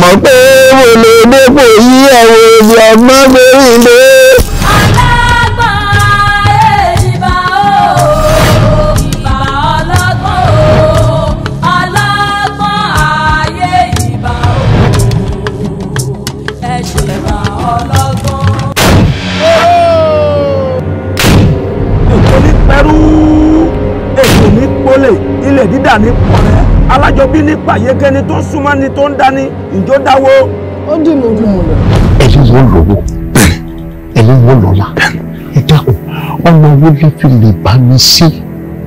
mọ̀ pé mo lè dépò yí ẹ̀wọ̀n èèyàn mọ́ lórí ilé. pàyékẹ́ni tó súnmọ́ ni tó ń dání ìjọ dáwó. ó dì mú un. ẹ̀yin wọ́n lọ́wọ́ ẹ̀yin wọ́n lọ́la ẹ dákun ọmọ wo lè fi lè bá mi sí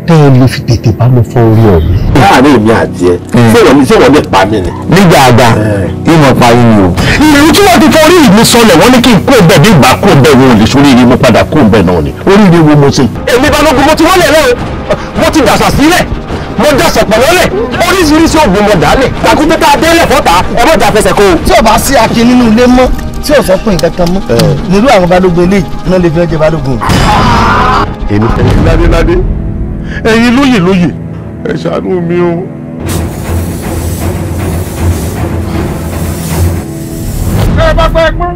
tẹ́ ẹ lè fi tètè bá mi fọ orí ọ̀rẹ́. láàárín èmi àti ẹ ṣéwọ̀n ni ṣéwọ̀n lè pa mí ni. nígbà àgbà ìmọ̀ parí ni o. ìrìn tí wọ́n ti fọ orí mi sọlẹ̀ wọ́n ní kí n kó bẹ̀ bí ìgbà kó bẹ̀ wọn ò lè sórí ìrìn mo padà kó bẹ̀ náà ni orí mi wo mo ṣe. èmi balógun mo ti wọlé rẹ o mo ti dàṣà sílẹ̀ mo dọ̀sẹ̀ pẹ̀lú ọ̀lẹ̀ oríṣiríṣi oògùn mo dálẹ̀ takuté tá a délẹ̀ fọ́ta ẹ mọ̀jà fẹsẹ̀ kó. tí o bá sí akin nínú ilé mọ́ tí o sọ pé nǹkan kan mọ́ nílùú àwọn balógun eléyìí náà lè fi ọjọ́ balógun. èmi tẹ̀lé. ládé ládé ẹ̀yin lóyè lóyè ẹ ṣàánú mi o. ṣé ẹ bá pẹ́ pọ́n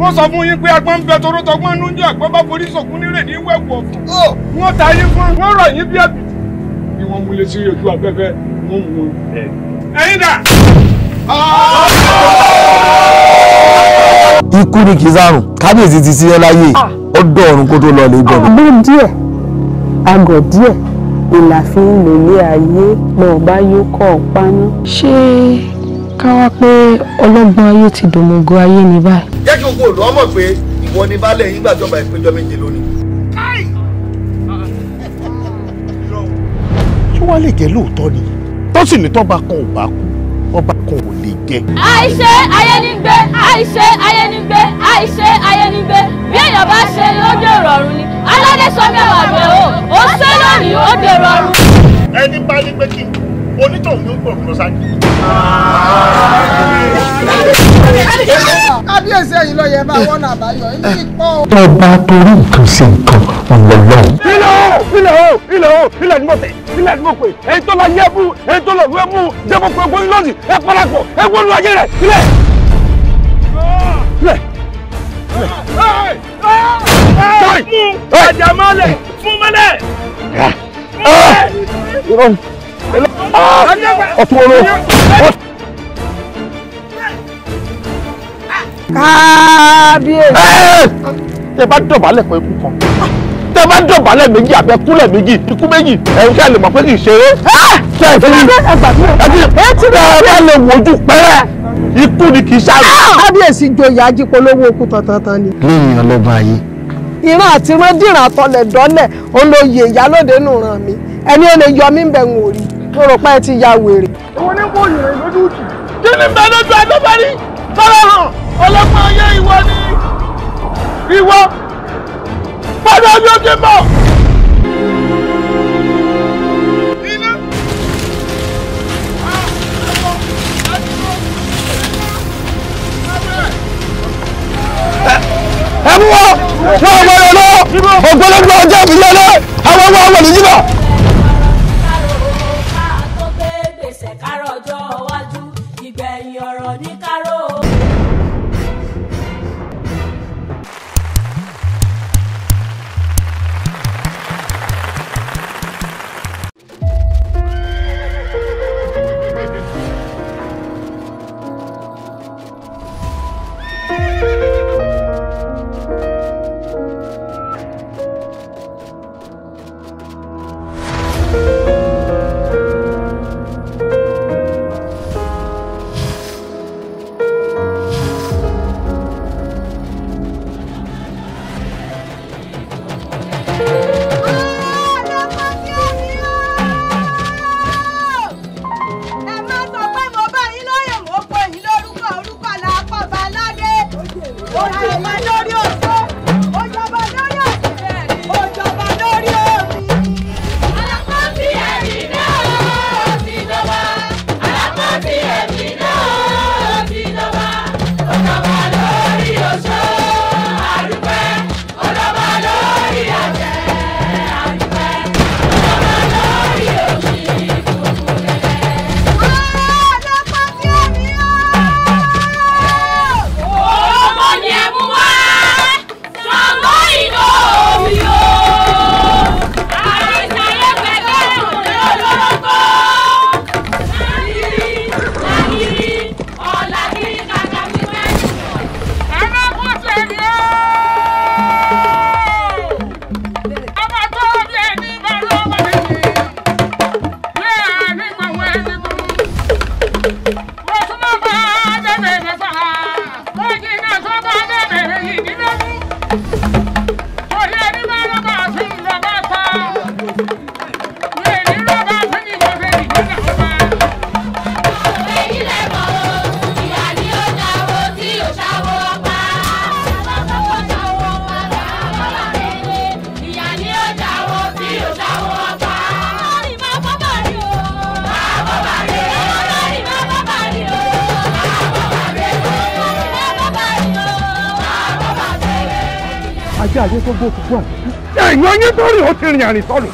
wọ́n sọ fún yín pé agbọ́n ń bẹ torótọ́gbọ́n ń jẹ́ àgbọ́n bá forí sòkún nírè ní wẹ̀wù ọ̀fun. Oh! wọ́n ta yín fún wọ́n rọ̀ yín bí ẹ̀bì wọ́n múlé sí ojú afẹ́fẹ́ wọ́n mú un. ẹ̀yin dà. ikú ni kì í sárùn kábíyèsí ti sílẹ̀ láyé ah. ọdọ ọ̀run kó tó lọ lè gbọ́dọ̀. àgọ́ díẹ̀ àgọ́ díẹ̀ ìlà fi ń lò ní ayé lọ́ọ́ bá yóò kọ́ ọ paná. ṣé ká wá pé ọlọ́gbọ́n ayé ti dòmògo ayé ní báyìí. jẹ́ kí gbogbo olùwọ́n mọ̀ pé ìwọ ni baálé yín gbàjọba ìpéjọ méje lónìí. wá lè jẹ́ lóòótọ́ ni tó sì ní tọ́ba kan ò bá kú ọba kan ò lè jẹ. àìṣe ayénigbé àìṣe ayénigbé àìṣe ayénigbé bí èèyàn bá ṣe ló dèrò ni aládé sọ mẹ́wàá rẹ̀ o ó ṣe lónìí ó dèrò ọ̀run. ẹni bá ní pé kí onítọ̀hún ló ń lọ sáájú kábíyèsí ẹ̀yin ló yẹ bá wọn náà báyọ ilé ìpọ. ọba torí nǹkan ṣe nǹkan ọlọlọ. ilẹ̀ o ilẹ̀ o ilẹ̀ o ilẹ̀ ni mo tẹ̀ ilẹ̀ ni mo pè èyí tó lọ yẹ bú èyí tó lọ wé mú jẹ́ mo pè é gbóyún lọ́sì ẹ parapọ̀ ẹ wọnú ayé rẹ̀ ilẹ̀. ilẹ̀ ilẹ̀. mú ọjà mọ́lẹ̀ mú mọ́lẹ̀. ọtún olóò. kábíyèsí. tẹ bá dọ̀bálẹ̀ pé ikú kan tẹ bá dọ̀bálẹ̀ méjì àbẹ̀kúlẹ̀ méjì ikú méjì ẹ̀yin kẹ́ lè mọ̀ pé kì í ṣeré. ṣe é torí ẹ ti rẹ̀ ẹ bá lè wojú pẹ́rẹ́ ikú ni kì í ṣàrò. Ah! kábíyèsí joyè ajípolówó okú tọ̀tọ̀tàn ni. lẹ́yìn ọlọ́ba yìí. ìran àti ìran dìran tọlẹ̀ dọ́lẹ̀ olóye ìyálóde nù ràn mí ẹni ó lè yọ mí bẹ̀ ń wòrí mo rò pé ẹ ti ya wèrè. òun ní kò yèrè lójú tì. kí ni bẹ́ẹ̀ lójú adébárí tọ́lá hàn ọlọ́pàá ayé ìwọ ni ìwọ padà ní ojú mọ́. ẹ mú wọn wọn wọn lọ lọ ògbólógbò ọjọ́ ìbílẹ̀ lọ àwọn ọmọ àwọn nìyí náà. fún ọ. ẹ̀yin ọyẹ́ tó rìn ó ti rìn àrìn sọ̀rọ̀.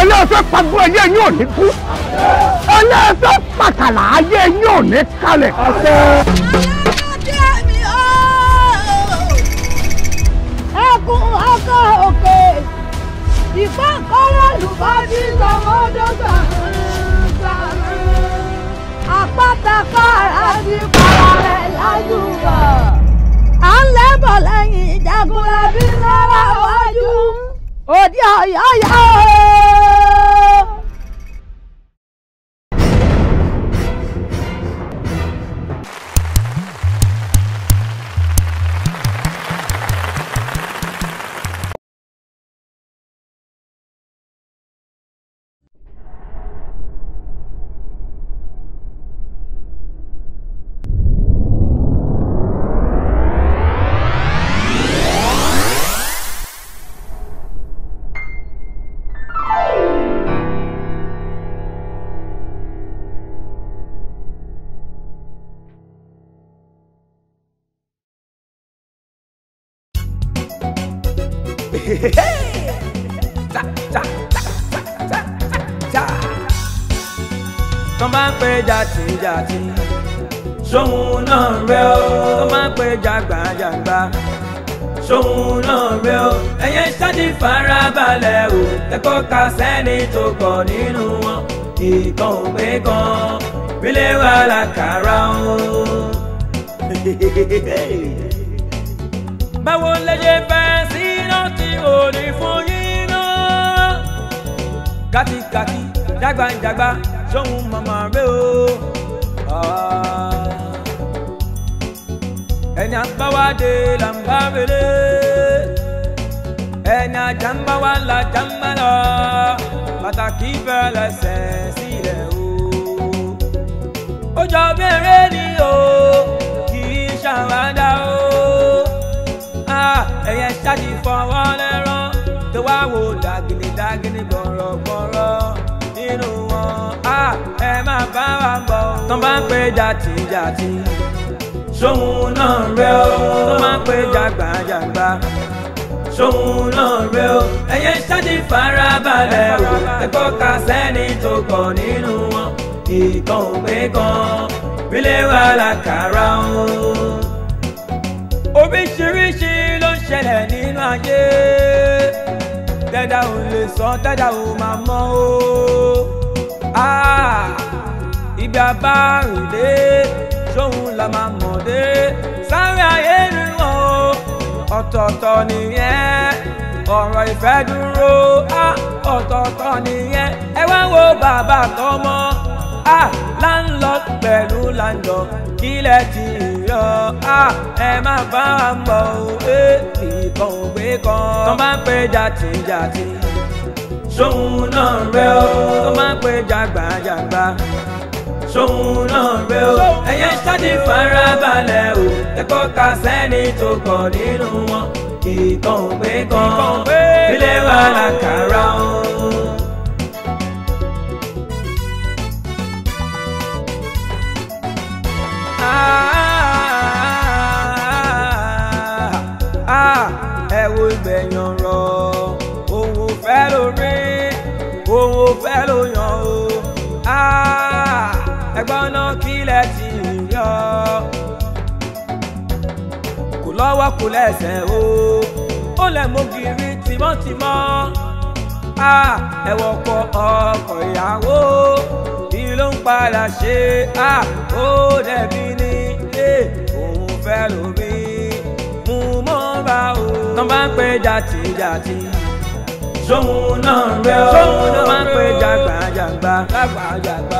ẹlẹ́sẹ̀ pàgbó ẹyẹ ẹ̀yin ò ní kú. ẹlẹ́sẹ̀ pàkàlà ayé ẹ̀yin ò ní kalẹ̀. ẹkùn ọkọ òkè ìfọ̀kọ́rọ̀ lùbọ́dí sọmọdọ́gba àpáta fara ti para rẹ̀ láyùbọ̀ lẹ́bọ̀ lẹ́yìn Jagunlabi lọ́wọ́ wájú òde ọ̀yọ́ yá o. tán bá ń pè jàtìjàtì sóhun náà rẹ o tán bá ń pè jàgbàjàgbà sóhun náà rẹ o ẹ̀yẹ ṣáàdì farabalẹ̀ o ẹ̀kọ́ ka sẹ́ni tó kọ̀ nínú wọn ìkan ò pé kan bílẹ̀ wà lákàrà o. báwo lè ṣe fẹ́ ṣe fún yín jágbajàgba sóhun màmá rẹ o. Ah. ẹni àbáwádé là ń bá rere ẹni àjà ń bá lọ pàtàkì bẹ̀rẹ̀ sẹ̀ sílẹ̀ o. ó jọ bí eré ni o kì í ṣàwádà o ah, ẹ̀yẹ ṣáàjì fọwọ́ lẹ́rọ̀ tó wá wo dàgìnì dàgìnì gbọ̀rọ̀gbọ̀rọ̀ nínú wọn á ẹ máa bá wa bọ̀. tó bá ń pè jàtìjàtì sóhun náà rẹ o. tó bá ń pè jàgbàjàgbà sóhun náà rẹ o. ẹyẹ ṣáàdì farabalẹ̀ o ẹ̀kọ́ ká sẹ́ni tó kọ̀ nínú wọn ìkan òpin kan bílẹ̀ wà lákàrà o. oríṣiríṣi ló ń ṣẹlẹ̀ nínú ayé tẹ́dá ò lè sọ tẹ́dá ò máa mọ̀ o. ibi ah, abárùndé sóhun la máa mọ̀ dé sáré ayé nìwọ̀n o ọ̀tọ̀ọ̀tọ̀ nìyẹn ọ̀rọ̀ ìfẹ́ dúró ah, ọ̀tọ̀ọ̀tọ̀ nìyẹn ẹ wá wo bàbá tọmọ ah, láńlọ pẹ̀lú láńlọ kílẹ̀ ti irọ́ ẹ má bá wa gbọ́ òwe ìbọn òwe kan tó máa ń pè jàtìjàtì sóhun náà rẹ o tó máa ń pè jàgbàjàgbà sóhun náà rẹ o ẹ̀yẹ ṣáàdì farabalẹ̀ o ẹ̀kọ́ ka sẹ́ni tó kọ̀ nínú wọn ìtàn òwe kan ilé wa làkàrà o. wo gbẹ̀yìn ọ̀rọ̀ òun ò fẹ́ ló rí òun ò fẹ́ ló yàn o ah, ẹgbọ́n náà kílẹ̀ ti yọ kò lọ́wọ́ kò lẹ́sẹ̀ o ó lẹ̀ mọ́gìrì tìmọ́tìmọ́ ah, ẹ̀wọ̀n kọ ọkọ̀ ìyàwó kí ló ń padà ṣe ah, ó dẹ̀bi ní ilé eh, òun fẹ́ lómi tán bá ń pè jàtìjàtì sóhun náà rẹ o sóhun náà máa ń pè jàgbàjàgbà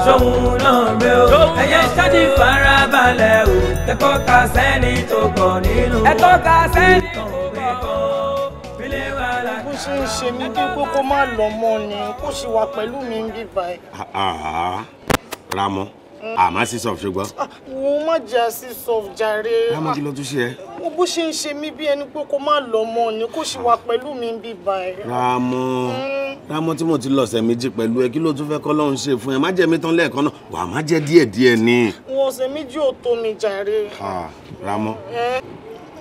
sóhun náà rẹ o ẹyẹ ṣáàjì farabalẹ̀ o ẹ̀kọ́ ka sẹ́ni tó kọ̀ nínú ẹ̀kọ́ ka sẹ́ni tó kọ̀ bó ṣe ń ṣe mí bí kókó má lọ mọ ni kó sì wà pẹ̀lú mi ń bíbá ẹ. Ramọ àmọ́ sí sọ̀f ṣùgbọ́n. wọ́n ah, má jà sí sọ̀f jàre. lámọ́ kí ló tún ṣe ẹ́. mo bó ṣe ń ṣe mí bí ẹni pé kó má lọ mọ ni kó ṣì wà pẹ̀lú mi bí báyìí. Ramọ hmm. Ramọ tí mo ti lọ ọ̀sẹ̀ méjì pẹ̀lú ẹ kí ló tún fẹ́ kọ́ lọ́hún ṣe fún ẹ má jẹ́ mi tán lẹ́ẹ̀kan náà wà má jẹ́ díẹ̀ díẹ̀ ni. wọn ọ̀sẹ̀ méjì ò tó mi jàre. Ramọ eh.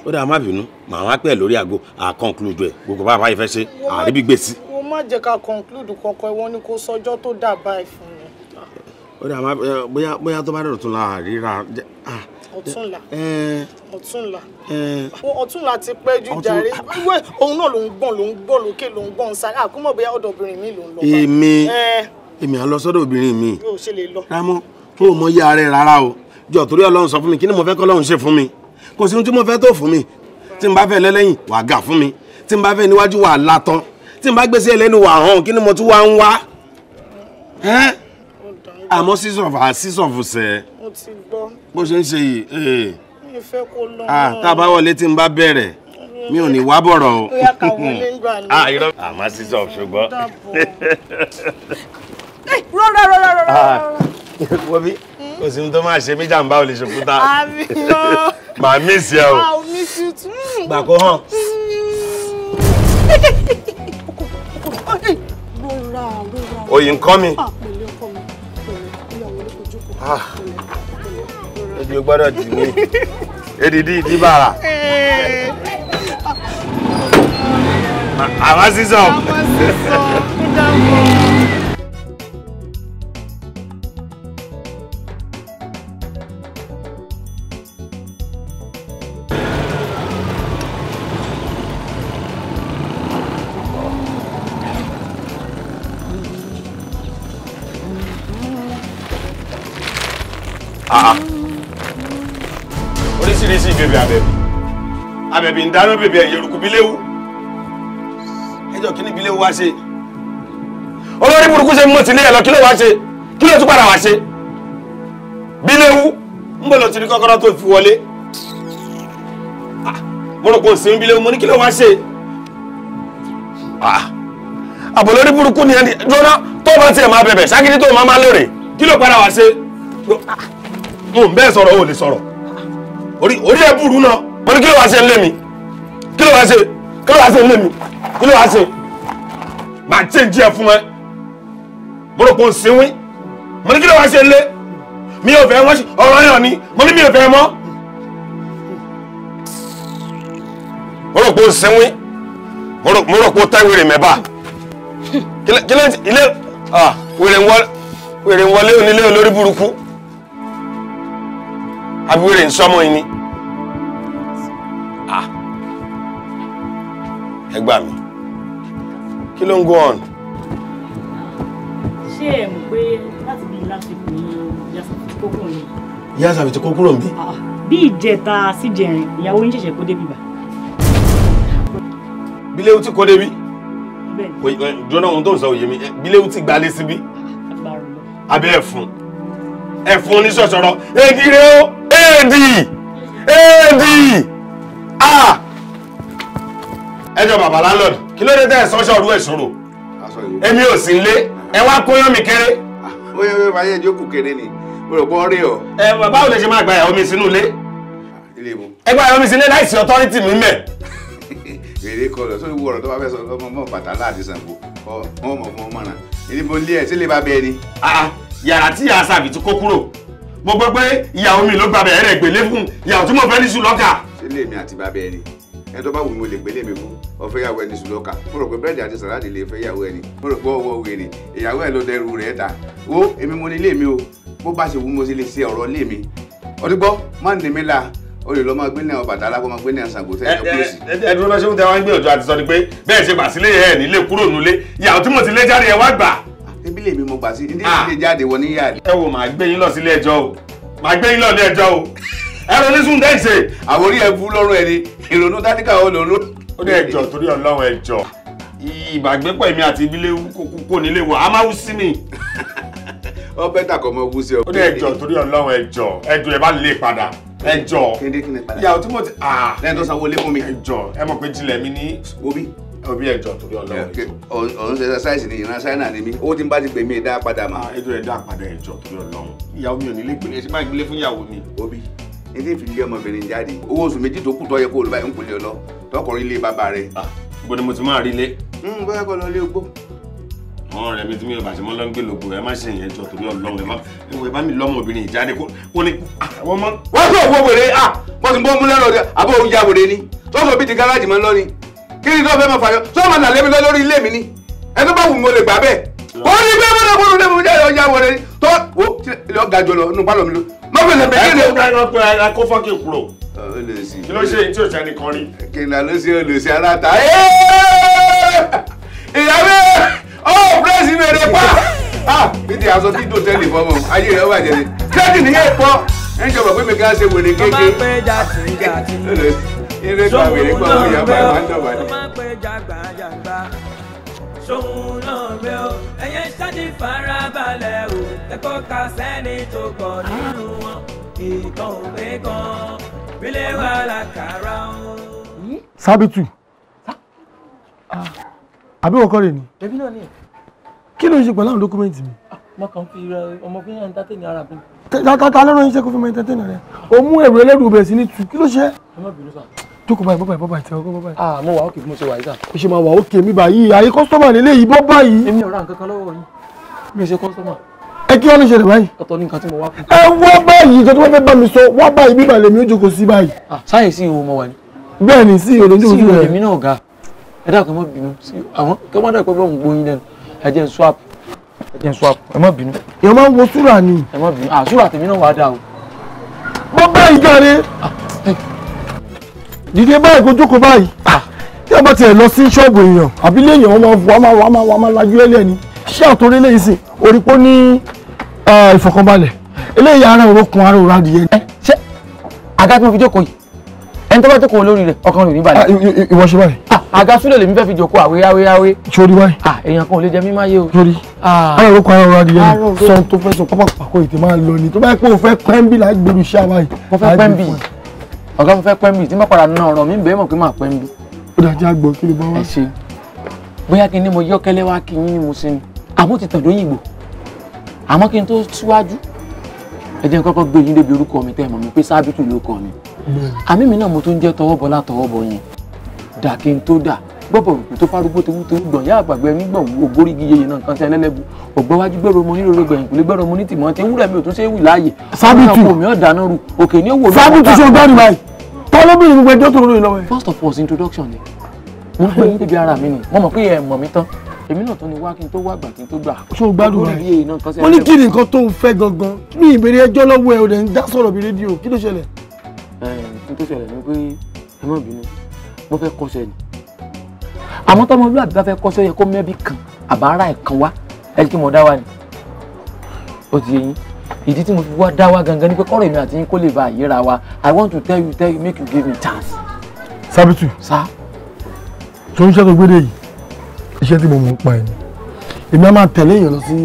ó dáa má bínú màá wá pẹ́ lórí aago àkànkúlùdù ẹ̀ gbogbo bá a bá yẹ fẹ́ ṣe àríbí gbèsè. wọ́n má jẹ́ ká conclude kankan ìwọ ni kò sọjọ́ tó dà báyìí fún mi ó dà má bóyá bóyá tó bá dọ̀rọ̀ tún la ríra. ọ̀túnla ọ̀túnla ọ̀túnla ti pẹ́ ju jàre wíwẹ́ òun náà ló ń gbọ̀n ló ń gbọ̀n lókè ló ń gbọ̀n sáré àkúmọ̀ bóyá ọ̀dọ̀ obìnrin mi ló ń lọ. èmi èmi à ń lọ sọ́dọ̀ obìnrin mi rámọ́ tó o mọ yé ara ẹ rárá o jọ torí ọlọ́run sọ fún mi kí ni mo fẹ́ kọ́ ọlọ́run ṣe fún mi kò sí ohun tí mo fẹ́ tó fún mi tí n bá fẹ́ lẹ́lẹ́yìn wàá gà fún àmọ́ season of her ah, season of sẹ́. mo ti gbọ́. bó ṣe ń ṣe yìí. Eh. mi ò fẹ́ kó lọ. Ah, tá a bá wọlé tí n bá bẹ̀rẹ̀ mi ò ní wá bọ̀rọ̀ o. bóyá ká wọlé ń gbà ní. Ah, àmọ́ season of ṣùgbọ́n. rọra rọra rọra. wọ́n bí hmm? kò sí ní tó máa ṣe mí jàǹbá ò lè ṣòkúta. àmì náà. màá mí sí ẹ o. màá mí sí tún. gbà kó hàn. oyin kọ́ mi. Ah, èdè o gbọ́dọ̀ dì mí èdè dì dì bàrà. àwa sísọ. àwa sísọ. Ah, what ah. is Baby, baby, oríṣiríṣi bèbè àbẹ̀bí àbẹ̀bí ń dáná bèbè ẹ̀yẹ olùkú bíléwu ẹjọ́ kí ni bíléwu wá ṣe olórí burúkú ṣe mọ̀ sílé ẹ̀ lọ kí ló wá ṣe kí ló tún padà wá ṣe bíléwu ń bọ̀ lọ sí ní kọ́kọ́rọ́ tó fi wọlé ah, mo rò pé òsèǹ bíléwu mo ní kí ló wá ṣe ah, àbò lórí burúkú ni ẹni jóná tó bá tiẹ̀ máa bẹ̀bẹ̀ ságídí tó máa máa lóore kí ló padà wá ṣe mo ń bẹ́ẹ̀ sọ̀rọ̀ o lè sọ̀rọ̀ orí ẹ burú náà mo ní kí ló wá ṣe ń lé mi kí ló wá ṣe kí ló wá ṣe ń lé mi kí ló wá ṣe màá tẹ̀ ń jí ẹ fún ẹ mo rò pé o ń sinwín mo ní kí ló wá ṣe ń lé mi ò fẹ́ wọ́n ọ̀rọ̀ yàn ni mo ní mi ò fẹ́ mọ́. mo rò pé o sinwin mo rò pé o tẹ́ wèrè mẹ́bà kílẹ̀ ilé ah, wèrè ń wọlé onílé olórí burúkú àbúrò ń sọmọ yìí ni ah. ẹ gbà mí kí ló ń go on. ṣé ẹ mọ̀ pé láti bí lásìkò ni yasàfi kó kúrò níbí. yasàfi ti kó kúrò níbí. Ah, bí ìjẹta síjẹrin ìyàwó yín ṣẹ̀ṣẹ̀ kó débi bá. bíléwu ti kó débi. bẹ́ẹ̀ni. jọ́nà ohun tó ń sọ òye mi eh, bíléwu ti gbalé síbí. Ah, abẹ́ ẹ̀fun ẹ̀fun oníṣọ̀ṣọ̀rọ̀ èdè o éèdì éèdì a. ẹjọ bàbá landlord kí ló dé tẹ ẹ sọṣọ ọdún ẹ ṣòro èmi ò sí lé ẹ wá kó yán mi kéré. oye oye máa yẹ jókòó kéré ni mo rò pé ó rí ọ. ẹ báwo lè ṣe máa gba ìyàwó mi sínú ilé. ẹ gba ìyàwó mi sínú ilé láìsí authority mi mẹ. èrè kọ lọ sórí wo ọ̀rọ̀ tó bá fẹ́ sọ ọmọ mọ bàtà láti Ṣàngó ọmọ ọmọ ọmọ náà ìdìbò ilé ẹ tí lè bá bẹ ẹ ni. Ah, yàrá tí yàrá sàbìtì kó kúrò mo gbọ́ pé ìyàwó mi ló gba bẹ̀rẹ̀ rẹ̀ gbélé fún ìyàwó tí mo fẹ́ ní sùlọ́kà. ilé mi àti bàbá ẹni ẹni tó bá wù mí mo lè gbélé mi fún ọfẹ́ ìyàwó ẹni sùlọ́kà mo rò pé bẹ́ẹ̀dì àti sàláàdì lè fẹ́ ìyàwó ẹni mo rò pé ọwọ́ wèrè ìyàwó ẹ ló dẹrù rẹ̀ ta wo èmi mo ní ilé mi o bó bá ṣe wù mo ṣe lè ṣe ọ̀rọ̀ ilé mi ọdúgbọ́ má ń dèmí la o lè lọ máa gbé ní àwọn bàtà alákọ̀ọ́ máa gbé ní àṣàgbò tẹ́ ẹjọ́ kúrò sí. ẹ dúró bá ṣe ń tẹ wá ń gbìyànjú àti sọ ni pé bẹ́ẹ̀ ṣe gbà sílé ẹ̀ nílé kúrò nílé ìyàwó tí mo ti lé jáde ẹ wá gbà ibi lèmi mo gbà sí ndí ìdílé ah. jáde wọ ní yàrá. ẹ wo màá gbé yín lọ sílé ẹjọ́ o màá gbé yín lọ sílé ẹjọ́ o ẹ ronú sùn dẹ́sẹ̀. àwòrí ẹ fún lọ́rùn ẹni ìrònú táníkà ó lòrú. ó ní ẹjọ́ torí Ọlọ́run ẹjọ́ ìbàgbépọ̀ èmi àti ìbílẹ̀ kò nílé wọ a wú sí mi. ó bẹ́ tàkọ́ mọ ogún sí ọ. ó ní ẹjọ́ torí Ọlọ́run ẹjọ́ ẹdùn ẹ bá lè padà ẹjọ́ ìyàwó tí mo ah. ti. lẹ́yìn tó sanwó lé fún mi. ẹjọ́ ẹ mọ̀ pé jilẹ̀ mi ní. obi obi ẹjọ torí Ọlọ́run ẹjọ. òun ṣe ṣáìsì nìyí náà ṣáínà ni mí owó tí n bá ti pè mí ẹ dá padà mà. ẹjọ ẹ dá padà ẹjọ torí Ọlọ́run ìyàwó mi ò nílé ìpínlẹ̀ ṣe máa gbélé fún ìyàwó mi. obi ní tí n fi lé ọmọbìnrin jáde owó oṣù méjì tó kù tó yẹ kó olùbáyọ̀ ń kò lé ọ lọ tọkùnrin ilé bàbá rẹ. Ah, bó ni mo ti máa rí ilé. Hmm, bóyá kò lọ lé ogbó. àwọn ọ̀rẹ́ mi tí mi ò bàjẹ́ mọ́ lọ ń gbé lóko ẹ má ṣe ìyẹn jọ torí Ọlọ́run ẹ bá mi lọ́mọbìnrin ìjáde kó ní ah, àwọn ọmọ. wọ́n sọ òwò wèrè ah bọ́sùn bọ́ mú lẹ́rọ̀ àbọ̀ òun ya wèrè ni tọ́sọ̀ bíi ti gáràjì mọ́ lọ́ni kí ni náà fẹ́ máa fàyọ sọ ma nà lémi lọ lórí ilé mi ni ẹni bá wù mí mo lè gbà bẹ́ẹ̀ ó ní pé mo lọ́kùnrin lé mi jáde ọjà wọlé tó ó ilé ọ̀gá jọ nù pálọ̀ mi ló má fẹsẹ̀ bẹ́ẹ̀ kéde. ẹ kó fọ́ọ̀kì kúrò kí ló ṣe tí ò sẹ́ni kan kí ni àlọ́ sí olùsí aláta ìyàwó ọ̀ pírẹ́sì mi pa mi aṣọ tí dò tẹ́lẹ̀ fọmọ ayé rẹ̀ ìrẹ́gbà wèrè gbà wọ́n yà báyìí wá ń dọ̀bà ni. ọmọ pé jàgbà jàgbà sóhun náà bẹ ọ ẹyẹ ṣáàdì farabalẹ̀ o ẹ̀kọ́ ká sẹ́ni tó pọ̀ nínú wọn ìtàn òwe kan bílẹ̀ wà lákàrà o. sábìtù àbí wọ́n kọ́ rè ni. ẹbí náà ni. kí ló ń ṣe pẹ̀lú àwọn dọ́kúmẹ́ǹtì mi. Ah, mo kàn fi ọmọbìnrin náà ń dátẹ́ ní ara mi tata lọ́rọ̀ yín ṣe kó fi máa entertain rẹ̀ o mú èrò ẹlẹ́rù bẹ̀rẹ̀ sí ní tu kí ló ṣe. ẹ má bínú sáà jókòó báyìí bọ́ báyìí bọ́ báyìí tẹ́wọ́ báyìí. ah mo wà ókè bí mo ṣe wà yìí sà. o ṣe máa wà ókè mi báyìí ayé kọ́sítọ́mà nílé yìí bọ́ báyìí. èmi ò ra nǹkan kan lọ́wọ́ yìí mi ò ṣe kọ́sítọ́mà. ẹ kí wọ́n ní ṣe rẹ̀ báyìí. ọ̀tọ̀ ni nǹkan tí mo wá kú. ẹ wá báyìí ìjọ tí wọ́n fẹ́ bá mi sọ wá báyìí bíbà lèmi ó jókòó sí báyìí. Ah, sáyẹn sí ìhòòhò mo wà ní. bẹ́ẹ̀ ni sí ìhòòhò lójú rẹ̀. sí ìhòòhò mi náà ga ẹ swap ẹ jẹ́ swap ẹ má bínú. èèyàn máa ń wo súrà ni. ẹ má bínú àsúrà ah, tèmi náà wà á dìde báyìí kó jókòó báyìí ah. Ah, tí a bá tiẹ̀ lọ sí ṣọ́ọ̀bù èèyàn àbí léèyàn wọn máa wà máa wà máa wà máa lajú ẹlẹ́ ni ṣé àtòrí lè sìn orí pó ní ìfọ̀kànbalẹ̀ eléyìí ara òrókun ara òrò adìyẹ. ẹ ṣe àga tí mo fi jókòó yìí ẹni tó bá jókòó lórí rẹ ọkàn rẹ ò ní balẹ̀. Ah, ìwọ ṣe báyìí. àga súlẹ̀ lèmi fẹ́ fi jókòó àwé àwé àwé. sori báyìí. èèyàn kan ò lè jẹ o. sori ara òrókun ara òrò adìyẹ sọ tó fẹ́ sọ pápákọ̀ ìtẹ̀ máa lọ ni tó bá o fẹ́ pẹ́ńbì láì gbèrú iṣẹ́ àwa yìí. mo fẹ́ pẹ́ńbì yìí ọ̀gá mo fẹ́ pẹ́ mi tí mo padà na ọ̀rọ̀ mi ń bẹ́ẹ̀ mọ̀ pé máa pẹ́ mi. ó dájá gbọ́ kí ló bá wá. ẹ ṣe bóyá kí ni mo yọ́ kẹ́lẹ́ wá kí yín ni mo ṣe ni àmọ́ ti tàn lóyìnbó àmọ́ kí n tó síwájú ẹ jẹ́ n kọ́kọ́ gbé yín débi orúkọ mi tẹ́ ẹ mọ̀ mi pé sábìtù lórúkọ mi àmì mi náà mo tún jẹ́ tọwọ́bọ látọwọ́bọ yẹn dà kí n tó dà gbọ́bọ̀ rò tó fárúgbó tó wúto gbọ̀n yá àgbàgbẹ́ nígbọ̀n ògbórígi yeye náà kan tẹ́ ẹlẹ́lẹ́bu ògbọ́wájú gbẹ̀rọ mo nílò gbẹ̀yìn kùlé gbẹ̀rọ mo ní tìmọ̀ tí ewúrẹ́ mi ò tún ṣe é wì láàyè. sábìtù sábìtù ṣe ń gbọ́ ta ló bèrè gbogbo ẹjọ́ tó lórí lọ́wọ́ ẹ̀. first of all introduction ni mo pè é débi ara mi ni mo mọ̀ pé ẹ mọ̀ mi tán èmi náà tán ni wá kí n tó wá gbà kí n tó gbà. ṣé o gbádùn rẹ mo ní kí ni nǹkan tó ń fẹ́ gangan mi ìbéèrè ẹjọ́ lọ́wọ́ ẹ o dẹ̀ ń dá sọ̀rọ̀ bí rédíò kí ló ṣẹlẹ̀. ẹ ẹ tó ṣẹlẹ̀ ni pé ẹ má bínú mo fẹ́ kọ́ṣẹ́ ni àmọ́ tọ́mọlúwàbí bá fẹ́ kọ́ṣẹ́ yẹ kó mẹ́bí kan àbára ẹ̀ kan wá ẹ kí mo dá wá ni ó ti yẹ yín ìdí tí mo fi wá dá wá gangan ni pé kọ́rọ̀ èmi àti yín kó lè bá àyíra wa i want to tell you tell you make you give me chance. sábìtù tó ń ṣètò gbére yìí iṣẹ́ tí mo mọ̀ pa ẹ̀ ni èmi á máa tẹ̀lé èèyàn lọ sí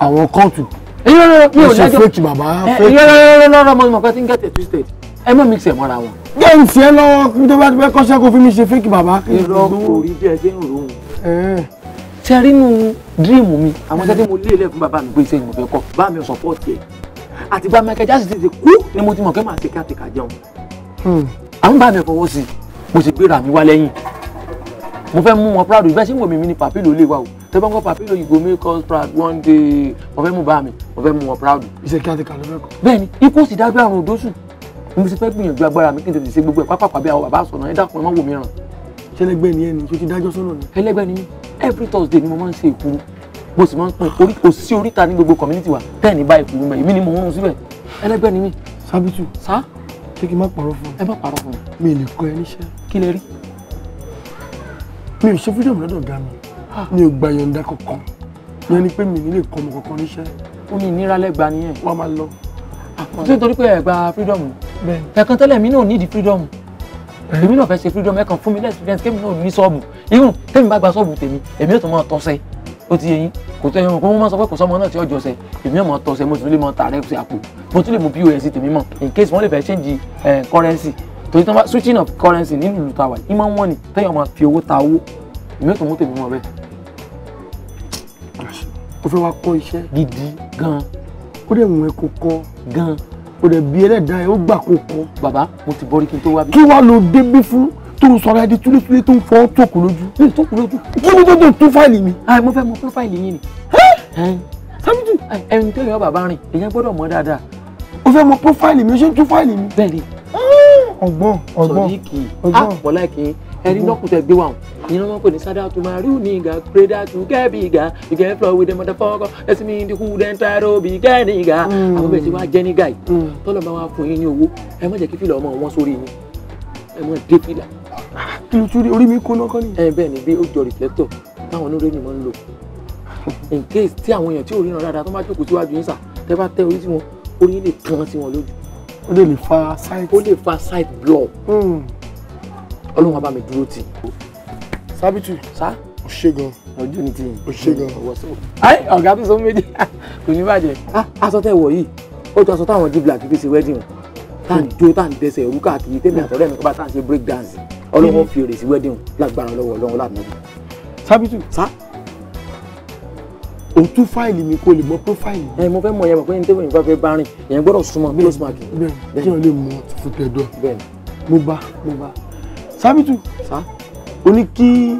àwọn kóòtù. èyí rẹ̀ mi ò lẹ́jọ́ fèkì bàbá fèkì. èyí rẹ̀ rẹ̀ rẹ̀ mo mọ̀ pé tí ń gẹ̀tẹ̀ twisted ẹ mọ̀ mix ẹ̀ mọ́ra wọn. géèmù tiẹ̀ lọ́wọ́ kí n ti fẹ́ kọ́ṣẹ́ kó fi mi ṣe fèkì bàbá. ìlọ́kùnrin jẹ́ ẹgbẹ́ ìròhùn tí a dream, nù dírímù mi àwọn iṣẹ́ tí mo lé ilé fún bàbá mi pé iṣẹ́ ìmọ̀fẹ́ kọ bá mi sọ̀pọ̀tì ẹ̀ àtìgbà Michael Jackson ti ti kú ni mo ti mọ̀ kẹ́ máa ṣe kíákíá jẹun hmm. àwọn bá mi fọwọ́ sí i mo sì gbéra mi wá lẹ́yìn mo fẹ́ mú wọn proud ìgbà tí wọ́n mi mi ni papilo lè wa o tẹ́ bá ń kọ́ papilo you go make us proud one day mo fẹ́ mú bá mi mo fẹ́ mú wọn proud. iṣẹ́ kí á ti kà ló lẹ́kọ̀ọ́. bẹ́ẹ̀ni ikú sì dájú àrùn òdòṣù mo ti fẹ́ gbìyànjú agbára mi kí n tètè ṣe gbogbo ẹ̀ pápákọ̀ bí àwọn bàbá sọ̀nà ẹ dákun ẹ má wò mí ràn ṣẹlẹgbẹ ni ẹni tó ti dájọ́ sọ́nà ni. ẹlẹgbẹ ni mí every thursday ni mo máa ń ṣe ìkuru mo sì máa ń pín orí kò sí oríta ní gbogbo community wa tẹ́ẹ̀ni bá ìkuru mẹ́ èmi ni mo ń rún síbẹ̀ ẹlẹgbẹ ni mí. sábìtù sá ṣé kí n má parọ́ fún ẹ má parọ́ fún mi. mi ò lè kọ́ ẹ níṣẹ́. kí lẹ rí. mi ò ṣe freedom lọ́dọ̀ ga mi mi ò gba yọ̀ǹda kankan yẹn ni pé mi ò lè kọ́ ọmọ kankan níṣẹ́. ó ní ìnira lẹ́gba nìyẹn. wọ́n máa lọ. àkọsí nítorí pé ẹ freedom. bẹ́ẹ̀ ẹ̀kan tẹ́lẹ̀ mi náà nídìí freedom èmi náà fẹ́ ṣe freedom ẹ̀kan fún mi lẹ́sìdẹ́ǹsì kémi náà ní sọ́ọ̀bù irun tèmi bá gba sọ́ọ̀bù tèmi èmi yóò tún máa tọ́sẹ̀ ó ti yé yín kò tẹ́ ẹ̀rọ kó wọ́n máa sọ pé kò sọ́mọ náà tí ọjọ́ sẹ èmi yóò máa tọ́sẹ̀ mo tún lè máa ta rẹ́pù sí àpò mo tún lè mú pos tèmi mọ̀ in case wọ́n lè fẹ́ change eh, currency torí tán bá switching of currency nínú ìlú tàwa yìí máa ń wọ́n ni téèyàn máa fi owó ta owó èmi yóò tún mú tèmi mọ̀ bẹ́ẹ̀. ó fẹ́ wá kọ́ iṣẹ́ gidi gan-an ó dẹ̀ mú ẹ kó kọ́ gan-an o lè bí ẹlẹ́dàá ẹ ó gbà kó kọ́. bàbá mo ti bọ́rí kí n tó wá bí. kí wàá lo débí fún tó ń sọra ẹni túlétúlé tó ń fọ́ tókù lójú. mi tókù lójú. kí ló tó tó tún fáìlì mi. àì ah, mo fẹ́ mọ prófáìlì yín ni. sábìtì ẹni tó yàn bàbá rìn èèyàn gbọ́dọ̀ mọ dáadáa. o fẹ́ mọ prófáìlì mi o ṣe ń tún fáìlì mi. bẹ́ẹ̀ ni. ọgbọ́n ọgbọ́n ọgbọ́n ah, ẹni nọ́ọ̀kù tẹ gbé wa hàn ìyẹn wọn pè ní sada tó máa rí òní ìgà kúrẹ́dà tó gẹ́ẹ̀bì ìgà ìgẹ́ fúlọ̀ wí dẹ́ mọ́tàfọ́kọ́ ẹ̀sìn mi ti kú dẹ́ntàró bí gẹ́ẹ̀ni ìgà àwọn bẹ̀rẹ̀ tí wọ́n á jẹ́ ní gàì hmm. tọ́lọ̀ bá wa fún yín ní owó ẹ má jẹ́ kí fìlà ọmọ wọn sórí yín ẹ má dé fìlà. kí ló tún rí orí mi kóná kán ni. ẹ bẹ́ẹ̀ ni bí ó jọ rìflẹ́tọ̀ táwọn onóré ni wọ́n ń lò in case tí àwọn èèyàn tí ò ríran dáadáa tó má jókòó síwájú yín sà tẹ bá tẹ orí sí wọn orí lè kan sí wọn lójú. ó lè fa sight. block. Hmm ọlọ́run bá mi dúró tì. sábìtù sá o ṣe gan. ọjọ́ ní tiyín o ṣe gan. ayi ọ̀gá tó sọ méjì kò ní bàjẹ́. Ah, aṣọ tẹ wọ yìí ó jọ aṣọ táwọn jíbla kì fi ṣe wedding tá à ń jó tá à ń dẹsẹ̀ ẹ̀rú káàkiri tẹ́mi àtọ̀rẹ́ mi kọ́ bá tá à ń ṣe break dance ọlọ́run fi èrè sí wedding lágbára lọ́wọ́ ọlọ́run láti mọ́tò. sábìtù sá o tú fáìlì mi kó lè mọ prófáìlì. ẹ mo fẹ́ mọ yẹn mọ̀ pé ní tẹ́wọ̀n ìfẹ́ fẹ́ bá rìn yẹn gbọ́dọ̀ súnmọ́ close mark. bẹ́ẹ̀ kí wọ́n lè mọ tuntun tẹ̀ dọ́. bẹ́ẹ̀ mo bá mo bá sábìtù sá o ní kí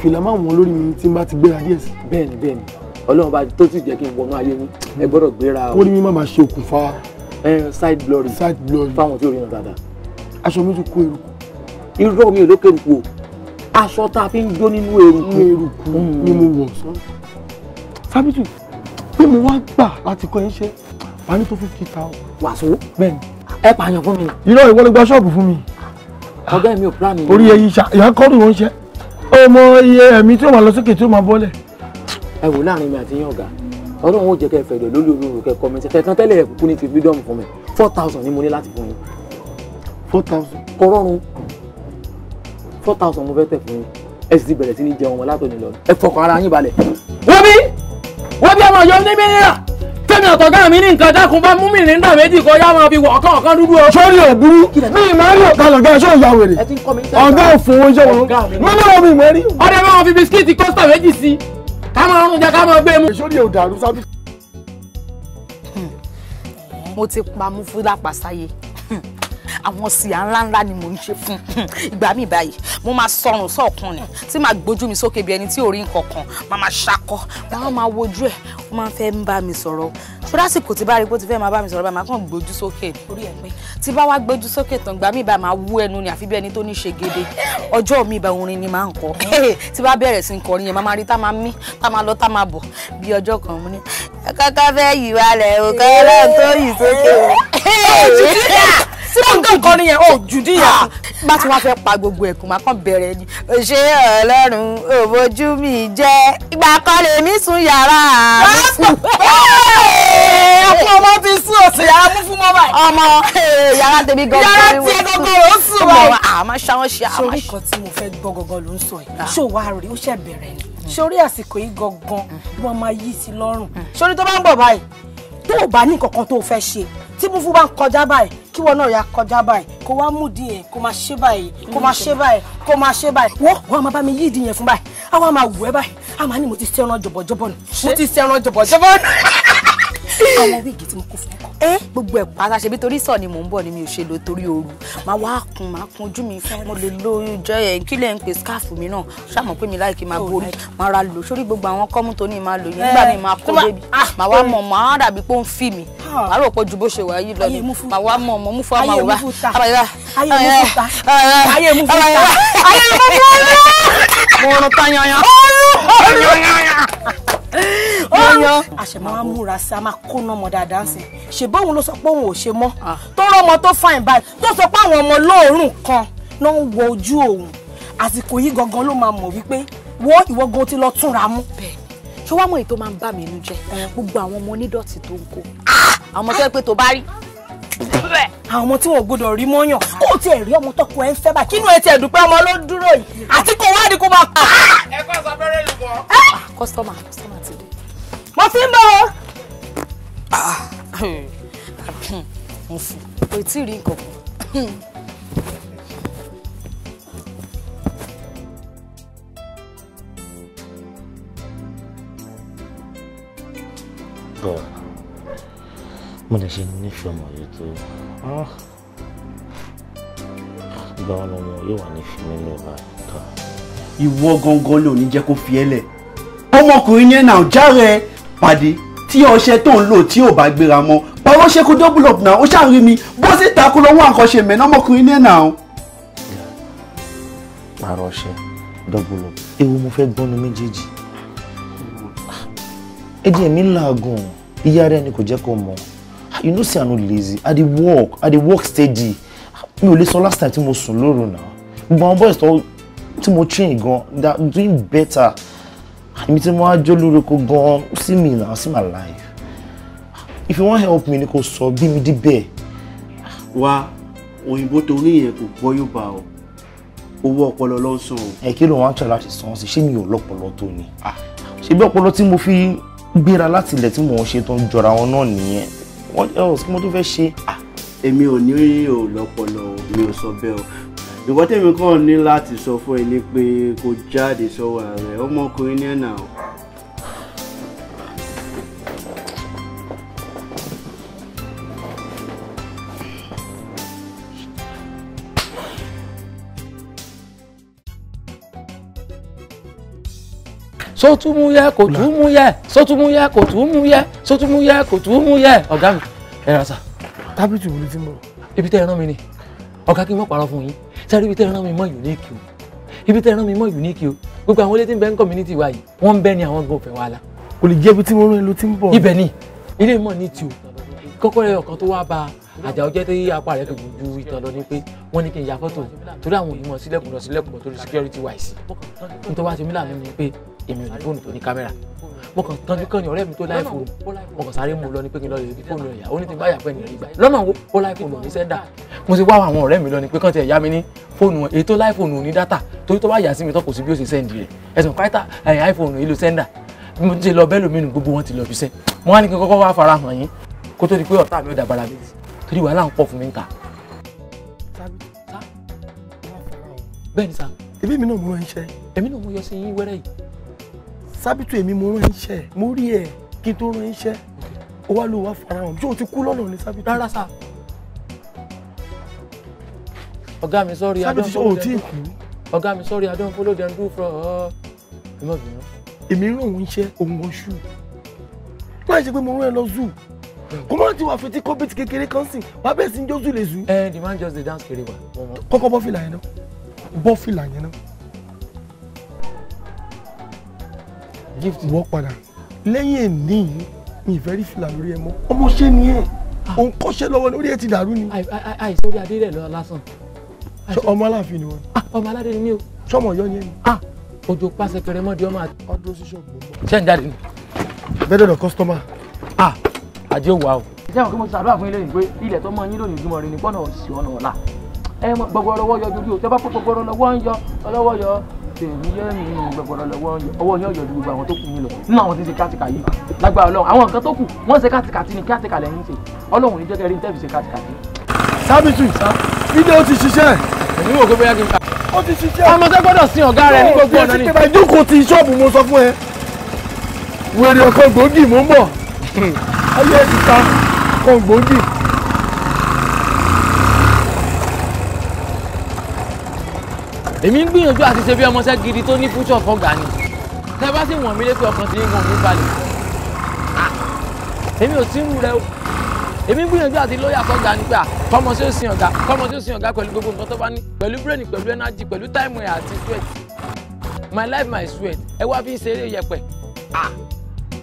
fìlà máa wọn lórí mi tí n bá ti gbéra díẹ̀ sí. bẹ́ẹ̀ni bẹ́ẹ̀ni Ọlọ́run bá tó sì jẹ́ kí n wọnú ayé yín ẹ mm. gbọ́dọ̀ gbéra. ó ní mi máa ṣe okùnfà. side glory side glory fáwọn tí ò rí náà dáadáa. aṣọ mi tún kó eruku. irọ́ mi ò lókè eruku o aṣọ tá a fi ń jó nínú eruku. eruku ni mo wọ̀ sọ. sábìtù pé mo wá gbà láti kọ́ ẹ ṣe wà ní tó fifty thousand. wàásù bẹ́ẹ̀ni. ẹ pààyàn fún mi. irọ́ ìwọ ṣọ́ọ̀bù fún mi ọ̀gá mi ò plan mi. orí ẹyin ṣá ìyá kọ́rù wọn ṣe ọmọ iye ẹ̀mí tí ó máa lọ sókè tí ó máa bọ́lẹ̀. ẹ wò láàrin mi àti yín ọ̀gá ọlọ́run ó jẹ́ kẹ́ ẹ fẹ̀dọ̀ lórí olóòrùn kẹ́ kọ́ mi tẹ̀ tán tẹ́lẹ̀ ẹ̀kú ní fi freedom fún mi four thousand ni mo ní láti fún yín. four thousand. kò rọrùn four thousand mo fẹ́ tẹ̀ fún yín ẹ sì ti bẹ̀rẹ̀ sí ní jẹun wọn látòní lọ ẹ fọkàn ara yín balẹ̀. wọ́n bí wọ́n bí ọmọ yọ ní mí tẹ̀mí ọ̀tọ̀gá mi ní nǹkan dákun bá mú mi ní dà méjì kọjá máa fi wọ̀ ọ̀kan ọ̀kan dúdú o. sórí òbúrú mi máa ń lò kalọ̀ gan sóò ya wèrè ọ̀gá òfòwò jẹ́ wọn mo ní omi ìwé rí. ọ̀dẹ̀ máa fi bisikíìtì kọ́sítà méjì sí i ká máa rún jẹ ká máa gbé mu. sórí òdàrú sábì. Hmm. mo ti pa mú fúlápàsáyé àwọn sìyà ńláńlá ni mò ń ṣe fún ìgbà mi báyìí mo máa sọrùn sọ̀kan ni tí màá gbójú mi sókè bí ẹni tí ò rí nǹkan kan màá máa ṣakọ táwọn máa wojú ẹ̀ wọ́n máa fẹ́ ń bá mi sọ̀rọ̀ ṣó lásìkò tí bá rí bó ti fẹ́ máa bá mi sọ̀rọ̀ báyìí máa kàn gbójú sókè orí ẹ̀ pé tí bá wá gbójú sókè tán gbà mí bá máa wú ẹnu ni àfi bí ẹni tó ní ṣe gédé ọjọ́ mi ìbá orin ni máa ń kọ tí bá bẹ̀rẹ̀ sí kọrin yẹn máa rí tá máa mí tá máa lọ tá máa bọ̀ bí ọjọ́ kan mo ní kọ́kọ́ fẹ́ yìí wálẹ̀ òkè ọlọ́run tó yìí sókè o tí mo ń kàn kọ́ nìyẹn ó jù díyẹn ah. bá ti wá fẹ́ pa gbogbo ẹ̀kún máa kàn bẹ̀rẹ̀ ni. ṣé ọlọ́run òbójú mi jẹ́ ìgbà kan lèmi sùn yàrá mi sùn. ọkọ ọmọ ti sún òsè yàrá mú fún mọ́bà. ọmọ yàrá tèmi gangan yàrá tiẹ̀ gangan ò ń sùn wa. àmọ́ ṣáwọn ṣe àmọ́. sórí kan tí mo fẹ́ gbọ́ gangan ló ń sọ yìí ah. ṣó wàá rí ó ṣẹ̀ bẹ̀rẹ̀ ni mm-hmm. sórí àsìkò yìí gangan mm-hmm. wọn máa yí sí lọ́rùn sórí tó bá ń bọ̀ báyìí tó o bá ní kankan tó o fẹ́ ṣe tí mo fún bá ń kọjá báyìí kí wọn náà yà kọjá báyìí kó wá mú di yẹn kó máa ṣe báyìí kó máa ṣe báyìí kó máa ṣe báyìí wọ́n wọ́n máa bá mi yí ìdí yẹn fún báyìí àwọn máa wù ẹ́ báyìí àwọn àní mo ti ṣe ẹran jọ̀bọ̀jọ̀bọ̀ nù mo ti ṣe ẹran jọ̀bọ̀jọ̀bọ̀ nù. àwọn wíìgì tí mo kó fún ẹ gbogbo ẹ̀ pátá ṣe bí torí sọ ni mò ń bọ̀ ni mi ò ṣe lò torí ooru máa wá kun máa kun ojú mi fẹ́ mo lè lo ìjọ ẹ̀ kí lẹ́ ń pe scarf mi náà ṣàmọ̀ pé mi láìkí máa oh, borí máa ra lò sórí gbogbo àwọn kọ́mú tó ní máa lò yẹn nígbà mi eh, máa kó débi máa ah, wá eh. mọ̀ máa dàbí pé ó ń fì mí ah. máa rò pé ju bó ṣe wà yìí lọ máa wá mọ̀ mọ̀ mú fún àmà òwúrà ayé mú fún ta mo rún tán yanyan yányán àṣẹmọ wa múra sí a máa kóná ọmọ dáadáa sí ṣe bóun ló sọ pé òun ò ṣe mọ ah. tó rọmọ tó fàìn báyìí tó sọ pé àwọn ọmọ lóòórùn kan náà ń wo ojú òun àsìkò yìí gangan ló máa mọ̀ wípé wo ìwọ gan ti lọ túnra mú. ṣé wàá mọ èyí tó máa ń bà mí inú jẹ́ eh. gbogbo àwọn ọmọ onídọ̀tí tó ń kó àwọn ọmọ tó yẹ pé tó bá rí àwọn ọmọ tí wọn gbọ́dọ̀ rí mọyàn kó tiẹ̀ rí ọmọ tọkọ ẹ ń fẹ́ bá kínú ẹ tiẹ̀ dúpẹ́ ọmọ ló dúró yìí àti kò wádìí kó máa pa. ẹ kọ́ sọ fẹ́rẹ́ lùbọ̀. Eh? kọ́sítọ́mà kọ́sítọ́mà ti dé. mo fi ń bọ̀ o. Ah, mo fún kò tí ì rí nǹkan kan. bọ̀ mo lè ṣe nífẹ̀ẹ́ ọmọ yìí tó ah, gbọ́n lọ́mọ yóò wà nífẹ̀ẹ́ nínú ọba ìta. ìwọ gangan ló ní jẹ́ kó fi ẹ́ lẹ̀ ọmọkùnrin yẹn náà járe pàdé tí ọṣẹ tó ń lò tí ò bá gbéra mọ́ báwo ṣe kó double up náà ó ṣàrí mi bó sì takú lọ́wọ́ àkọ́ṣe mẹ́ná ọmọkùnrin yẹn náà. pààrọ̀ ọṣẹ double up ewu mo fẹ́ gbọ́nu méjèèjì ẹ̀jẹ̀ mi làágùn ìyá rẹ̀ ni kò jẹ́ kó mọ̀ ah, you know say i no lazy i dey work i dey work steady mi ò lè sọ last time tí mo sùn lóru náà gbogbo àwọn boys tó tí mo train gan they are doing better ibi tí mo wá jó lórí ko gan see me now see my life if you wan help me ni kò sọ bí mi díbẹ̀. wá òyìnbó tó ní yẹn kò gbọ́ yóò bá ọ owó ọpọlọ ló ń san o. ẹ kí ló wọn àtúntò láti san sí ṣé mi ò lọ́pọlọ tó ni ah. ṣé bí ọpọlọ tí mo fi gbéra láti ilẹ̀ tí mò ń ṣe tó ń jọra wọn náà nìyẹn what else kí mo tó fẹ́ ṣe. Ah, èmi ò ní ò lọ́pọlọ mi ò sọ bẹ́ẹ̀ o nǹkan tèmi kàn ní láti sọ fún ẹ ni pé kò jáde sọ́wọ́ rẹ ọmọkùnrin ní ẹ̀nà o. sótúmúyẹ kò túmúyẹ sótúmúyẹ kò túmúyẹ sótúmúyẹ mi ẹ rà sá tábìlì tìbúlù tí mo. ibi tẹ́ ẹ rán mi ni ọ̀gá kí n má parọ́ fún yín sáré ibi tẹ́ ẹran mi mọ́ unique o ibi tẹ́ ẹran mi mọ́ unique o gbogbo àwọn ilé tí ń bẹ ń community wa yìí wọ́n ń bẹ ní àwọn gan ọ̀fẹ́ wa la. kò lè jẹ́ ibi tí wọ́n rán ẹ ló ti ń bọ̀. ibẹ̀ ni ilé mọ̀ ní ti o kọ́kọ́rẹ́ ọ̀kan tó wá ba àjà ọjọ́ tí apá rẹ̀ fi ju ìtàn lọ ni pé wọ́n ní kí n ya fọ́tò torí àwọn onímọ̀ sílẹ̀kùn lọ sílẹ̀kùn bọ̀ torí security wise nítorí wá sí mílànà ni pé èmi ò ní fóònù tó ní kámẹ́rà mo kàn kanjú kan ní ọ̀rẹ́ mi tó láìfò mo kàn sáré mu lọ ní pé kí n lọ lè rí fóònù rẹ̀ ó ní ti bá yàgbẹ́ nìyẹn gbà lọ́nà ó láìfóònù ní sẹ́ńdà mo ti wá àwọn ọ̀rẹ́ mi lọ ní pé kàn tiẹ̀ yá mi ní fóònù wọn èyí tó láìfóònù ní dátà torí tó bá yà sí mi tó kò sí bí ó ṣe sẹ́ǹdì rẹ̀ ẹ̀sùn káìtà ẹ̀yìn áìfóònù yìí sẹ́ńdà mo ti lọ bẹ́ẹ̀ lómi nù gbogbo wọn ti lọ bíṣẹ́ mo èmi náà mo yọ sí yín wẹ́rẹ́ yìí sábìtù èmi mo rán iṣẹ́ mo rí ẹ̀ kí n tó rán iṣẹ́ ó wá ló wá fara hàn o ti kú lọ́nà ní sábìtù. rárá sá. ọ̀gá mi sọ́ọ́rì adán fọlọ́ dẹ́n dúró fún ọ ẹ má bínú. èmi rán òun iṣẹ́ òun oṣù láì ṣe pé mo rán ẹ lọ zoo kò má ti wà fetí kọ́bẹ̀tì kékeré kan sìn wà bẹ́ẹ̀ sí ń jó zoo lè zoo. ẹ eh, the man just dey dance kiri wa. kọ́kọ́ bọ́fìlà yẹn náà bọ́fìlà yẹn náà gift wọ́ padà lẹ́yìn èní mi ìfẹ́ rí fìlà lórí ẹ mọ́ ọmọ ṣé ni ẹ òun ah. kọ́ṣẹ́ lọ́wọ́ ni orí ẹ ti dàrú ni. àìsí orí adé rẹ̀ lọ lásán. ọmọ aláàfin ni wọn. Ah, ọmọ aládé ni mí o. sọmọ Ọ̀yọ́ ni ẹ ni. Ah, ojú pàṣẹ kẹrẹ mọ́ di ọmọ àti. ọdún ṣíṣọ́ gbọ́n. ṣé ń jáde ni. bẹ́ẹ̀ dọ̀dọ̀ kọ́sítọ́mà. àjẹ́ wà o. ṣé àwọn kí mo ṣàdúrà fún ilé yìí pé ilẹ̀ tó mọ yín lónìí ìdúmọ̀ rẹ̀ ní tèmi yẹ́ mi gbẹ̀gbọ̀rọ̀ lọ́wọ́ ọwọ́ yẹ́ ọ̀yọ́ gbogbo àwọn tó kù mí lọ nínú àwọn tí ń ṣe kátìkà yìí lágbára ọlọ́run àwọn nǹkan tó kù wọ́n ṣe kátìkàtì ni kátìkà lẹ́yìn ṣe ọlọ́run ní jẹ́kẹ́rì ní tẹ́fì ṣe kátìkàtì. sábìtù ìdè ó ti ṣiṣẹ́ èmi wò pé bóyá kí n ta. ó ti ṣiṣẹ́ ọmọ tẹ gbọ́dọ̀ sin èmi ń gbìyànjú àti ṣe bí ọmọọṣẹ́ gidi tó ní fúnṣọ̀ fọ́gbà ni tẹ́ bá sì wọ̀n mí létí ọkàn tí ń wọ̀n mí balẹ̀ èmi ò tí ń rẹ o èmi ń gbìyànjú àti lọ́ọ̀yà fọ́gà ni pé kọ́mọ sí òsì ọ̀gá kọ́mọ sí ọ̀gá pẹ̀lú gbogbo nǹkan tó bá ní pẹ̀lú bírèènì pẹ̀lú ẹnájì pẹ̀lú táìmù ẹ̀ àti sweat my life my sweat ẹ wá fi ń ṣeré yẹpẹ̀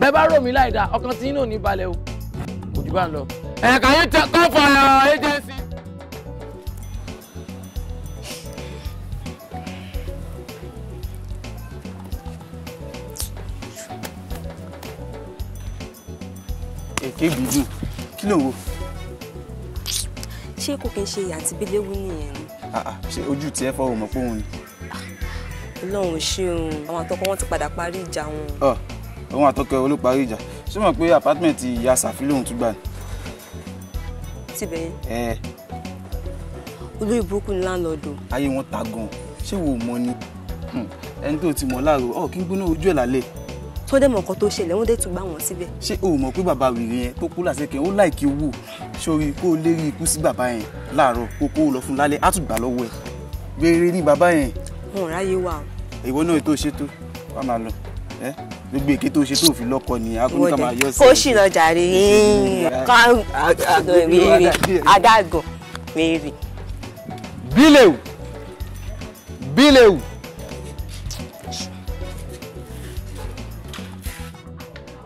bẹ́ẹ̀ bá rò mí láì dáa ọkàn tí yín náà ní balẹ̀ o kò agency. kébi dùn kí ló ń wo. ṣé kò kí n ṣe àti bíléwu nìyẹn ni. Ah, ah, ṣé ojú tiẹ̀ fọwọ́ mọ̀ pé òun ni. ọlọ́run ṣé o àwọn àtọkọ wọn ti padà parí ìjà wọn. Ah, àwọn àtọkọ wọn ló parí ìjà ṣé mọ̀ pé apartment ìyá sàfi lòun tún gbà ní. tibẹ̀ yẹn. olóyè burúkú ni láńlọ́ọ̀dù. ayé wọn ta gan-an ṣé wo mọ ni ẹni tó ti mọ̀ láàárọ̀ ọ̀ kí n gbóná ojú ẹ̀ lálẹ́ tó dẹ̀ mọ̀ nǹkan tó ṣẹlẹ̀ wọ́n dẹ̀ tún gbà wọ́n síbẹ̀. ṣé o mọ̀ pé bàbá wèrè yẹn tó kú làṣẹkẹ̀ ó láìkí owó sórí kó o lérí ikú sí bàbá yẹn láàárọ̀ kó o lọ fún lálẹ́ á tún gbà lọ́wọ́ ẹ̀ wèrè ni bàbá yẹn. wọn ò ráyè wà o. ìwọ náà tó ṣe tó wà máa lọ ẹ gbogbo èké tó ṣe tó fi lọ́kọ ni akóni ká máa yọ sí. kó ṣìnà jàre adágàn wèrè.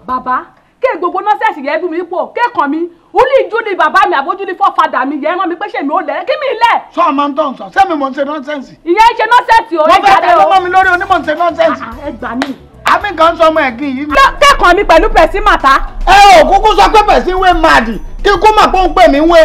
bàbá kí gbogbo nọ́sẹ̀sì yẹn bí mi pò kéèkàn mi wúlì ìjú ni bàbá mi àbójú ni fọ́fadà mi yẹn rán mi pé ṣèmi ò lẹ̀ kí mi lẹ̀. sọ àmọ́ ń tọ̀ sọ sẹ́mi mò ń ṣe nọ́sẹ̀sì. ìyẹn ń ṣe nọ́sẹ̀sì o. wọ́n fẹ́ẹ́ tẹ́lẹ̀ mọ́ mi lórí onímọ̀ ń ṣe nọ́sẹ̀sì. Ah, ẹ gbà mí àmì kan sọ ọmọ ẹ̀gbìn yìí. kẹ́kọ̀ọ́ mi pẹ̀lú pẹ̀sí màtá. ẹ ò kúkú sọ pé pẹ̀sí wé màdì kí kú mà kó ń pè mí wé.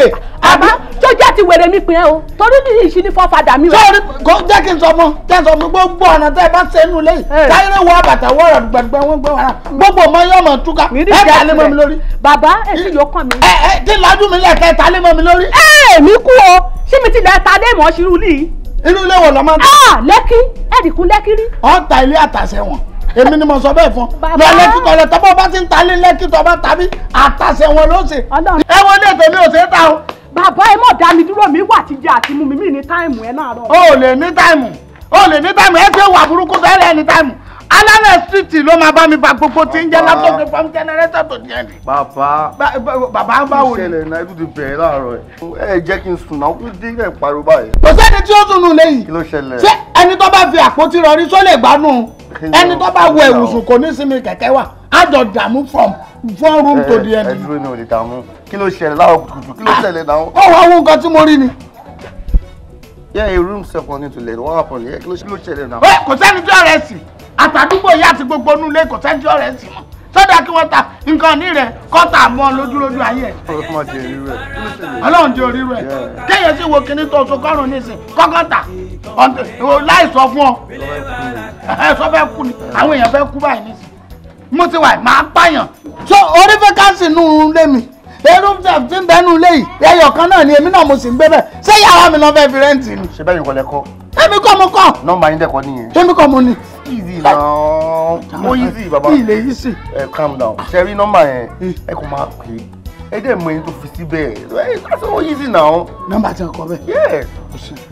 àbí tó jẹ́ ti wèrè mi pin ẹ o torí ní ìṣí ni fọ́fadà mi o. sọ́ọ́rí kò jẹ́ kí n sọ mọ́ jẹ́ sọ mi gbogbo ọ̀nà tẹ́ ẹ bá ṣe nù lẹ́yìn eh. táyé wọ àbàtà wọ̀rọ̀ gbẹgbẹ wọn gbẹ wọn gbogbo ọmọ yóò mọ̀ túká ẹ ta lé mọ́ mi lórí. bàbá èsì yóò kàn mí. ẹ ẹ tí lajú mi lẹ̀ kẹ́ ta lé mọ́ mi lórí. ẹ mi kú o ṣé mi ti lẹ ta lé mọ́ ṣirú lì. inú ilé wo lọ máa ń tẹ. Ah, lẹ́kí ẹ̀ẹ́dìkún lẹ́kí rí. ọ̀ ta ilé àtàṣẹ wọn èmi ni mo sọ bẹ́ẹ̀ fún lọ lẹ́kìtọ̀ lọ tọ́pọ̀ bá ti ń talé lẹ́kìtọ̀ bá tàbí àtàṣe wọn ló ṣe ẹ wọlé tèmi ò ṣe é ta o. bàbá ẹ mọ̀ dá mi dúró mi wà ti jẹ àti mu mi mi ní táìmù ẹ náà rọ. o ò lè ní táìmù o ò lè ní táìmù ẹ ṣe wà burúkú tó ẹ ní táìmù alálẹ̀ street ló máa bá mi ba gbogbo tí ń jẹ́ látọ̀gbẹ́ fún jẹ́nẹrétọ̀ tó jẹ́ ni. bàbá bàbá ń báwo ni. ìṣẹ̀lẹ̀ náà ètò ti bẹ̀rẹ̀ láàárọ̀ ẹ̀. ẹ jẹ́ kí n sùn náà kí n dín ìpariwo báyìí. kò sẹ́ni tí ó tún nù lẹ́yìn. kí ló ṣẹlẹ̀. ṣé ẹni tó bá fi àpótí rọrí só lè ẹni tó bá wọ ìwòsàn kò ní sinmi kẹ̀kẹ́ wà á jọ dààmú from one room to the end. ẹ dúró mi ò lè dààmú kí ló ṣẹlẹ̀ láwọn kùtùkùtù kí ló ṣẹlẹ̀ náà. ó wá wo nǹkan tí mo rí ni. yẹ ẹ room sef wọn ni to lẹ wọn àpọ̀ nìyẹn kí ló ṣẹlẹ̀ náà. ẹ kò sẹ́ni tí ọ̀rẹ́ sì àtàdúgbò yìí àti gbogbo onúlé kò sẹ́ni tí ọ̀rẹ́ sì mọ́ sọ́dọ̀ kí wọ́n ta nǹkan ní rẹ̀ kọ́ta mọ́ lójúlójú ayé ẹ̀. ọlọ́run ti orí rẹ̀ kéèyàn sì wo kinní tó oṣù kọ́rùn-ún nísìn kọ́kọ́ ta láì sọ fún ọ ẹ sọ fẹ́ kú ni àwọn èèyàn fẹ́ kú báyìí ní mo ti wà máa pààyàn. so orí vacancy nù lé mi èrú tí ń bẹnu lé yìí ẹyọ kan náà ni èmi náà mo sì ń gbé bẹ ṣé yàrá mi náà fẹ́ fi rẹ́ǹtì ni. ṣe bẹ́ẹ̀ ìwọlẹ̀ kọ́. èmi kọ́ mo kọ́. nọ́mbà yín dẹ́kọ̀ nìyẹn. èmi kọ́ mo ní. easy náà ó easy baba. ilé yìí sì. ẹ calm down ṣe rí nọ́mbà yẹn ẹ kò máa pè é ẹ dẹ́ mọ ẹni tó fi síbẹ̀ ẹ ṣe ó easy náà. nọ́mbà tí a kọ bẹ́ẹ̀. yẹ́ẹ̀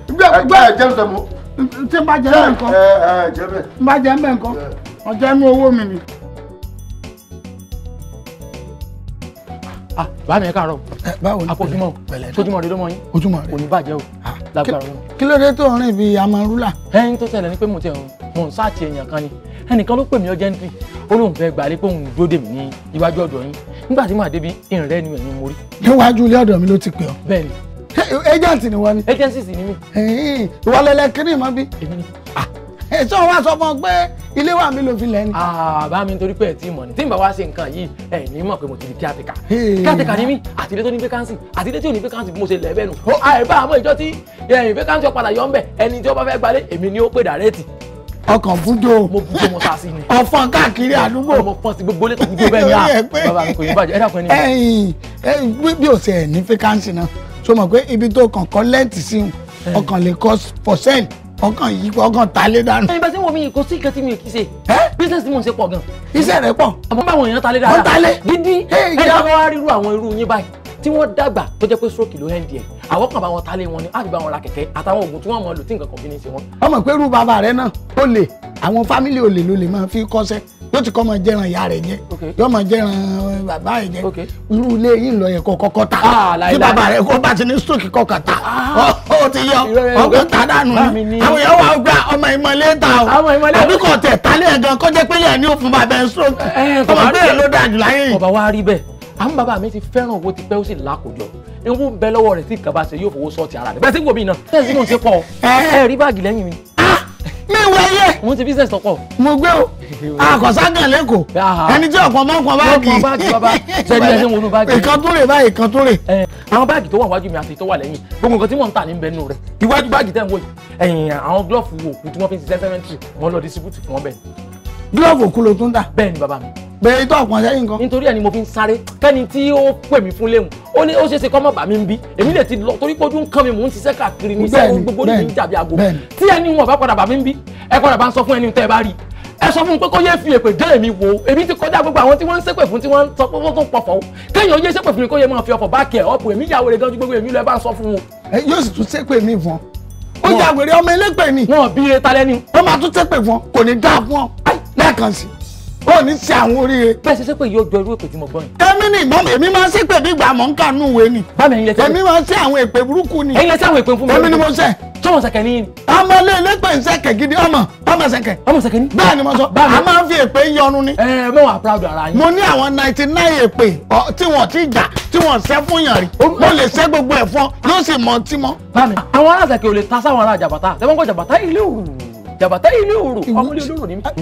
gbẹkúgbẹ. ẹ jẹ́ nsọ mu. tí n bá jẹ mbẹ nǹkan. ẹ ẹ jẹ mbẹ. n bá jẹ mbẹ nǹkan. ọjọ́ inú owó mi ni. ah bá mi káàárọ̀. báwo ni àpòjúmọ pẹ̀lẹ́ sójúmọ rẹ ló mọ yín. ojúmọ rẹ òní bàjẹ́ o ah, ah, lágbára o. kí ló dé tó rìn bíi amarula. ẹyin tó tẹ̀lé ni pé mo tẹ mò ń sáàtì èèyàn kan ni ẹnìkan ló pè mí ọjọ́ ẹ̀ńtì ó lóun fẹ́ gbà lé pé òun dúró dè mí ní iwájú ọ̀dọ̀ yín nígbà tí màá débi ìrìn rẹ ni ẹ̀yin mo rí. níwájú ilé ọ̀dọ̀ mi ló ti pè ọ́. bẹ́ẹ̀ni agent ni wọ́n ni. agency sì ni mí. ìwọ lẹlẹkìnrin mọ bí. èmi ni. ṣé wọn wá sọ fún ọ pé ilé wa mi ló fi lẹ́nu. Ah, bá mi nítorí pé ẹ ti mọ̀ ní tí n bá wá ṣe nǹkan yìí ẹ ní mọ̀ pé mo ti di kíátìkà. kíátìkà ni mí àti ilé tó ní vacancy àti ilé tí ò ní vacancy bí mo ṣe lẹ̀ bẹ́ẹ̀ nù. ó oh. àyè bá àmọ́ ìjọ tí ẹ̀yìn vacancy ọ̀padà yọ̀ ń bẹ̀ ẹni tí ó bá fẹ́ gbalé èmi ni ó pè dàrẹ́ẹ̀tì ọkàn bújó mo bújó mo ta sí ni ọfọn káàkiri àdúgbò ọmọ pọn sí gbogbo lẹtọ bújó bẹ́ẹ̀ ni à ah, bàbá mi kò ní bàjẹ́ ẹ dàpọ ẹni. ẹyin bí o ṣe ẹ ní fẹkánsì náà so mọ̀ pé ibi tó kàn kọ́ lẹ́ǹtì sí eh. ọkàn lè kọ́ for sale ọkàn yìí ọkàn ta lé dànù. ẹni bá ti ń wo mi kò sí ìkẹtì mi kì í ṣe. business mi ò ṣe pọ̀ gan. iṣẹ́ rẹ̀ pọ̀. àmọ́ báwọn èèyàn ta lé dáadáa. wọ́n ta lé. gidi ẹ̀ka wá ríru àwọn irú yín báyìí tí wọ́n dàgbà tó jẹ́ pé stroke ló hẹ́ndì ẹ̀ àwọn kan bá wọn ta lé wọn ni á ti bá wọn ra kẹ̀kẹ́ àtàwọn oògùn tí wọ́n mọ̀ lò tí nǹkan kan fi ní í ṣe wọn. ọmọ pé irú bàbá rẹ náà ó lè àwọn fámìlì olè ló lè máa fi kọ́ṣẹ́ yóò ti kọ́ máa jẹ́ran ìyá rẹ̀ jẹ́ yóò máa jẹ́ran eh, bàbá rẹ̀ jẹ́ irú ilé yìí lọ yẹn kọ́ kọ́kọ́ ta ah, tí bàbá rẹ̀ kọ́ bá ti ní stroke kọ́kọ́ ta ah. ó ti yọ ọkọ̀ ta dànù ni àwọn èèyàn wà gba ọmọ ìmọ̀lẹ́ ta o àbí kò tẹ̀ tálẹ̀ gan kó jẹ́ pé yẹn ní òfin bàbá stroke eh, eh, ọmọ bẹ́ẹ̀ ló dájú láyé yìí. ọba wa rí bẹ́ẹ̀ àwọn bàbá mi ti fẹ́ràn owó ti pẹ́ ó sì lákòjọ ewu ń bẹ lọ́wọ́ rẹ̀ tí kaba ṣe yóò fowó sọ́ọ̀tì ara rẹ̀ bẹ́ẹ̀ sí wòmí náà bẹ́ẹ̀ sí mò ń ṣe pọ̀ ẹ rí báàgì lẹ́yìn mi. Ah, mi wọ ilé. mo ti business tọpọ. mo gbé o àkọsángan ah, lẹ́kọ̀ọ́ ah. ẹni tí ọ̀pọ̀ máa ń pọn báàgì. mo pọn báàgì bàbá sẹ́ni ẹ̀ ṣe ń wọnú báàgì. ìkan tó rè báyìí ìkan tó rè. àwọn báàgì tó wà wájú mi àti tó wà lẹ́yìn gbogbo nǹkan tí mò ń tà ní bẹ́ẹ̀ nù rẹ̀ iwájú báàgì tẹ̀ ń wò yìí ẹ̀yìn àwọn glove òkú tí wọ́n fi ń ṣiṣẹ́ sẹ́mẹ́ntì wọ́n lọ distribute fún wọn bẹ́ẹ̀. glove òkú ló tún dà. bẹ́ẹ̀ ni bàbá mi bẹ̀rẹ̀ tó àpọ̀n sẹ́yìn kan. nítorí ẹ̀ ni mo fi ń sáré kẹ́ni tí ó pè mí fún léwu ó ní ó ṣeé ṣe kọ́ mọ̀ bá mi ń bí èmi lè ti lọ torí pé ojú ń kán mi mò ń ṣiṣẹ́ káàkiri ní sẹ́wọ́n gbogbo ní ìjà bí aago tí ẹni wọn bá padà bá mi ń bí ẹ padà bá ń sọ fún ẹni tẹ́ ẹ bá rí ẹ sọ fún mi pé kó yé fi èpè dé èmi wò èmi ti kọjá gbogbo àwọn tí wọ́n ń ṣépè fún tí wọ́n ń sọ pé wọ́n tún pọ̀fọ̀ o kéèyàn yé ṣépè fún mi kó yé máa fi ọ̀fọ̀ báàkì ẹ̀ ọ̀pọ̀ èmi yàwó rẹ̀ gan ju gbogbo èmi lọ ẹ bá ń sọ fún wọn. ẹ yóò sì tún ṣépè mi fún ọ ó jà wèrè ọmọ ẹlẹgbẹ ni. wọn ò bí ire ta lẹni. wọn máa tún ṣépè fún ọ kò ní dáa fún ọ lẹ́ẹ̀kan sí i ó ní ṣe àwọn oríire. bẹ́ẹ̀ ṣe ṣe pé yóò jọ irú èpè tí mo gbọ́ yìí. tẹ́mí ni ìmọ̀ èmi máa ń ṣe pé bí ìgbà mọ̀ ń kànú ìwé ni. bámi ẹ̀yin lẹ́sẹ̀. èmi máa ń ṣe àwọn èpè burúkú ni. ẹ̀yin lẹ́sẹ̀ àwọn èpè fún mi. tẹ́mí ni mo ṣe. sọ́wọ́n sẹ̀kẹ̀ ni. ọmọ ilé ẹlẹ́pẹ̀ ń sẹ̀kẹ̀ gidi ọmọ ọmọ sẹ̀kẹ̀. ọmọ sẹ̀kẹ̀ ni. bẹ́ẹ̀ ni mo sọ a máa ń fi èpè yọnu ni. ẹ mọ wà proud ara yín. mo ní àwọn ninety nine èpè tí wọn ti jà tí wọn ṣẹ́ fún yàn rí. mo lè ṣẹ́ gbogbo ẹ̀fọn yóò sì mọ ọtí mọ́. bámi àwọn aláṣẹ kì ò lè ta sáwọn ará jàbàtà tẹ́wọ́n kọ́ jàbàtà ilé òòlù jàbàtà yìí ní òru ọmọdé olóró ni mí. Ah.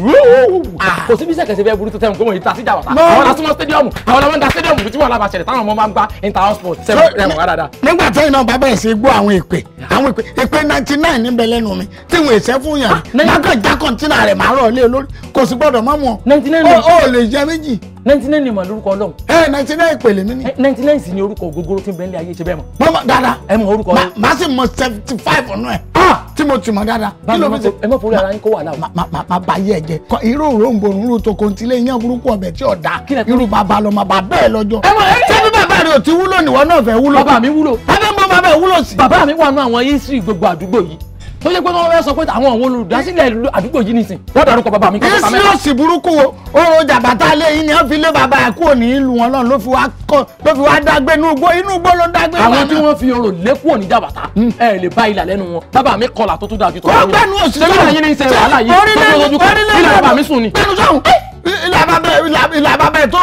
Ah. kò sí bí sẹ́kẹ̀sẹ̀ bẹ́ẹ̀ burú tó tẹ̀ ń gbóhùn ìta sí jàbàtà àwọn la súnmọ́ stadium àwọn làwọn ń stadium tí wọ́n alábàṣẹ̀lẹ̀ táwọn ọmọ máa ń gba inter house sport sẹ́wọ̀n rẹ̀ wọ́n dáadáa. nígbà tó iná bàbá ẹ̀ ṣe gbọ́ àwọn èpè àwọn èpè èpè ninety nine níbẹ̀ lẹ́nu mi tí wọ́n èṣẹ́ fún yàn lákàjá ah, kọ̀ǹtínà rẹ̀ màárọ̀ lé olórí kò sí gbọ́dọ̀ mọ́mọ́ o ò lè jẹ méjì ninety nine ni mà lórúkọ ọlọ́run. ẹ ninety nine ìpele mi ni. ninety nine sì ni orúkọ ògógóró tí ń bẹ nílé ayé ṣe bẹ́ẹ̀ mọ̀. mo mọ dáadáa. ẹ mọ orúkọ rẹ. màá sì mọ seventy five ọ̀nà ẹ̀. Ah! tí mo ti mọ dáadáa. báwo ni ẹ má forí ara yín kó wà láwọn. màá bá yẹ jẹ irú òróǹbòrún irú tokontilé iyán burúkú ọbẹ̀ tí ò da irú bàbá lọ màbà bẹ́ẹ̀ lọ́jọ́. ẹ mọ ẹ ṣé bí bàbá rẹ ò ti wúlò níwọ náà fẹ́ wúlò. bàbá mi wúlò. ẹ fẹ́ mọ bàbá ẹ wúlò sí. bàbá mi wà nù àwọn yéésù gbogbo àdúgbò yìí tó jẹ́ pé wọ́n fẹ́ sọ pé àwọn àwọn olùdásílẹ̀ àdúgbò yìí nìsín wọ́n darúkọ bàbá mi. ìsíròsì burúkú oró jàbátà lẹ́yìn ni wọ́n fi lé bàbá ẹ̀ kúrò ní ìlú wọn náà ló fi wá kọ́ ló fi wá dágbé inú igbó inú igbó ló dágbé wọn. àwọn tí wọ́n fi orò lé kúrò ní jàbátà hmm. ẹ lè bá ilà lẹ́nu wọn bàbá mi kọlà tó tún dáa ju tọ́jú. ọgbẹ́ni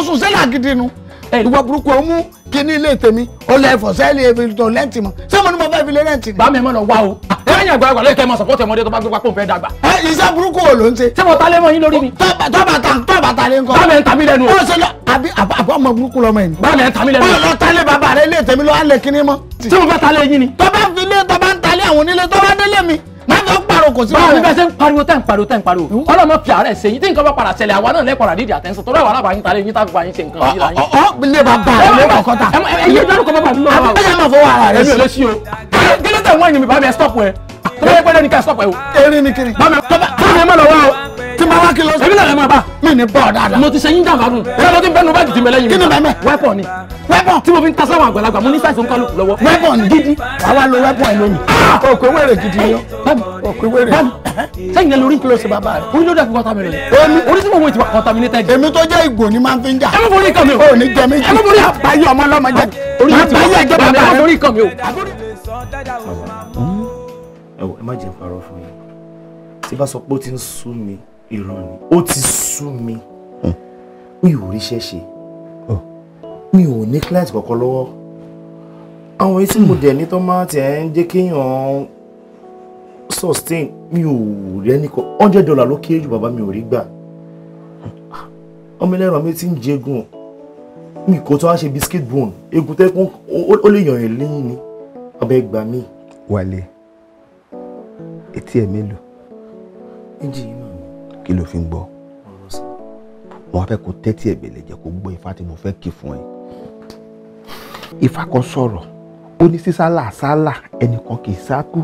òṣìṣẹ́ ìwọ burúkú ọmú kíní ilé tèmi ó lẹ ẹfọ sẹẹlì ẹbí tó lẹǹtì mọ sẹmọ ni mo fẹẹ fi lé lẹǹtì. bá mi mọ lọ wá o sẹ́yìn àgbàlagbà lóye kẹ́ máa sọ̀pọ̀tì ọmọdé tó bá gbé papò ń fẹ́ dàgbà. ẹ iṣẹ́ burúkú wo ló ń ṣe. ṣé mo ta lé mọ yín lórí ni. tọ́ba ta tọ́ba ta lé ń kọ́. báwo lẹ ń ta mí lẹ́nu. ó ṣe lọ àbí àbọ̀ ọmọ burúkú lọmọ yìí. báwo lẹ ń ta mí lẹ́nu. báwo lọ ta lé bàbá rẹ ilé tèmi lọ á lẹ kíní mọ́. ṣé mo fẹ́ ta lé yín ni. tọ́ba fi lé tọ́ba ń ta lé àwọn onílé tọ́ba délé mi má fẹ́ pariwo kò sí. báwo ni bẹ́ẹ̀ ṣe ń pariwo tẹ́ ń pariwo tẹ́ ń pariwo ọlọ́mọ fi àárẹ̀ ṣe yín tí nǹkan bá padà ṣẹlẹ̀ àwa náà lẹ́kọ̀ọ́ àdídì àtẹ̀sán torí àwọn alábàáyín tàlẹ́ yín tágbà yín ṣe nǹkan yìí láyé. ọ ilé bàbá rẹ ló kọ̀ọ̀kọ́ ta. ẹ yé dárúkọ bàbá mi lọ́wọ́. àbẹ́yẹ máa fọwọ́ ara rẹ sí. kí ló tẹ̀ wọ́n ẹ̀yìn mi bá mi ẹ stop ẹ tó bá yẹ pẹ́lẹ́ ní ká stop ẹ̀ o. erin ni kiri. bá mi má lọ wá o tí ma wá kí lọ. èmi náà lè máa bá. mi ní bá ọ dáadáa. mo ti ṣe yín jàǹfà nù. ẹ lọ́dún bẹ́ẹ̀ ni bá jìtì mẹ́lẹ́yìn. kí ni bẹ́ẹ̀ mẹ́. wẹ́pọ̀ ni wẹ́pọ̀. tí mo fi ń ta sáwọn àgbàlagbà mo ní sáìsì ń kálukú lọ́wọ́. wẹ́pọ̀ ni gidi. wà á lo wẹ́pọ̀ ẹ̀ lónìí. òkè ah! wèrè gidi ni òkè wèrè. sẹ́yìn lẹ lórí kílọ̀sì bàbá rẹ̀. orí ló dẹ̀ fi contaminate. èmi orí tí mo wo ìtìwà contaminated. èmi tó jẹ́ ìgò ni máa ń fi ń jà. ẹ má forí kan mi o. ò ní jẹ méjì. ẹ má forí àbáyé ọmọ ọlọ́mọ jẹ. orí ìtìwà àbáyé ẹjẹ bàbá rẹ̀. àbórí kan mi o ẹ wò ẹ má jẹ́ parọ́ fún yín tí bá sọ pé ó ti ń sú mi irọ́ ni ó ti sú mi hm. mi ò ríṣẹ́ ṣe oh. mi ò ní client kankan lọ́wọ́ àwọn etí mo hmm. dẹ̀ ní tó máa ti ẹ̀ ń jẹ́ kéèyàn sustain mi ò rí ẹnìkan hundred dollar ló kéré jù bàbá mi ò rí gbà ọmọ ẹlẹ́ran mi ti ń jẹgùn mi kò tó wá ṣe biscuit bone egun tẹ́kùn ó lè yàn ẹ́ lẹ́yìn ni ọbẹ̀ gbà mí. wálé etí ẹ̀ mélòó. méjì yìí mà. kí ló fi ń gbọ́. mo wá fẹ́ kó tẹ́tí ẹ̀ gbèlè jẹ́ kó gbọ́ ifá tí mo fẹ́ kí fún ẹ. ifá kan sọ̀rọ̀ ó ní sísálà sálà ẹnìkan kì í sákú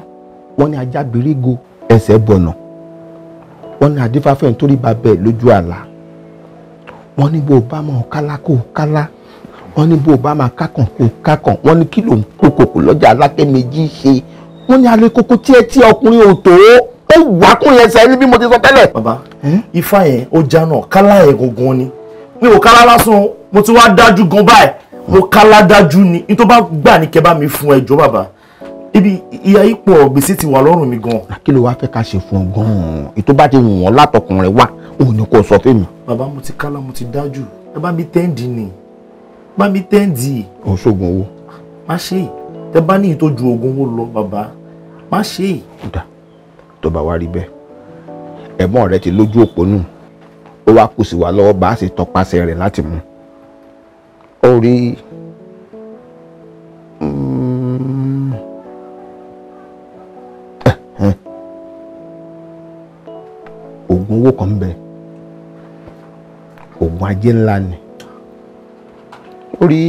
wọ́n ní ajá birigo ẹsẹ̀ bọ̀nà wọ́n ní adífáfẹ́ nítorí bàbẹ́ lójú àlá wọ́n ní bó bá máa kálá kó kálá wọ́n ní bó bá máa kákàn kó kákàn wọ́n ní kí ló ń kó kòkò lọ́jà alákẹ́ méjì ṣe wọ́n ní alẹ́ kókó tí ẹ tí ọkùnrin ò tó ó wà kún yẹn sẹ́yìn bí mo ti sọ tẹ́lẹ̀. bàbá ifá yẹn ó jáná kálá yẹn gangan ni mi ò kálá lásán mo ti wá dájú gan báyìí mo kálá dájú ni nítorí bá gbà ní kẹ́ mi fún ẹjọ́ bàbá ibi ìyá ipò gbèsè ti wà lọ́rùn mi gan. kí ló wáá fẹ́ ká ṣe fún ọ gan-an ètò bá ti wù wọ́n látọkùn rẹ̀ wá òun ni kò sọ fún mi. bàbá mo ti kálá mo ti dájú ẹ bá mi tẹ́ǹdì ni bá mi tẹ́ǹdì. òṣogùn owó. má ṣe é tẹ bá ní ìtọ́jú ogun wo lọ bàbá má ṣe é. kódà tó bá wá rí bẹ́ẹ̀ ẹ̀gbọ́n rẹ ti lójú òpó nù ó wá kù sí wa lọ́wọ́ bá a sì tọpasẹ̀ rẹ̀ láti mú ó rí mm, eh, eh. oògùn owó kan ń bẹ oògùn ajé ńlá ni ó rí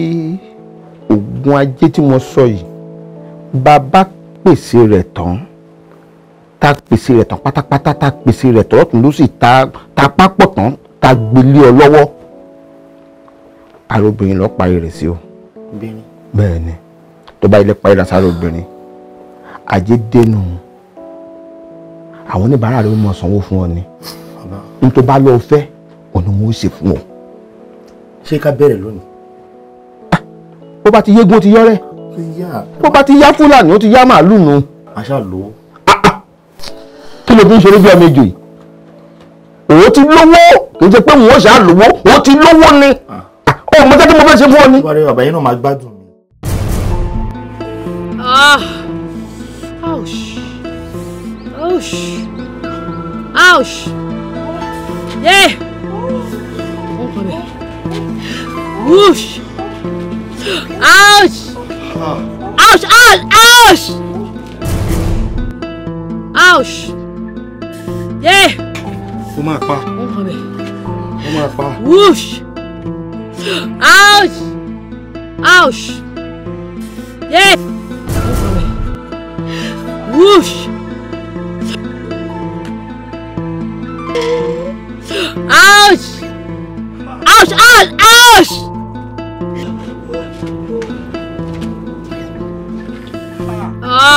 oògùn ajé tí mo sọ yìí bàbá pèsè rẹ̀ tán ta pèsè rẹ̀ tán pátápátá ta pèsè rẹ̀ tán lọ́tún lósì ta ta pápọ̀ tán ta gbélé ọ lọ́wọ́ ara obìnrin lọ́ọ́ parí rẹ̀ sí o bẹ́ẹ̀ ni tó bá ilé parí rẹ̀ sára obìnrin ajé dénú àwọn oníbàárà rẹ̀ mọ̀ sanwó fún ọ ni n tó bá lọ́ọ́ fẹ́ ọ̀nà wọn ó ṣe fún ọ. ṣé ká bẹ̀rẹ̀ lónìí. bó ah! bá ti yégun ó ti yọ bó bá ti yá fúlàní ó ti yá màálù nu. àṣà lò ó. kí ló fi ń ṣe lójú ọmọ ejò yìí òun ti lówó kì í ṣe pé òun ó ṣáà lówó òun ti lówó ni òun ah. mọ tẹ́tí mo fẹ́ ṣe fún ọ ni. ìwà rẹ bàbá yẹn náà máa gbádùn mi. Ah. ouch ouch ouch yeah. Ouch. Ouch! Ouch! Ouch! Ouch! Ouch! Yeah! Ó máa pa. Ó máa pa. Whoosh! Ouch! Ouch! Yeah! Whoosh! Ouch! Ouch! Ouch! Ouch! ẹ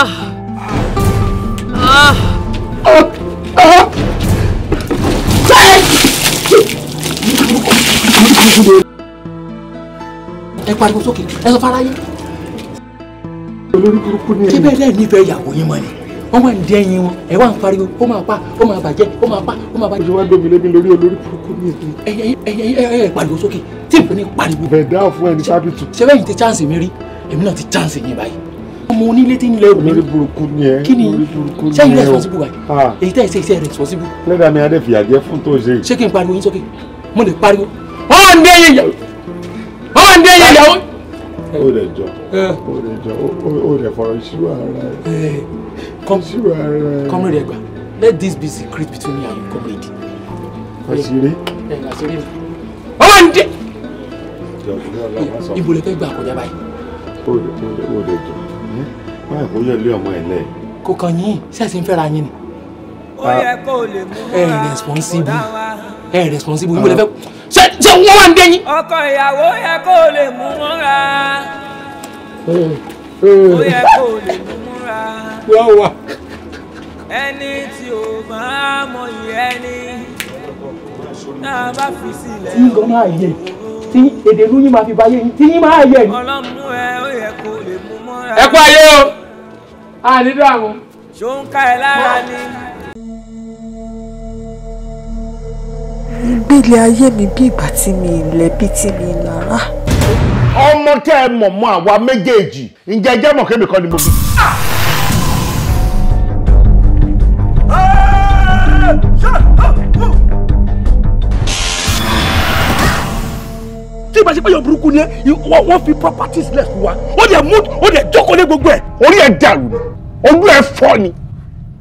pariwo sókè ẹ sọ fara yẹ. olórí burúkú ni ẹ. tí bẹ́ẹ̀ dẹ́ nífẹ̀ẹ́ ìyàwó yín mọ́ ni wọ́n máa ń dẹ́ ẹyin wọn ẹ wá ń pariwo ó máa pa ó máa bàjẹ́ ó máa pa ó máa bàjẹ́. ìjọba domi lóbi lórí olórí burúkú ni ẹ. ẹ ẹ pariwo sókè tí ìpínlẹ̀ pariwo. bẹ̀ẹ̀dá fún ẹni sábìtù. ṣẹ́fẹ̀yìn ti chance mi rí èmi náà ti chance yín báyìí ọmọ onílé tí ń lẹ òmìnir. lórí burúkú ni ẹ kí ni sẹ́yìn responsible wa èyí tẹ́ ẹ ṣe iṣẹ́ responsible. lẹ́dàá mi adé fìyà fún tó ṣe. ṣé kí n pariwo yín sókè mo lè pariwo ọmọ ń dé yẹ yàwó ọmọ ń dé yẹ yàwó. ó rẹ̀ jọ ó rẹ̀ jọ ó rẹ̀ fọ̀rọ̀ ìṣirò ara rẹ̀ ìṣirò ara rẹ̀. let this be secret between me and your comrade. àṣírí. ọmọ ń dé. ibo fẹ́ gbà kọjá báyìí. ó rẹ̀ jọ báyìí hm? kò yẹ ilé ọmọ ẹ̀ lẹ̀. kò kàn yín sẹ́sìn fẹ́ra yín ni. ó yẹ kó o lè mú wa ẹ responsible ẹ responsible níbo fẹ́ ṣe ṣe wọ́n wà ń dé yín. ọkọ ìyàwó yẹ kó o lè mú mọ́ra. ó yẹ kó o lè mú mọ́ra. wọ́n ẹni tí o máa mọ ìyẹn náà bá fi sílẹ̀. tí gan máa yẹ tí èdè lóyún máa fi báyé tí yín máa yẹ. ọlọ́mú ẹ ó yẹ kó o lè mú. ẹ kú ayé o ànídó àwọn. ṣó ń ká ẹ lára mi bí ìgbà tí mi lara. tí mi ọmọ tẹ́ ẹ mọ̀ mọ́ àwa méjèèjì ǹjẹ́ jẹ́ mọ̀ ni mo ọyọ burúkú ni ẹ wọ́n fi properties lẹ̀ fún wa ó dẹ̀ mú ó dẹ̀ jókòó lé gbogbo ẹ̀. orí ẹ dàrú ni ojú ẹ fọ́ ni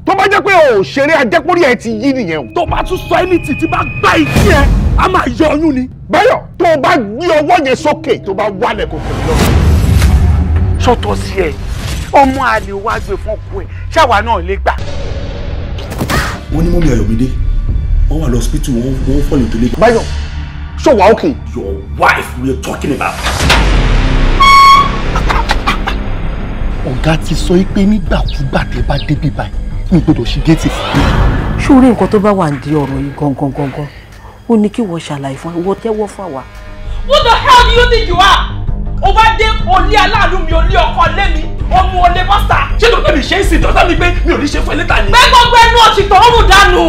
tó bá jẹ́ pé o ò ṣeré ajẹ́pórí ẹ ti yí nìyẹn o. tó bá tún sọ ẹni tìtì bá gbá ìdí ẹ a máa yọ ọyún ni. báyọ̀ tó o bá gbé ọwọ́ yẹn sókè tó bá wálẹ̀ kò tẹ̀lé lọ. sọ́tọ̀ sí ẹ ọmọ àlè wa gbé fún ọkọ ẹ ṣáwa náà lè gbà. wọ́n ní mọ́mí ayọ̀mídé wọ́n wà lọ́sibítù wọ́n fọ́ọ̀lù tó lé. báyọ̀ ṣó wà okay. your wife we are talking about. ọ̀gá ti sọ pé nígbàkúgbà tẹ bá débi báyìí mi gbọ́dọ̀ ṣe géètì fún mi. ṣúré nǹkan tó bá wà ń di ọ̀rọ̀ yìí gangan gangan ó ní kí wọ́n ṣàlàyé fún ìwọ tẹ́wọ́ fún àwa. Who the hell do you think you are? o bá dé olé aláàánú mi olé ọkọ lé mi ọmọ olé mọ́sà. ṣé ló tẹ̀lé ṣe é sì dọ́tà mi pé mi ò ní ṣe fún ẹ lẹ́tà ni. pé gbogbo ẹnu ọ̀sìn tó ń rùn dànù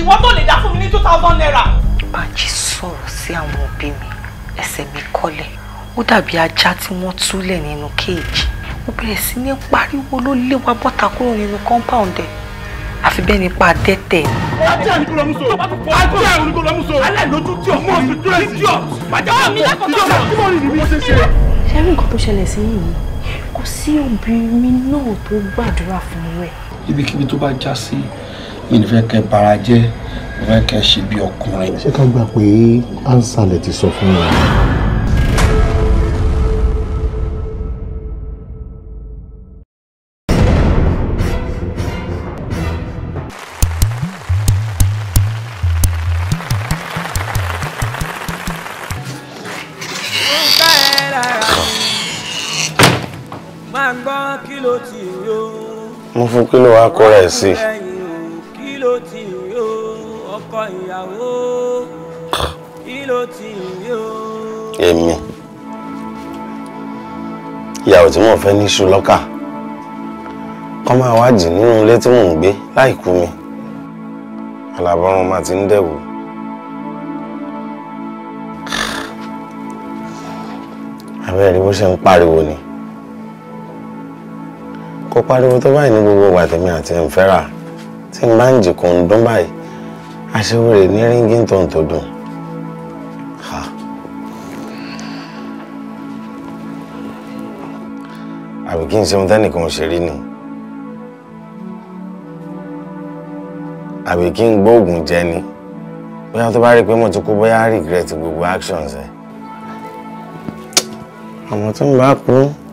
ìwọ tó lè dá fún mi ní two thousand naira Bánjí sọ̀rọ̀ sí àwọn òbí mi ẹsẹ̀ mi kọ́lẹ̀ ó dàbí ajá tí wọ́n túlẹ̀ nínú kéèjì ó bẹ̀rẹ̀ sí ní pariwo ló lé wa bọ́ta kúrò nínú compound ẹ̀ àfi bẹ́ẹ̀ nípa adẹ́tẹ̀. ajá ni kò lọ so ajá ni kò lọ so aláìlójú tí o mú ọ̀sùn tí o ti tí o pàjá mi lákòókò tí o tí mo rí ni mo ṣe ṣe. ṣé rí nǹkan tó ṣẹlẹ̀ sí yìí kò sí òbí mi náà tó gbàdúrà fún rẹ̀. ibikíbi tó bá já sí mi nífẹ̀ẹ́ kẹ́ bara jẹ́ mo fẹ́ kẹ́ ṣe bí ọkùnrin. ṣé ká gbà pé ansa ti sọ fún mi. mo fún kí ló wá kọ́ra ẹ̀ sí i. èmi ìyàwó tí mo fẹ́ ní iṣu lọ́kà kọ́ máa wá jì nínú ilé tí mò ń gbé láìkú mi alábọ́rún máa ti ń dẹ̀wò. abẹ́rẹ́ ni bó ṣe ń pariwo ni kó pariwo tó báyìí ní gbogbo ìgbà tèmi àti ẹ̀ǹfẹ́ra tí n bá ń jìkùn dún báyìí aṣẹ́wó rẹ̀ ní ríngìntàn dùn. àbí kí n ṣe ohun tẹ́nìkan ṣe rí ni àbí kí n gbóògùn jẹ ni bóyá tó bá rí i pé mo ti kú bóyá regret gbogbo actions ẹ. àmọ́ tí mo bá kú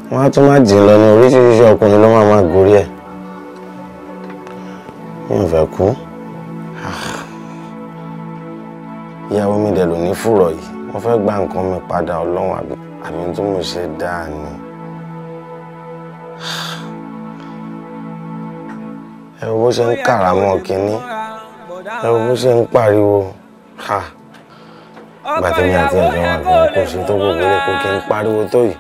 wọ́n á tún má jìn lọ ní oríṣiríṣi ọkùnrin ló máa máa gorí ẹ̀ mi ò fẹ́ kú ah. ìyàwó mi dẹ̀ ló ní fùrọ̀ yìí wọ́n fẹ́ gba nǹkan mi padà ọlọ́run àbí ohun tí mo ṣe dáa ni. ẹ wo bó ṣe ń kàràmọ́ kínní ẹ bó ṣe ń pariwo ha ìgbà tèmi àti ẹ̀jọ̀ wà gan kò sí tó gbogbo rẹ̀ kò kí n pariwo tó yìí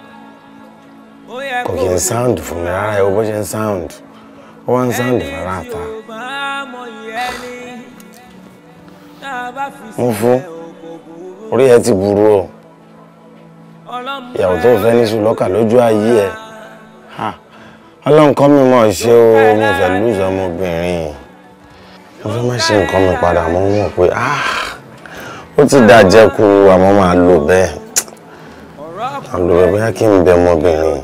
kò kí n sound fún mi rárá ẹ wo bó ṣe ń sound ó wá ń sound fara ta mo fún orí ẹ ti burú o ìyàwó tó fẹ́ ní sùn lọ́kà lójú ayé ẹ ha ọlọ́run kọ́ mi mọ̀ ṣe o mo fẹ́ lùzọ́ ọmọbìnrin mo fẹ́ má ṣe nǹkan mi padà mo mọ̀ pé ah, ó ti dàjẹ́kù àmọ́ máa lò bẹ́ẹ̀ máa lò bẹ́ẹ̀ bóyá kí n bẹ ọmọbìnrin.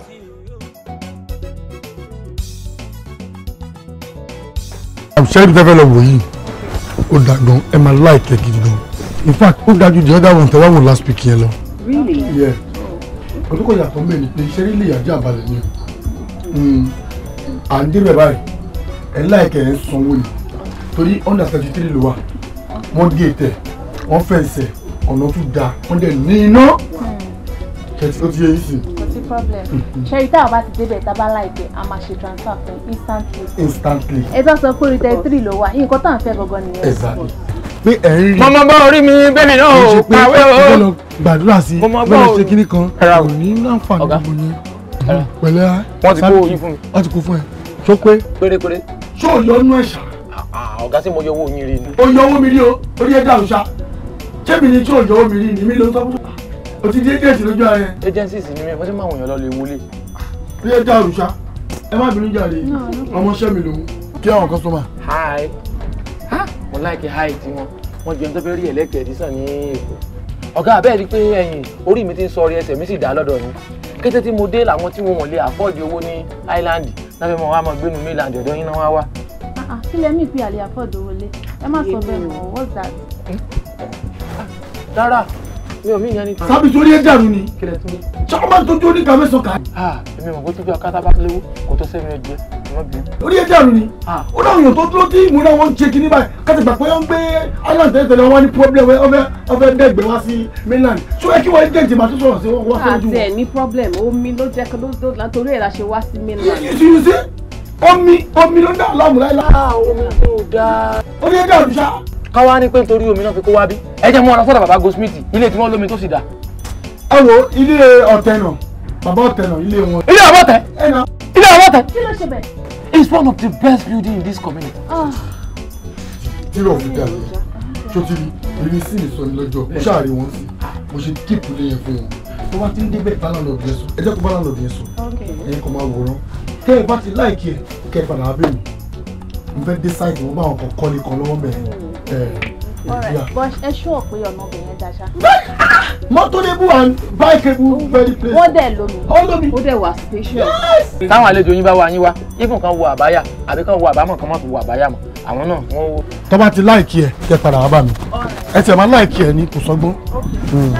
àbùsẹ́rì tẹ́ fẹ́ lọ wò yìí ó dà gan ẹ máa láìkẹ́ gidi gan in fact ó dájú the other one tẹ́wọ́ wò last week yẹn lọ. really? yeah ọdún kọjá tó ń bẹ̀ ni pé ṣẹ́rí lè yàjẹ́ àbálẹ̀ ni o. Hmm. à ń débẹ̀ báyìí ẹ̀ ń láìkẹ́ ẹ̀ ń sanwó ni torí under thirty three ló wà wọ́n gé tẹ̀ wọ́n fẹ̀sẹ̀ ọ̀nà tún da wọ́n dẹ̀ ní iná kẹ̀tì hmm. ó ti yẹ yìí sí. kò sí problem hmm, ṣẹ́rí táwọn bá ti débẹ̀ tábà láìpẹ́ a máa ṣe transfer fún instantly. instantly. ẹ bá sọ pé thirty three ló wà nǹkan tá à ń fẹ́ gangan nìyẹn. exactly pé ẹ̀rín rí. mọ̀mọ́ bá orí mi bẹ́ẹ̀ náà o kàwé o. mo lọ gbàdúrà sí i mo lọ ṣe kíní kan kò ní láǹfààní gbogbo ni pẹ̀lẹ́ á wọ́n ti kó yín fún mi. wọ́n ti kó fún ẹ tó pé. pérépéré. ṣé o yọ inú ẹ̀ṣà. ọ̀gá tí mo yọ owó yín rí ni. o yọ owó mi rí o orí ẹ̀ dàrú ṣá ṣébi ni tí o yọ owó mi rí ni mi ló ń sọ fún. o ti di agent lójú ara yẹn. agencies ni mi wọ́n ti máa wọ̀nyàn lọ lè wọlé. orí ẹ̀ dàrú ṣá ẹ má bínú jàre ọmọọṣẹ́ mi lòun. kí àwọn customer. hi mo láìkí hi tiwọn wọn jẹun tó fẹ́ rí ẹ̀lẹ́kẹ̀ẹ́ ní èkó ọ̀gá abẹ́ẹ̀ rí pé ẹ̀yìn orí mi ti ń sọrí ẹsẹ̀ mi sì dá lọ́dọ̀ ni kété tí mo dé làwọn tí wọn ò lè àfọ́ọ̀dì owó ní áìláńdì lábẹ́ mọ̀ wá mọ̀ gbénu mi ìlànà ọ̀dọ̀ yín náà wá wá. Ah, kí lẹ́mí ìpè àlè àfọ́ọ̀dì owó lé ẹ má sọ bẹ́ẹ̀ mọ̀ what's that. Hmm? rárá mi ò mí ìyẹn ni. sábì sórí ẹ dànù ni ṣọlá máa ń tọ́jú oníkàwé sọkà. Ah, èmi ò mọ̀ pé tójú akátá bá léwu kò tó sẹ́mi ẹ̀ jẹ́ orí ẹjẹ àrùn ni ó dáhùn yòó tó dúró tí ìmúra wọn ń ṣe kínní báyìí káti gbà pé ó ń gbé island tẹ́lẹ̀tẹ́lẹ̀ wọn ní problem ọfẹ́ ọfẹ́ dẹ́gbẹ́ wá sí mainland so ẹ kí wọ́n dé ìjìnbá tó sọ̀rọ̀ sí wọn wá sójú. àti ẹ̀ ní problem omi ló jẹ́ kó ló látòrí ẹ̀ la ṣe wá sí mainland. omi omi ló ń dà láàmú láìláà. Ah, omi tó dáa. orí ẹjẹ àrùn ṣá. káwá ní pé nítorí omi náà fi kó wá bí ẹ jẹ́ mú ọ lọ sọ́dọ̀ bàbá Goldsmith ilé tí wọ́n lómi tó sì dáa. ẹ wo ilé ọ̀tẹ̀ náà bàbá ọ̀tẹ̀ náà ilé wọn. ilé ọ̀tẹ̀ ilé ọ̀tẹ̀. kí ló ṣe bẹ̀. It's one of the best building in this community. You of the day. Chotiri, èmi sì ní sọ ní lọ́jọ́, ó ṣáà rí wọn sí. Mo ṣe kíìpù léyìn you. wọn. Tó bá ti ń débẹ̀ bá láńlọ́ọ̀dù yẹn sùn. Ẹ jẹ́ kó bá láńlọ́ọ̀dù yẹn sùn. Ẹyin kan máa wòran. Tẹ́ ẹ bá ti láìkí ẹ̀, kẹ́ ẹ padà abẹ́ mi. Mo fẹ́ dé sáìdì wọn bá àwọn kan kọ́lé kan lọ́wọ́ bẹ̀rẹ̀ but ẹ ṣọ́ pé ọ̀nà ọbẹ̀ yẹn dáṣá. Ah! mọ́tò lébù and bike very place. wọ́n dẹ̀ lómi ó dẹ̀ wà special. táwọn àlejò yín bá wá yín wá even kan wo àbáyà àbí kan wo àbámọ̀ kan má fi wo àbáyà mọ́ àwọn náà wọ́n wo. tó bá ti láìkí ẹ kẹ padà wá bá mi ẹ tẹ̀ máa láìkí ẹ ní kò sọ́gbọ́n. Hmm.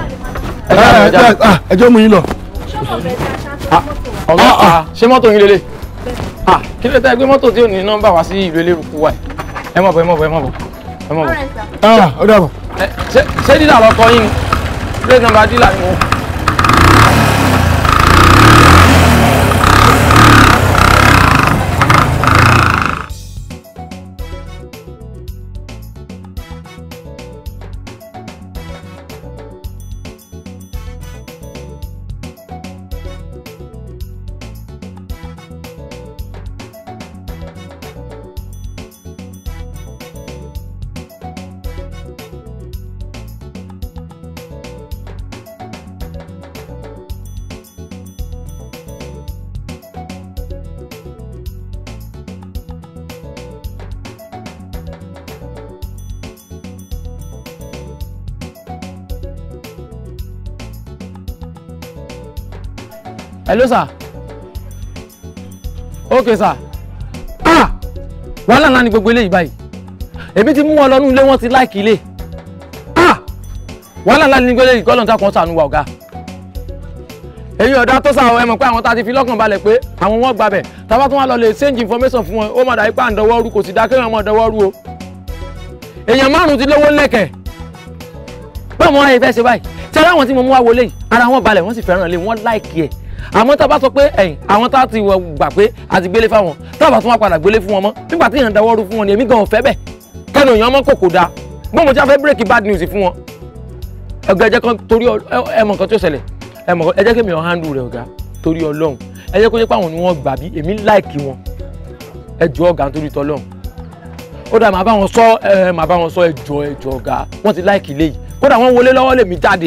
ẹjọ́ ah, mú yín lọ. ọlọ́pàá ah, ṣé mọ́tò yín lélẹ̀ kí ló dé ẹ gbé mọ́tò tí ò ní nọ́mbà wá sí ìlú eléruku wa ẹ mọ̀ bọ̀ ẹ mọ̀ bọ̀ ẹ mọ̀ bọ̀ ẹ mọ̀ bọ̀. Ah, ó dàbọ̀. ṣé dídà lọkọ yín hello sir ok sir ah wàhálà náà ni gbogbo eléyìí báyìí èmi ti mú wọn lọ nú ilé wọn ti láìkì ilé ah wàhálà náà ni gbogbo eléyìí kọ́lọ́n tá kan sànù wà ọ̀gá èyí ọ̀dà tó sàwọ̀ ẹ mọ̀ pé àwọn tá a ti fi lọ́kàn balẹ̀ pé àwọn wọn gbabẹ̀ tábà tún wà lọ lè change information fún wọn ó mọ̀ dàbí pé à ń dọwọ́ rú kò sì dá kéèyàn mọ̀ dọwọ́ rú o èèyàn márùn-ún ti lówó lẹ́kẹ̀ẹ́ báwọn ayé fẹ́ ṣe báyìí tí aláwọn tí mo mú wá wọlé yìí ara wọn balẹ̀ wọ́n sì fẹ́ràn lé wọ́n láìkì ẹ̀ àmọ́ tá a bá sọ pé ẹ̀yìn àwọn tá a ti gbà pé a ti gbélé fáwọn tá a bá tún wá padà gbélé fún wọn mọ́ nígbà tí èèyàn dáwọ́ rú fún wọn ni èmi gan ò fẹ́ bẹ̀ kẹ́nu èèyàn mọ́ kòkò dáa gbọ́n mo ti fẹ́ bírèkì bad news fún wọn ọ̀gá ẹ jẹ́ kan torí ẹmọ nǹkan tí ó ṣẹlẹ̀ ẹmọ ẹ jẹ́ kémi ọ̀hándù rẹ̀ ọ̀gá torí ọlọ́run ẹ kó jẹ́ pé àwọn ni wọ́n gbà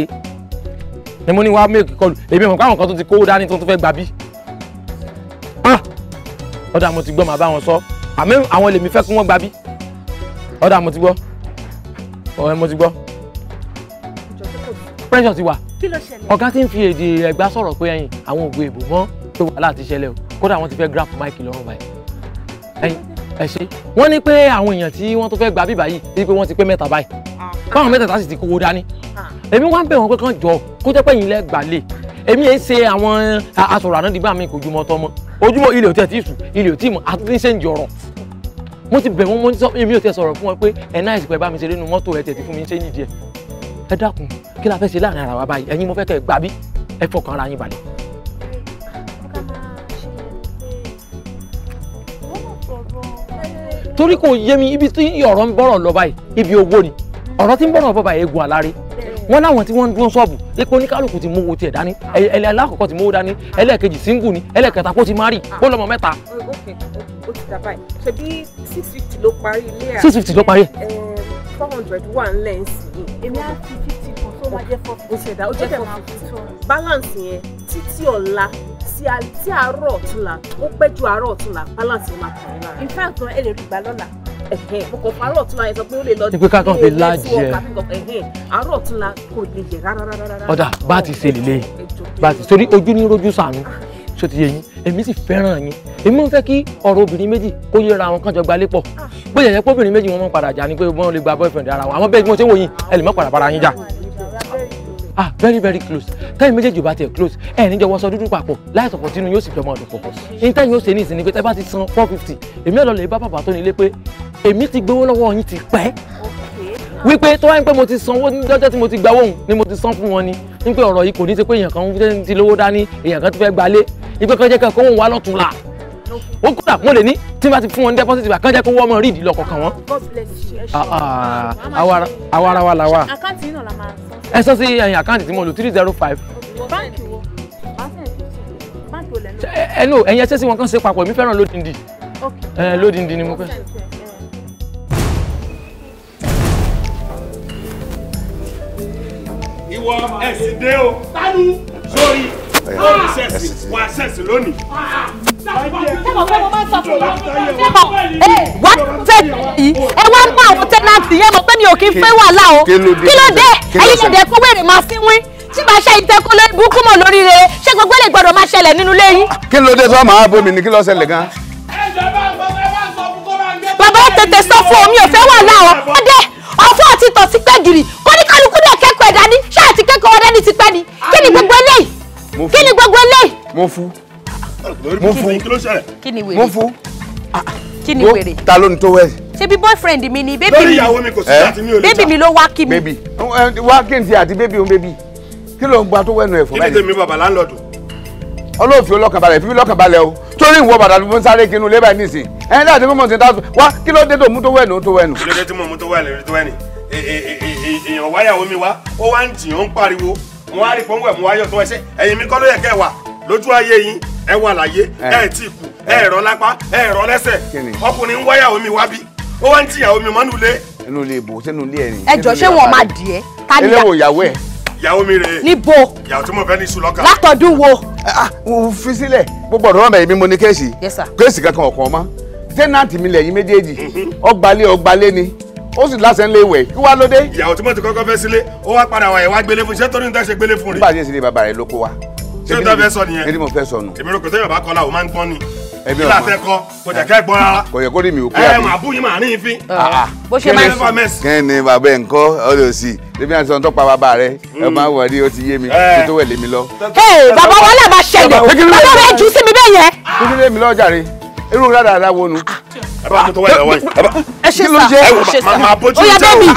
ni mo ní wá make call èmi mọ̀ káwọn kan tó ti kówó dání tó tún fẹ́ gbà bí. ọ̀dà mo ti gbọ́ màá bá wọn sọ àmọ́ àwọn lèmi fẹ́ kí wọ́n gbà bí. ọ̀dà mo ti gbọ́ ọ̀rẹ́ mo ti gbọ́. pressure ti wà ọ̀gá ti ń fi èdè ẹ̀gbá sọ̀rọ̀ pé ẹ̀yin àwọn ògbó èbò mọ́ to wàhálà ti ṣẹlẹ̀ o kódà wọ́n ti fẹ́ grab mike lọ́wọ́ báyìí ẹ̀yin ẹ ṣe wọ́n ní pé àwọn èèyàn tí wọ́n tó fẹ́ gbà bí báyìí bíi pé wọ́n ti pé mẹ́ta báyìí báwọn mẹ́tẹ̀ẹ̀ta sì ti kówó dání èmi wá ń bẹ̀ wọ́n pé kán jọ kó jẹ́ pé yín lẹ́ gbàlè èmi yẹn ṣe àwọn asọ̀rọ̀ ànádìbá mi kò jùmọ̀ tọmọ ojúmọ́ ilẹ̀ òtí ẹ̀ tí sùn ilẹ̀ òtí mọ̀ àti ṣe ń jọrọ̀ mo ti bẹ̀ wọ́n mo ti sọ èmi ò tẹ̀ sọ̀rọ̀ fún wọn pé ẹ̀ náà ìsìnkú ẹ̀ bá mi ṣe nínú mọ́tò ẹ̀ tẹ̀tí fún mi ṣe ń yídìí ẹ̀ ẹ dákun kí la fẹ́ ṣe láàrin ara wa báyìí ẹ̀yin mo fẹ́ kẹ́ ẹ gbà bí ẹ fọkàn ara yín balẹ̀. torí kò yé mi ibi tí ọ̀rọ̀ ń bọ̀rọ̀ lọ báyìí ibi owó ni ọ̀rọ̀ tí ń bọ̀rọ̀ bọ́ba eegun àlárí wọn láwọn tí wọ́n ń dúró ṣọ́ọ̀bù epo oníkálukú ti mú owó tiẹ̀ dání ẹlẹ́ alákọ̀ọ́kọ́ ti mú owó dání ẹlẹ́ẹ̀kejì síngù ni ẹlẹ́ẹ̀kẹta kó ti má rí kó lọ́mọ mẹ́ta. six fifty ló parí ilé ẹ̀ eh, four hundred wà ńlẹ̀ ń sìn yìí. èmi á fi fifty kan tó máa jẹ́ four fifty. ó ṣẹ̀dá ó jẹ́ four fifty. balance yẹn títí ọ̀la tí àárọ̀ ọ̀túnla o pẹ́ ju àárọ̀ balance yẹn máa kàn yín lára. in fact ẹ lè rí gbà lọ́la mo kàn fún àárọ̀ ọ̀túnla yẹn sọ pé ó lè lọ dín ní ilé tí wọ́n kà mí àárọ̀ ọ̀túnla kò lè jẹ rárá. ọ̀dà bá a ti ṣe lélẹ̀ bá a ti torí ojú ní rojú sànú ah. ṣó ti yé yín èmi sì fẹ́ràn yín èmi ń fẹ́ kí ọ̀rọ̀ obìnrin méjì kó yẹra àwọn kan jọ pọ̀ ah. bóyá yẹ pé obìnrin méjì wọn máa padà jà ni pé wọ́n lè gba boyfriend ara wọn àwọn bẹ́ẹ̀ bí wọ́n ṣe wò yín ẹ lè má padà bára yín jà ah very very close táyì méjèèjì bá tiẹ̀ close ẹ̀ níjọ wọṣọ dúdú papọ̀ láì sọ̀pọ̀ tínú yóò sì fẹ́ mọ́ ọ̀dọ̀ pọ̀pọ̀ níta yóò ṣe ní ìsinmi pé tẹ́ bá ti san four fifty èmi ọ̀dọ̀ lè bá bàbá tó nílé pé èmi ti gbowó lọ́wọ́ yín ti pẹ́ wípé tó wáyé pé mo ti sanwó lọ́jọ́ tí mo ti gbawó òun ni mo ti san fún wọn ni wípé ọ̀rọ̀ yìí kò ní ṣe pé èèyàn kan ti lówó dání èèyàn kan ti fẹ́ gbalé wípé kan jẹ́ kẹ́kọ̀ọ́ òun wá lọ́tún la wọ́n kódà wọ́n lè ní tí wọ́n bá ti fún wọn deposit ìgbà kan jẹ́ kó wọ́n mọ̀ rí ìdí lọ wọn. Ah, ah, àwa ara wa la wa. àkáǹtì yìí náà la máa sọ. ẹ sọ sí ẹyin àkáǹtì tí mo lò three zero five. báńkì wo báńkì ẹyin ẹsẹ sí wọn kan ṣe papọ̀ èmi fẹ́ràn lódìndì lódìndì ni mo fẹ́. ìwọ ẹ̀sìn dé o. tani. sórí sórí sẹ́sì wà sẹ́sì lónìí. Ah, sẹ́mọ̀ pé mo máa ń sọ fún yín sẹ́mọ̀ ee wá tẹ̀sí ẹ wá mú àwọn tẹ́nàtì yẹn mọ̀ pé mi ò kí ń fẹ́ wàhálà o kí ló dé ẹ̀yin lè dẹ̀ fún wèrè máa sí wín tí màá ṣe ìtẹ́kọ́ lórí burúkú mọ̀ lórí rẹ̀ ṣé gbogbo lè gbọ́dọ̀ máa ṣẹlẹ̀ nínú ilé yín. kí ló dé sọ màá bomi ni kí ló ṣẹlẹ̀ gan. bàbá tètè sọ fún omi òfé wà láwọn ọdẹ ọfọ àti tọ sí pẹ gírì kó ní kálukú náà kẹ́kọ̀ọ́ ẹ̀dá ní ṣáà ti kẹ́kọ̀ọ́ ọdẹ ní ti pẹ ni kí ni gbogbo eléyìí kí ni gbogbo eléyìí mo fún kí ni wèrè mo fún ah, kí ni wèrè ta ló ní tó wẹ̀. ṣebí boyfriend mi ni baby, mi baby, ìyàwó mi kò sí eh? àti mi ò lè ta bébì mi ló wá kí mi. baby, eh, wá kí n ti àti baby, òun baby, kí ló ń gba tó wẹ̀nu ẹ̀ fún báyìí. kí ni tèmi bàbá láńlọ́ọ̀dù. olóòfin olọ́kànbalẹ̀ fífi lọ́kànbalẹ̀ o torí ìwọ bàtà tó ń sáré kinu lébà nísìn ẹni láti fún mọ̀tì dáàtú wá kí ló dé tó mú tó wẹ̀nu tó wẹ̀nu. kí ló dé tí mo mú tó wẹ̀nu tó wẹ̀nu èèyàn wáyàwó mi wá ó wá ń tì ó ń pariwo mo wá rí pọ́ńwẹ̀ mo wá yọ̀ tó ẹsẹ̀ ẹ̀yìn mi kọ́ ló yẹ kẹ́ wà lójú ayé yín ẹ wà láyé ẹ tí kú ẹ rọ lápá ẹ rọ lẹ́sẹ̀ ọkùnrin ń wáyàwó mi wá bí ó wá ń tìyàwó mi mọ́nú ilé. inú ilé ìbò sínú ilé ẹ ni. ẹ jọ ṣé wọn máa dì ẹ ká ní. eléwo ìyàwó ẹ. ìyàwó mi rèé. níbo. ìyàwó tí mo fẹ́ ní iṣu lọ́kàn. látọ̀dún wo. Ah, ah, wò ó fi sílẹ̀ gbogbo ọ̀dọ́ mẹ́rin mi mo ní kéèsì. kéèsì kankan ọ̀kan ọmọ tẹ́nàtì mi lẹ̀yìn méjèèjì mhm. ọgbàlé ọgbàlé ni ó sì láṣẹ ń lé ìwẹ̀ kí wàá lóde. ìyàwó tí mo ti kọ́kọ́ fẹ́ sílé ó wá padà wà ẹ̀ wá gbélé fún iṣẹ́ tó ní ní ṣe gbélé fún rẹ̀. nígbà tí èsì ni bàbá rẹ̀ ló wa ṣé o tẹ́ fẹ́ sọ nìyẹn. èmi fẹ́ sọ nù. èmi rò kò sẹ́yìn bàbá kọ́lá o máa ń gbọ́n ni. èmi ọ̀ma kílàsẹ̀ kọ kò jẹ́ kẹ́ rárá. kò yẹ kó mi ò pé àbí. ẹ màá bú yín màá rí ìfín. Ah, ah. ah, bó ṣe máa ń sọ. kí ni bàbá ẹ̀ ń kọ́ ọ lè sí lèmi àti sọ̀tọ̀ pa bàbá rẹ ẹ mm. máa wọ̀ ní o ti yé mi eh. kí tó wẹ̀ lé mi lọ. ee bàbá wọn lè máa ṣẹlẹ̀ bàbá rẹ jù sí mi bẹ́ẹ̀ yẹn. kí lé mi lọ́jà rẹ irú rádàrá wo nu ẹ ṣe sá ẹ ṣe sá ó yẹ bẹ́ẹ̀ mi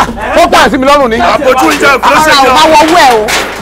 ó gbà sí mi lọ́rùn ni. àpótí ìjà ìfúnṣẹ́ yọ. ara ò máa wọ owó ẹ o.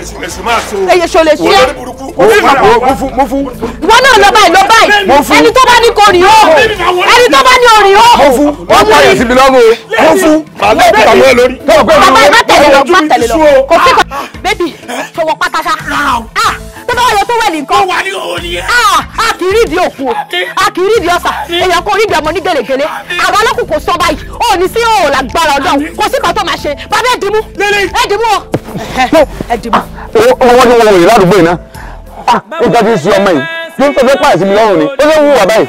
ẹsùn máa so ẹyẹ ṣo lè ṣe é mo fún. ìwọ náà lọ báyìí lọ báyìí ẹni tó bá ní kò rí o ẹni tó bá ní o rí o. mo fún mo ń pààyàn síbi lọ́rùn o mo fún màálù ìtàwé lórí. bàbá ẹ má tẹ̀lé lọ má tẹ̀lé lọ kò sí kò bébì ṣòwò pátákà ah, tó bá wà lọ tó wẹ̀ nìkan ah, a kì í rí ìdí òkú a kì í rí ìdí ọ̀sà èèyàn kò rí ìdí ọmọ ní gèlègèlè àwọn ọlọ́kùn kò sọ báyìí ò ní sí òòlà gbára ọ̀dọ́ kò sí kan tó máa ṣe bàbá ẹ̀ dìmú ẹ̀ dìmú ẹ̀ dìmú wọ́n ní wọn wòye ládùúgbò iná ó dájú sí ọmọ yìí yóò tó fẹ́ pààyàn sí mi lọ́rùn ni ó lè wù wà báyìí.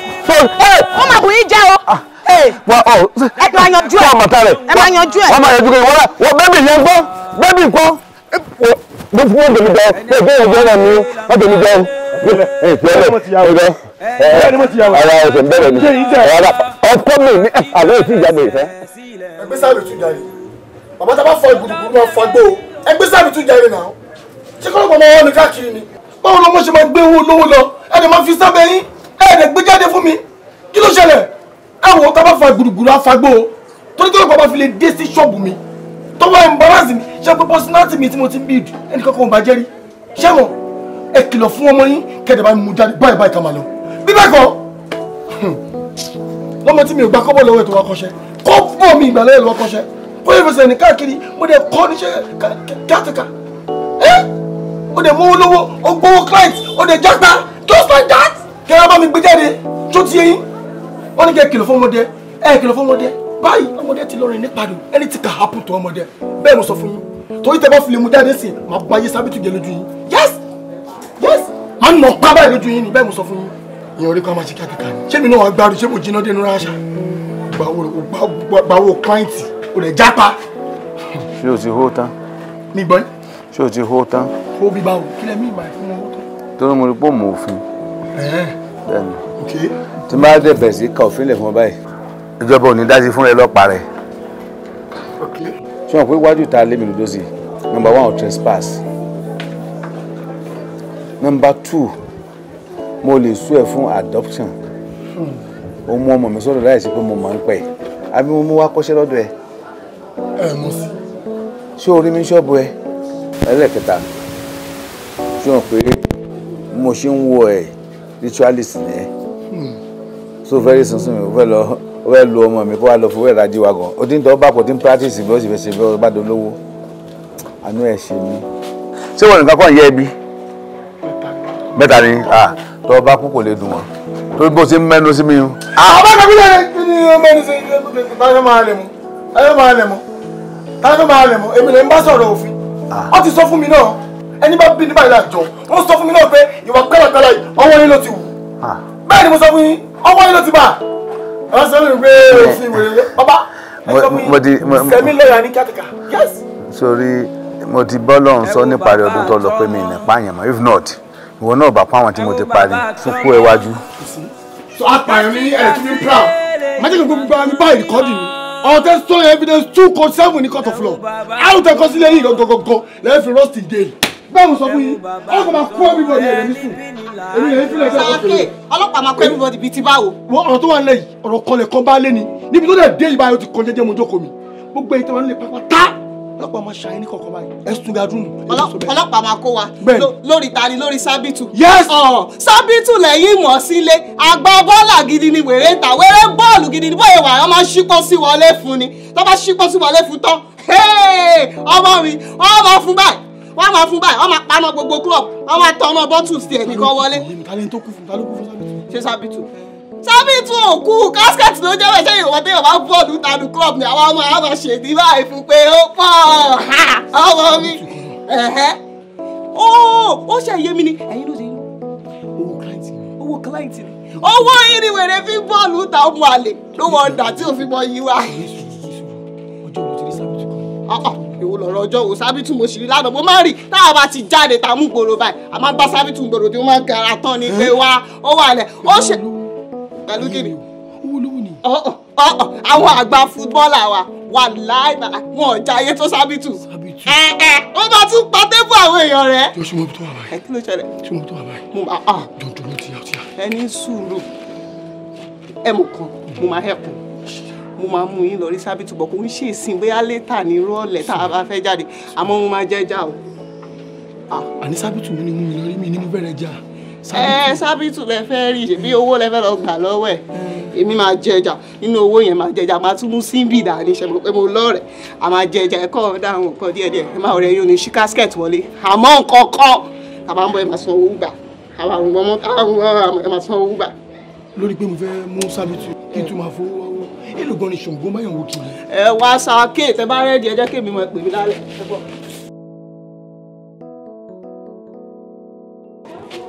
ó mà kò ní jẹ́ o. Ah, wa ọ oh, ẹ máa yanjú ẹ ẹ máa yanjú ẹ. wọ́n máa yanjú ẹ wọ́n bẹ́ẹ̀bì yẹn gbọ́ bẹ́ẹ̀bì gbọ́ bí fún wọn bẹ̀mí bẹ́ẹ̀ bẹ́ẹ̀ bẹ́ẹ̀ bẹ́ẹ̀ ni wọ́n bẹ̀mí bẹ́ẹ̀ ara ẹsẹ̀ ń bẹ̀rẹ̀ ni ara ọkọ mi ní ah, àlọ́ ìsì ìjáde ìfẹ́. ẹgbẹ́ sáà lè tún jáde bàbá tá a bá fọ ìgbùdùgbùdù náà fọ igbó ẹgbẹ́ sáà lè tún jáde náà ṣé kọ́ lọ́pọ̀ máa wọ́n ní káàkiri ni báwo lọ́mọ ṣe máa gbé owó lówó lọ ẹ̀ẹ́dẹ̀ máa fi sábẹ́ yín ẹ̀ẹ́dẹ̀ gbé jáde fún mi kí ló ṣẹlẹ̀ ẹ̀wọ̀n tá a bá fa gbùrùgbùrù afagbó o torí tó lọ́pọ̀ bá fi lè dé sí ṣọ́ọ̀bù mi tó wá embarrass mi ṣe pé personality mi tí mo ti ń build ẹnì kankan ò bá jẹ́rí ṣé wọn ẹ kìlọ̀ fún ọmọ yín kẹ̀dẹ̀ bá mi mú jáde báyìí báyìí ká máa lọ bí bẹ́ẹ̀ kọ́ hmm, lọ́mọ tí mi ò gbà kọ́bọ̀ lọ́wọ́ ètò wa kọ́ṣẹ́ kọ́ bọ̀ mi ìgbàlẹ́ ìlú wa kọ́ṣẹ́ kó yẹ fẹsẹ̀ ní káàkiri mo dẹ̀ kọ́ níṣẹ́ kátìkà o dẹ̀ mówó lówó o gbowó client o dẹ̀ jágba just like that. kẹ́rẹ́ bá mi gbé jáde tó ti yẹn wọ́n ní kẹ́ kìlọ̀ fún ọmọdé ẹ̀ kìlọ̀ fún ọmọdé báyìí ọmọdé ti lọ́rin ní pariwo anything can happen to ọmọdé bẹ́ẹ̀ mo sọ fún yín torí tẹ́ bá fi lè mú jáde sí màá gba ayé sábẹ́tù jẹ lójú yín yes yes màá nà pa báyìí lójú yín ni bẹ́ẹ̀ mo sọ fún yín ìyẹn orí kan máa ṣe kíákíá ni ṣé mi náà wàá gbárù ṣé mo jiná dénú ráṣà gbàwó client ò lè jápa. ṣé o ti hó tán. mi ṣé o ti hó tán. hó bíbá o kí lẹ́mí ìgbà fún owó tó. torí mo rí pò mọ òfin. bẹ́ẹ̀ni tí máa dẹ̀ bẹ̀rẹ̀ sí ka òfin lẹ̀ fún ọ báyìí. ìjọba ò ní dájú fún ẹ lọ́pàá rẹ̀. ṣé wọn pé iwájú ta lé mi sí number one trespass number two mo lè sú ẹ fún adoption hmm. ó mú ọmọ mi sọ́dọ̀ láì sí pé mo máa ń pẹ́ àbí mo mú wá kọ́ṣẹ́ lọ́dọ̀ ẹ. ẹ mo sì. ṣé orí mi ṣọ́ọ̀bù ẹ ẹlẹ́kẹta fi hàn pé mo ṣe ń wo ẹ̀ ritualist ni ẹ hmm. so very soon soon o fẹ́ lọ o fẹ́ lu ọmọ mi kó wá lọ fowó ẹ̀rọ ajé wa gan o ti ń tọ́ bàpọ̀ tí ń practice bí ó sì fẹ́ ṣe bí ó bá dolówó àánú ẹ̀ ṣe mí. ṣé wọn nìkan kàn yẹ ẹbí mẹ́ta ni ah, tọ́ bá kú kò lè dùn wọ́n torí bó ṣe ń mẹ́nu sí mi. àbá ah, kàkúlẹ̀ rẹ̀ kí ni ó mẹ́nu sí tájọ́ máa lè máa lè mú tájọ́ máa lè mú èmi lè ń bá sọ̀rọ̀ òfin ó ti sọ fún mi náà ẹni bá bí ní báyìí láàjọ ó sọ fún mi náà pé ìwà kálàkálà yìí ọwọ́ yín ló ti wù bẹ́ẹ̀ ni mo sọ fún yín ọwọ́ yín ló ti bà ẹ sọ mi pé òfin ìwé eh, eh. bàbá ẹ sọ fún yín sẹ́mi lẹ́yà ní kíákíá yẹ́sì. sori mo ti bọ́ lọ́run sọ níparí ọdún tó lọ pé mi ní pààyàn mọ́ if not ìwọ náà bá pàwọn tí mo ti parí tún kú ẹ wájú. so apààyàn ní ẹ̀ tún ní proud májèlé gbogbo ara ní báyìí rìkọ́dì ni ọ̀tẹ́ stolen evidence two court seven the court of law àwọn tẹ kọ́ sílẹ̀ yìí gangan lẹ́yìn fi rust again bẹ́ẹ̀ mo sọ fún yín ọkọ̀ máa kó everybody ẹ̀rọ ní sùn èmi lè fi lẹ́sẹ̀ ọkọ̀ kẹlẹ̀. ọlọ́pàá máa kó everybody bíi ti báwo. wọ́n ọ̀rọ̀ tó wà nílẹ̀ yìí ọ̀rọ̀ kan lẹ̀ kan bá lé ni níbi tó dẹ̀ dé ìbáyọ̀ ti kọjá jẹ́ mojókòó mi gbogbo ìtàn wọn lè pápá tá ọlọ́pàá máa ṣàyẹn ní kọ̀ọ̀kan báyìí ẹ sùn gàdùn. ọlọ́pàá máa kó wa lórí tani lórí sábìtù. yes sábìtù lẹ́yìn mọ̀ sílé àgbà bọ́ọ̀là gidi ni wèrè ta wèrè bọ́ọ̀lù gidi ni bóyá wàá máa ṣípò sí wọlé fún ni tó bá ṣípò sí wọlé fún tán ọmọ mi wọ́n máa fún báyìí wọ́n máa fún báyìí wọ́n máa paná gbogbo club wọ́n máa tọ́ ọmọ bọ́tù sí ẹ̀ nìkan wọlé. ṣé sábìtù sábì tún òkú kásikẹ́tì ló jẹ́ bẹ́ẹ̀ sẹ́yìn ìwọ́dé ọ̀bá bọ́ọ̀lù tanu club ni àwọn ọmọ àwọn ṣèdí báyìí fún pé ó pọ̀ ọmọ mi ó ṣe yé mi ni ẹ̀yin ló ṣe yín owó kíláìtì owó kíláìtì ni owó irin wèrè fi bọ́ọ̀lù ta ọmọ àlè ló wọ ọ̀dà tí òfin mọ yí wa. ọjọ́ wo ti rí sábìtì kan. èwo lọ̀rọ̀ ọjọ́ wo sábìtì mo ṣì rí lánàá mo máa ń rí táwa bá ti jáde tá a mú gbòòrò báyìí a máa ń bá gbòòrò tí wọ́n máa ń gara tán ni pé wá ó wà lẹ̀ ó ṣe pẹ̀lú kí ni. owó olówó ni. àwọn àgbà fútbọ́ọ̀lù àwa wà láì wọn ò jayé tó sábìtù. sábìtù. ẹ ẹ wọn bá tún pa tébù àwọn èèyàn rẹ. jọ sùnmọ́ tó wà báyìí. ẹ kí ló ṣẹlẹ̀. sùnmọ́ tó wà báyìí. mo bá ah, a. Ah. jọ dùnú tìyà tìyà. ẹ ní sùúrù ẹ mọ̀ kan mo máa hẹ̀kùn mo máa mú yín lọ rí sábìtù bọ̀ kò ń ṣe ìsìn bóyá létà ní rọ́ọ̀lẹ̀ tá a bá fẹ́ jáde àmọ́ mo máa jẹ́ já o. Ah. àní sábìtù mi ni mo lọ rí mi ni mo bẹ̀rẹ̀ já ẹ sábìtù lẹ fẹ́ rí ṣèbí owó lẹ fẹ́ lọ gbà lọ́wọ́ ẹ̀ èmi máa jẹjà nínú owó yẹn máa jẹjà máa tún mú síbì dání ṣe pé mo lọ́ọ̀rẹ̀ a máa jẹjà ẹ̀kọ́ dáhùn nǹkan díẹ̀díẹ̀ ẹ máa rẹ̀ yóò ní ṣí casket wọlé àmọ́ nǹkan kan àbá ń bọ ẹ máa san owó gbà àwọn àwọn ọmọ àwọn ọmọ ẹ máa san owó gbà. lórí pé mo fẹ́ mú sábìtù kí n tún máa fowó wá wọ́n èlò gan ni ṣòǹgbọ́n báyọ̀ wò kiri. ẹ wá sa kéètè bá rẹ́ẹ̀dì ẹ jẹ́ kémi mọ̀ pèmí lálẹ́ ẹ bọ̀.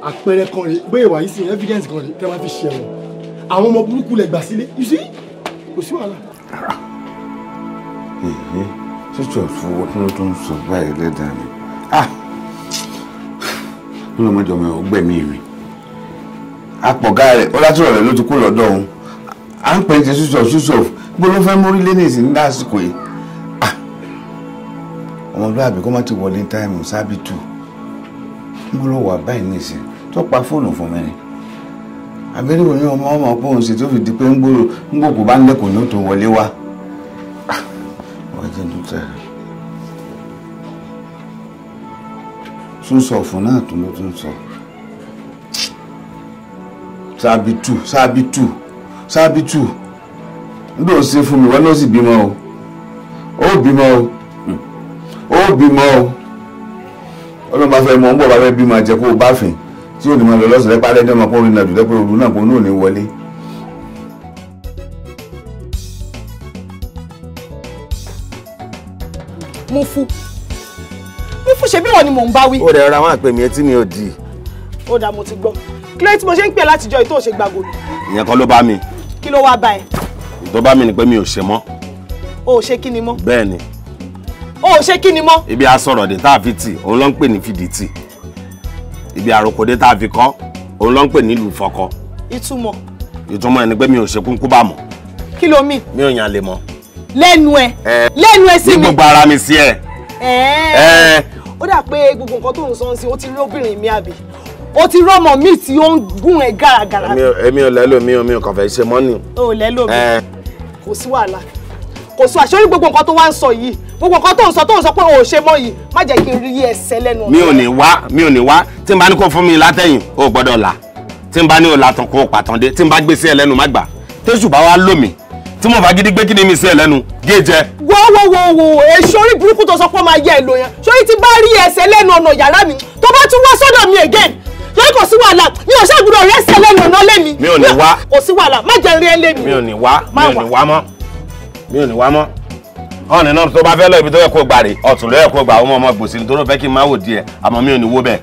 àpẹẹrẹ kan rèé bóyá ìwà yìí sí evidence kan rèé tẹ́ máa fi ṣe ẹ̀wọ̀n àwọn ọmọ burúkú lẹ gbà sílé you see kò sí wàhálà. èyí títí ọ̀fun wọn tó ń sọ báyìí lẹ́dàá ni ń ah! lọ mọ́jọ mi ò gbẹ̀mí mi apọ̀gá rẹ̀ ọlátúrọ̀ rẹ̀ ló ti kú lọ́dọ̀ òun à ń pẹ́ ti ṣùṣọ̀ ṣùṣọ̀ gbọ́dọ̀ ló fẹ́ mórí lé ní ìsìn lásìkò yìí ah! ọmọlúwàbí kó má ti wọlé táìmù sábìtù ń gbọ́dọ̀ wà báyìí ní ìsìn tó pa fóònù fún mi ni abẹ́rẹ́ wo ni ọmọ ọmọ pé òun sì tó fi di pé ń gbòòrò ń gbòòkú bá ń lẹ́kọ̀ọ́ ní òtò wọlé wá. Ah, tún sọ fún náà tó ló tún sọ sábìtù sábìtù sábìtù níbi ò sí fún mi wọn ló sì bímọ o ó bímọ o hmm. ó bímọ o ọlọ́mọ afẹ́ mọ̀ ń bọ̀ bá fẹ́ bímọ àjẹkù bá fìn tí o ní máa lọ lọ́sàn lẹ́pàá lẹ́dẹ́ ọmọ pọ́n rìnrìn àjò lẹ́pẹ́ òru náà pọ́n náà ní wọlé. mo fún mo fún ṣe bí wọn ni mò ń bá wí. ó rẹ̀ ra wọn àpè mí etí mi ò di. ó dà mo ti gbọ́ kí tí mo ṣe ń pè látijọ́ ìtò òṣè gbàgbọ́ mi. ìyẹn kan ló bá mi. kí ló wáá bá ẹ. ìtọ́ bá mi ni pé mi ò ṣe mọ́. o ò ṣe kí ni mọ́. bẹ́ẹ̀ ni. o ò ṣe kí ni mọ́. ibi a sọ̀rọ̀ dé tá a fi tì òun ló ń pè ní fìdí tì ibi àròkòdé tá a fi kọ́ òun ló ń pè nílùú fọkọ. ìtumọ̀. ìtumọ̀ ẹni pé mi ò ṣekú kú bá mọ̀. kí ló mi. mi ò yàn lè mọ. lẹ́nu ẹ̀. lẹ́nu ẹ̀ sí mi. ní gbogbo ara mi sí ẹ. ẹ ẹ. ó dà pé gbogbo nǹkan tó ń sọ sí i ó ti rí mi àbí o ti rọmọ mi tí ó ń gún ẹ gàràgàrà. èmi ò lẹ́lò mi ò mi ò kàn fẹ́ ṣe mọ́nì. o ò lẹ́lò mi kò sí wàhálà kò sí wàhálà ṣé orí gbogbo nǹkan tó wá ń sọ yìí gbogbo nǹkan tó ń sọ tó ń sọ pé o ò ṣe mọ́ yìí má jẹ́ kí n rí ẹsẹ̀ lẹ́nu. mi ò ní wá mi ò ní wá tí n bá ní kó fún mi látẹ̀yìn o gbọ́dọ̀ là tí n bá ní o làtàn kó o pàtàn dé tí n bá gbé sí ẹ lẹ́nu má gbà tẹ́sù bá wá lómi tí mo bá gidi gbé kí ni mi sí ẹ lẹ́nu gé e jẹ. wo wo wo wo èso orí burúkú tó sọ pé ó máa yẹ èlò yẹn sórí ti bá rí ẹsẹ̀ lẹ́nu ọ̀nà yàrá mi tó bá tún wá sọ́dọ̀ mi again lórí kò sí wàhálà mi ò ṣàgbùrọ̀ rẹ̀ ẹsẹ̀ lẹ́nu ọ̀nà lẹ́mi. mi ò ní wá kò sí wàhálà má jẹ́ rí ẹ lẹ́mi. mi ò ní wá mi ò ní wá mọ́ mi ò ní wá mọ́ ọ̀nì náà tó bá fẹ́ lọ ibi tó yẹ kó gbà rè ọ̀tún ló yẹ kó gbà ó mọ̀ ọmọ gbòsì nítorí ó fẹ́ kí n má wò díẹ̀ àmọ́ mi ò ní wó bẹ́ẹ̀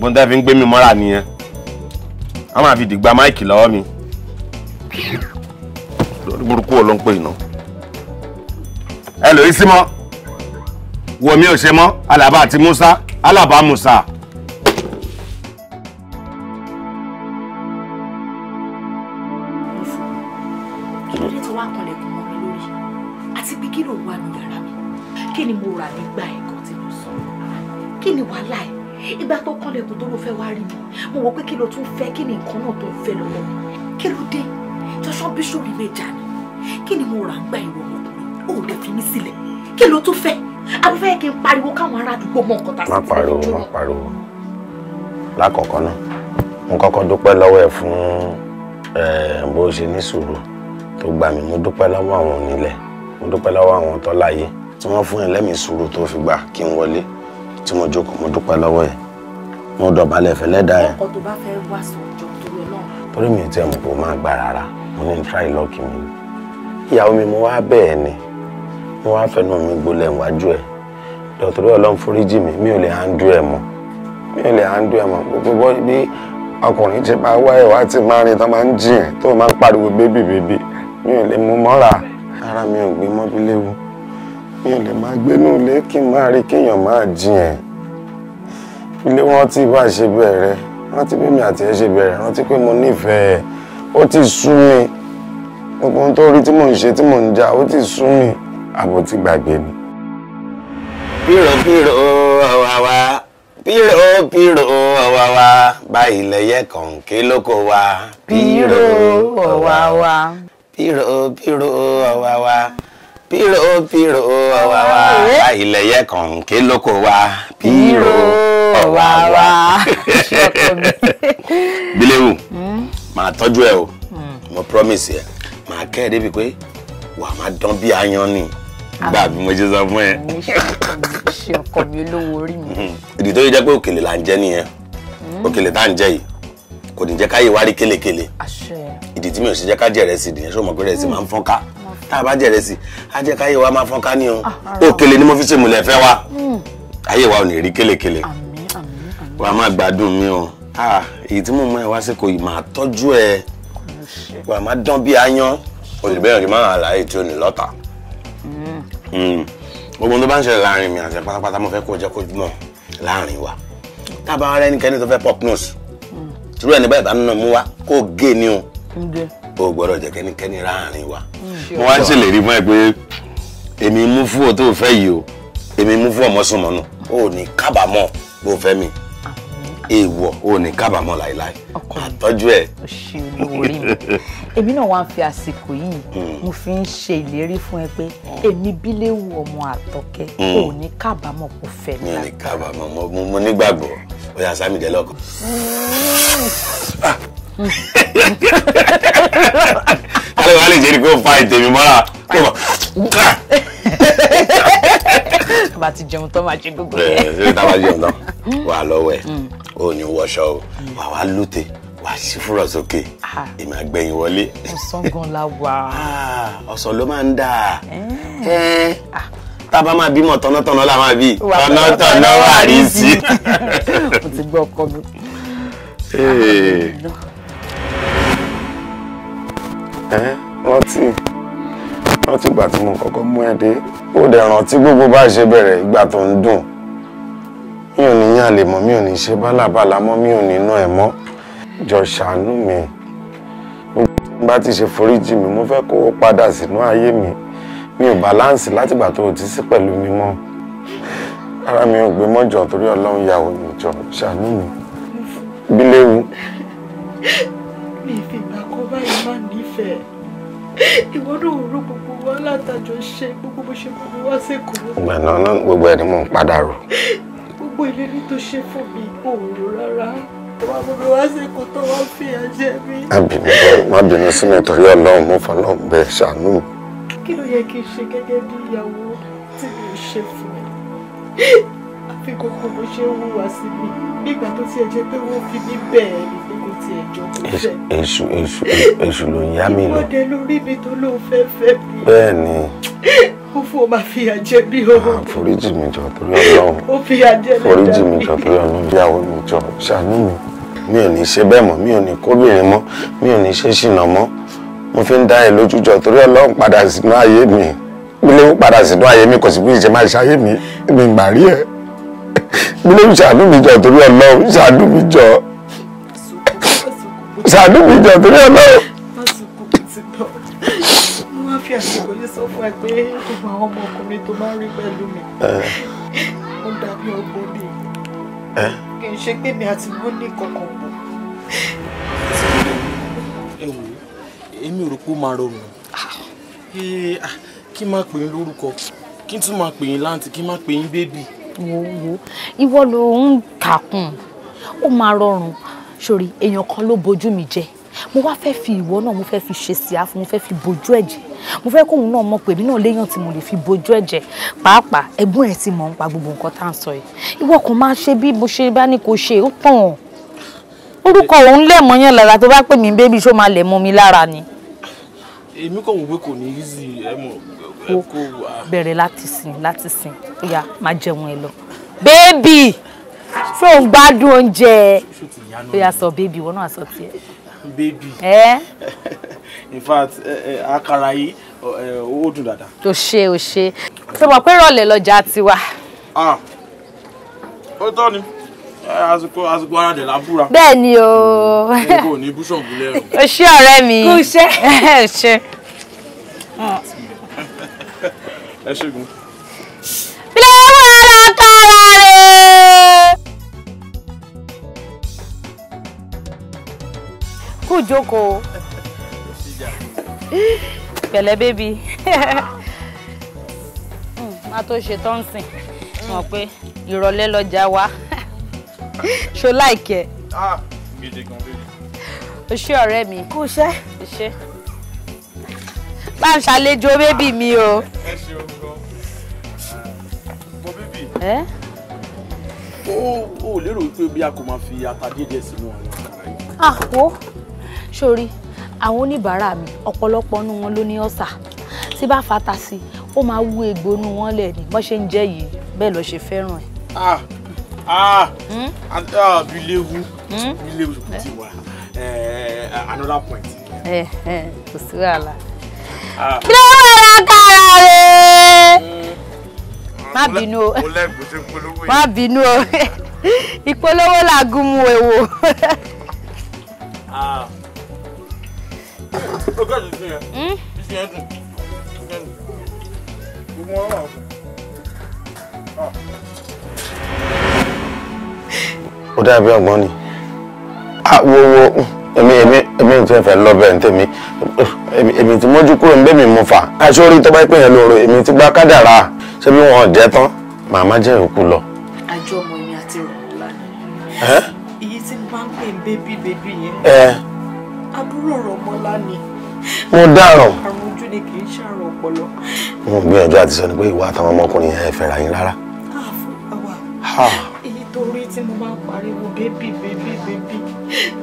bóńdà fi ń gbé mi mọ́ra nìyẹn a máa fi dìgbà máìkì lọ́wọ́ mi lórí burúkú ò ló ń pè iná ẹ lòyí sí mọ́ wo mi ò ṣe mọ́ alaba àti musa alaba musa. kí ni mo rà ń gba ìwọ ọmọkùnrin ó lè fi mí sílẹ̀ kí ló tún fẹ́ abẹ́fẹ́ kí n pariwo káwọn ará àdúgbò mọ nǹkan tá a sì ti fẹ́ lójú. má pariwo lákọ̀ọ́kọ́ náà mo kọ́kọ́ dúpẹ́ lọ́wọ́ ẹ̀ fún bó ṣe ní sùúrù tó gbà mí mo dúpẹ́ lọ́wọ́ àwọn onílẹ̀ mo dúpẹ́ lọ́wọ́ àwọn tọ́láyé tí wọ́n fún ẹlẹ́mìí sùúrù tó fi gbà kí n wọlé tí mo jókòó mo dúpẹ́ lọ́wọ́ ẹ̀ mo dọ̀bálẹ̀ fẹ́lẹ́dà ẹ̀. ọkọ̀ tó bá fẹ́ wá sọ̀jọ́ torí náà. torí mi ò tiẹ̀ mọ̀ pé ó máa gbà rárá mo ní try luck mi ìyàwó mi mo wá bẹ́ẹ̀ ni mo wá fẹnu mi gbolẹ̀ wájú ẹ̀ dọ̀tọ̀rọ̀ ọlọ́run foríjì mi mi ò lè handú ẹ̀ mọ́ mi ò lè handú ẹ̀ mọ́ gbogbo bí ọkùnrin ti máa wá ẹ̀wá ti máa rìn tó máa ń jiyàn tó máa ń pariwo bébì bébì mi ò lè mú mọ́ra ara mi ò gbé mọ́bí mi ò lè máa gbénú ilé kí n máa rí kéèyàn máa jiyàn ilé wọn ti bá ṣe bẹ̀rẹ̀ rántí bí mi àti ẹ ṣe bẹ̀rẹ̀ rántí pé mo nífẹ̀ẹ́ ó ti sú mi gbogbo ohun tó rí tí mò ń ṣe tí mò ń jà ó ti sú mi àbò ti gbàgbé mi. pírò pírò àwàwà pírò pírò àwàwà bá ilẹ̀yẹ kọ̀ǹké lóko wa. pírò àwàwà. pírò pírò àwàwà pírò pírò àwàwà bá ilẹ̀yẹ kọ̀ǹké lóko wa. pírò àwàwà. Bílẹ̀wù máa tọ́jú ẹ o hmm. mo promise yẹ. Yeah màá kẹ́ ẹ̀ débi pé wàá máa dán bí ayan ni gbà bí mo ṣe sọ fún ẹ. ṣe ọkọ mi olówó orí mi. Hmm. ìdí tó yẹ jẹ́ pé òkèlè là ń jẹ nìyẹn hmm. òkèlè tá à ń jẹ yìí kò ní jẹ́ káyé wá rí kélekèle ìdí tí mi ò ṣe jẹ́ ká jẹ ìrẹsì nìyẹn ṣé o mọ̀ pé ìrẹsì máa ń fọ́n ká hmm. tá a bá jẹ ìrẹsì á jẹ́ káyé wa máa fọ́n ká ní o ah, òkèlè ni mo fi ṣe mùlẹ̀ fẹ́ wa ayé wa ò ní rí kélekèle wàá máa gbádùn mi o ah, èyí tí mo mọ ẹ wá sí kò yìí máa tọ́jú ẹ gbogbo àmà dán bí ayan olùbẹ̀rẹ̀ máa ń àlàyé tí ó ní lọ́tà hmm. gbogbo tó bá ń ṣẹlẹ̀ láàrin mi àti pátápátá mo fẹ́ kó jẹ́ kó mọ̀ láàrin wa tábà ara ẹnikẹ́ni tó fẹ́ pop nose tìrú ẹni báyìí bá ń nà mú wa kó gé ni o o gbọ́dọ̀ jẹ́ kẹ́nikẹ́ni láàrin wa hmm. mo wá ń ṣèlérí mọ́ ẹ pé èmi mú fún ọ tó fẹ́ yìí o èmi mú fún ọmọ sùnmọ́nù o ní kábàámọ̀ bó fẹ́ mi èèwọ̀ o ní kábàámọ̀ láéláé àtọ́jú ẹ̀. o ṣe olówó rí mi èmi náà wá ń fi àsìkò yìí hmm. mo fi ń ṣe ìlérí fún ẹ pé hmm. èmi bíléwu ọmọ àtọkẹ hmm. o ní kábàámọ̀ kò fẹ́ mi. mi ní kábàámọ̀ mo nígbàgbọ́ ó yà sámi jẹ lọ́kàn. Ah. kálí wàá lè jẹ́ ni kó fa ìtẹ̀mí mọ́ra kó bá. bá ti jẹun tán máa ṣe gbogbo yẹn. ṣé tá a bá jẹun tán wà lọ́wọ́ ẹ̀ ò mm. ní wọṣọ o mm. wà wá lóte wà sí fúrọ̀ sókè ah. èmi àgbẹ̀yìn wọlé. ọ̀sán gan la wà. Ah, ọ̀sán ló máa ń dà eh. Eh. Ah. tá a bá máa bímọ tọ́nátọ́ná la máa bí tọ́nátọ́ná wà rí sí. mo ti gbọ́ ọkọ mi. ẹ eh. rántí rántí ìgbà tí mo kọ́kọ́ mú ẹ dé ó dẹ̀ rántí gbogbo bá ṣe bẹ̀rẹ̀ ìgbà tó ń dùn mi ò ní yàn lè mọ́ mi ò ní ṣe bálàbàlà mọ́ mi ò ní ná ẹ mọ́ jọ ṣàánú mi bá ti ṣe foríjì mi mo fẹ́ kó o padà sínú ayé mi mi ò bàláǹsì látìgbà tó o ti sí pẹ̀lú mi mọ́ ara mi ò gbé mọ́jọ torí ọlọ́run yàwó mi jọ ṣàánú mi bí léwu. mi ìfìgbà kan báyìí máa nífẹ̀ẹ́ ìwọ náà rú wàhálà tàjọ ṣe gbogbo bó ṣe gbogbo wá sẹ́kọ̀ọ́. ìgbà náà náà gbogbo ẹni mò ń padà rò. gbogbo ìlérí tó ṣe fún mi ò rò rárá wà gbogbo wá sẹ́kọ̀ọ́ tó wá fi àjẹ mi. àbìmọ̀ má bínú sí mi torí ọlọ́run mo fọlọ́run bẹ ṣàánú. kí ló yẹ kí n ṣe gẹ́gẹ́ bí ìyàwó tí mi ò ṣe fún ẹ àfi gbogbo bó ṣe ń hùwà sí mi nígbà tó tiẹ̀ jẹ́ pé wọ́n fi mí bẹ́ẹ̀ ni ti ẹjọ́ kò fẹ́. èṣù èṣù èṣù ló ń yá mi lọ. ìwọ́de lórí mi tó ló fẹ́ fẹ́ mi. bẹ́ẹ̀ ni. ó fún ọ máa fi bí o. Ah, foríjì mi jọ torí Ọlọ́run. ó fi àjẹ lẹ́jọ́ mi. foríjì mi jọ torí Ọlọ́run ìyàwó mi jọ ṣàánú mi mi ò ní ṣe bẹ́ẹ̀ mọ́ mi ò ní kóbìnrin mọ́ mi ò ní ṣe ṣìnà mọ́ mo fi ń dá ẹ lójú jọ torí Ọlọ́run padà sínú ayé mi gbólóhùn padà sínú ayé mi kò sí bí ìṣe máa ṣayé mi mi mi jọ ṣàánú mi jọ torí ẹ náà. mo máa fi àsìkò yìí sọ fún ẹ pé gbogbo àwọn ọmọkùnrin tó máa ń rí pẹ̀lú mi ó dàbí ọgbọ́n mi kì í ṣe pé mi àti wọn ní kankan pọ̀. ẹ wò èmi ò rò pé ó máa rọrùn kí n pè yín lórúkọ kí n tún máa pè yín láǹtì kí n pè yín bébì. wo wo ìwọ ló ń kàkùn ó máa rọrùn sori èèyàn kan ló bojú mi jẹ mo wá fẹ́ fi ìwọ náà mo fẹ́ fi ṣe síá fún mo fẹ́ fi bojú ẹ̀ jẹ mo fẹ́ kóun náà mọ̀ pé èmi náà léèyàn tí mo lè fi bojú ẹ̀ jẹ pàápàá ẹ̀gbọ́n ẹ̀ ti mọ̀ ń pa gbogbo nǹkan tá à ń sọ yìí ìwọ kò máa ṣe bí mo ṣe bá ní kò ṣe ó pọ̀n orúkọ òun lẹ̀mọ́ yẹn lára tó bá pè mí bébí ṣó máa lẹ̀ mọ́ mi lára ni. èmi kò wò pé kò ní í ẹ mọ̀ ẹ kó wà. bẹ̀rẹ̀ láti sìn láti sìn ó máa jẹun ẹ lọ bébì ṣó ń gbádùn oúnjẹ ó yà sọ bébì wọn náà sọ tiẹ̀. baby in fact àkàrà yìí ó dùn dáadáa. o ṣe o ṣe ṣe mọ̀ pé rọ̀lẹ́ lọ́jà tiwa. ó tọ́ ni àsìkò àsìkò ara dẹ̀ lábúra. bẹ́ẹ̀ ni o. ẹ mm, kò ní búṣọ̀n gúnlẹ̀ rẹ. o ṣé ọ̀rẹ́ mi. kò ṣe. ẹ ṣe. ẹ ṣègùn. bílẹ̀. kú jókòó pẹ̀lẹ́ bébí hmm, má tó ṣe tó ń sìn mọ̀ pé ìrọ̀lẹ́ lọ́jà wa ṣó láìkẹ́. gidi ah, gan bébí. o ṣé ọ̀rẹ́ mi. kú iṣẹ́. iṣẹ́. bá ń ṣàlejò bébí mi o. ẹ ṣe o gan. mo ah, bébí. ẹ. ó ó lérò wípé bí a kò máa fi ata díẹ̀ díẹ̀ sínú ọ̀rẹ́ sórí àwọn oníbàárà mi ọ̀pọ̀lọpọ̀ nu wọn ló ní ọ̀sà tí bá fata sí ó máa wú egbò nu wọn lẹ̀ ní bọ́n ṣe ń jẹ́ yìí bẹ́ẹ̀ lọ ṣe fẹ́ràn ẹ̀. ah ah àbí léwu bí léwu ṣùgbọ́n ti wà eh, eh, another point. ẹ eh, ẹ kò sí wàhálà. bí wọ́n yà kára rẹ̀ hmm. má bínú o má bínú o ìpolówó làgùn mu o gbẹ tuntun yẹn tuntun yẹn dùn gbogbo wọn wà fún ó dàbí ọgbọ́n ni wo wo èmi èmi èmi ń fẹ́ fẹ́ lọ bẹ́ẹ̀ ní tèmi èmi ti mójú kúrò ń bẹ́mi mo fà aṣọ orí tó bá pè yẹn lóru èmi ti gbá kádàrá ṣé bí wọn jẹ tán màmá jẹ òkú lọ. àjọ ọmọ mi àti ìrọ̀lá ni iye tí n bá ń pè ń baby, bébí Eh àbúrò ọ̀rọ̀ ọmọlá ni. mo dáràn. àrùn ojú ni kì í ṣàrùn ọpọlọ. mo gbìyànjú àti sọ ni pé ìwà àtàwọn ọmọkùnrin yẹn fẹ́ra yín rárá. Ah, èyí tó rí tí mo máa ń pariwo bébì bébì bébì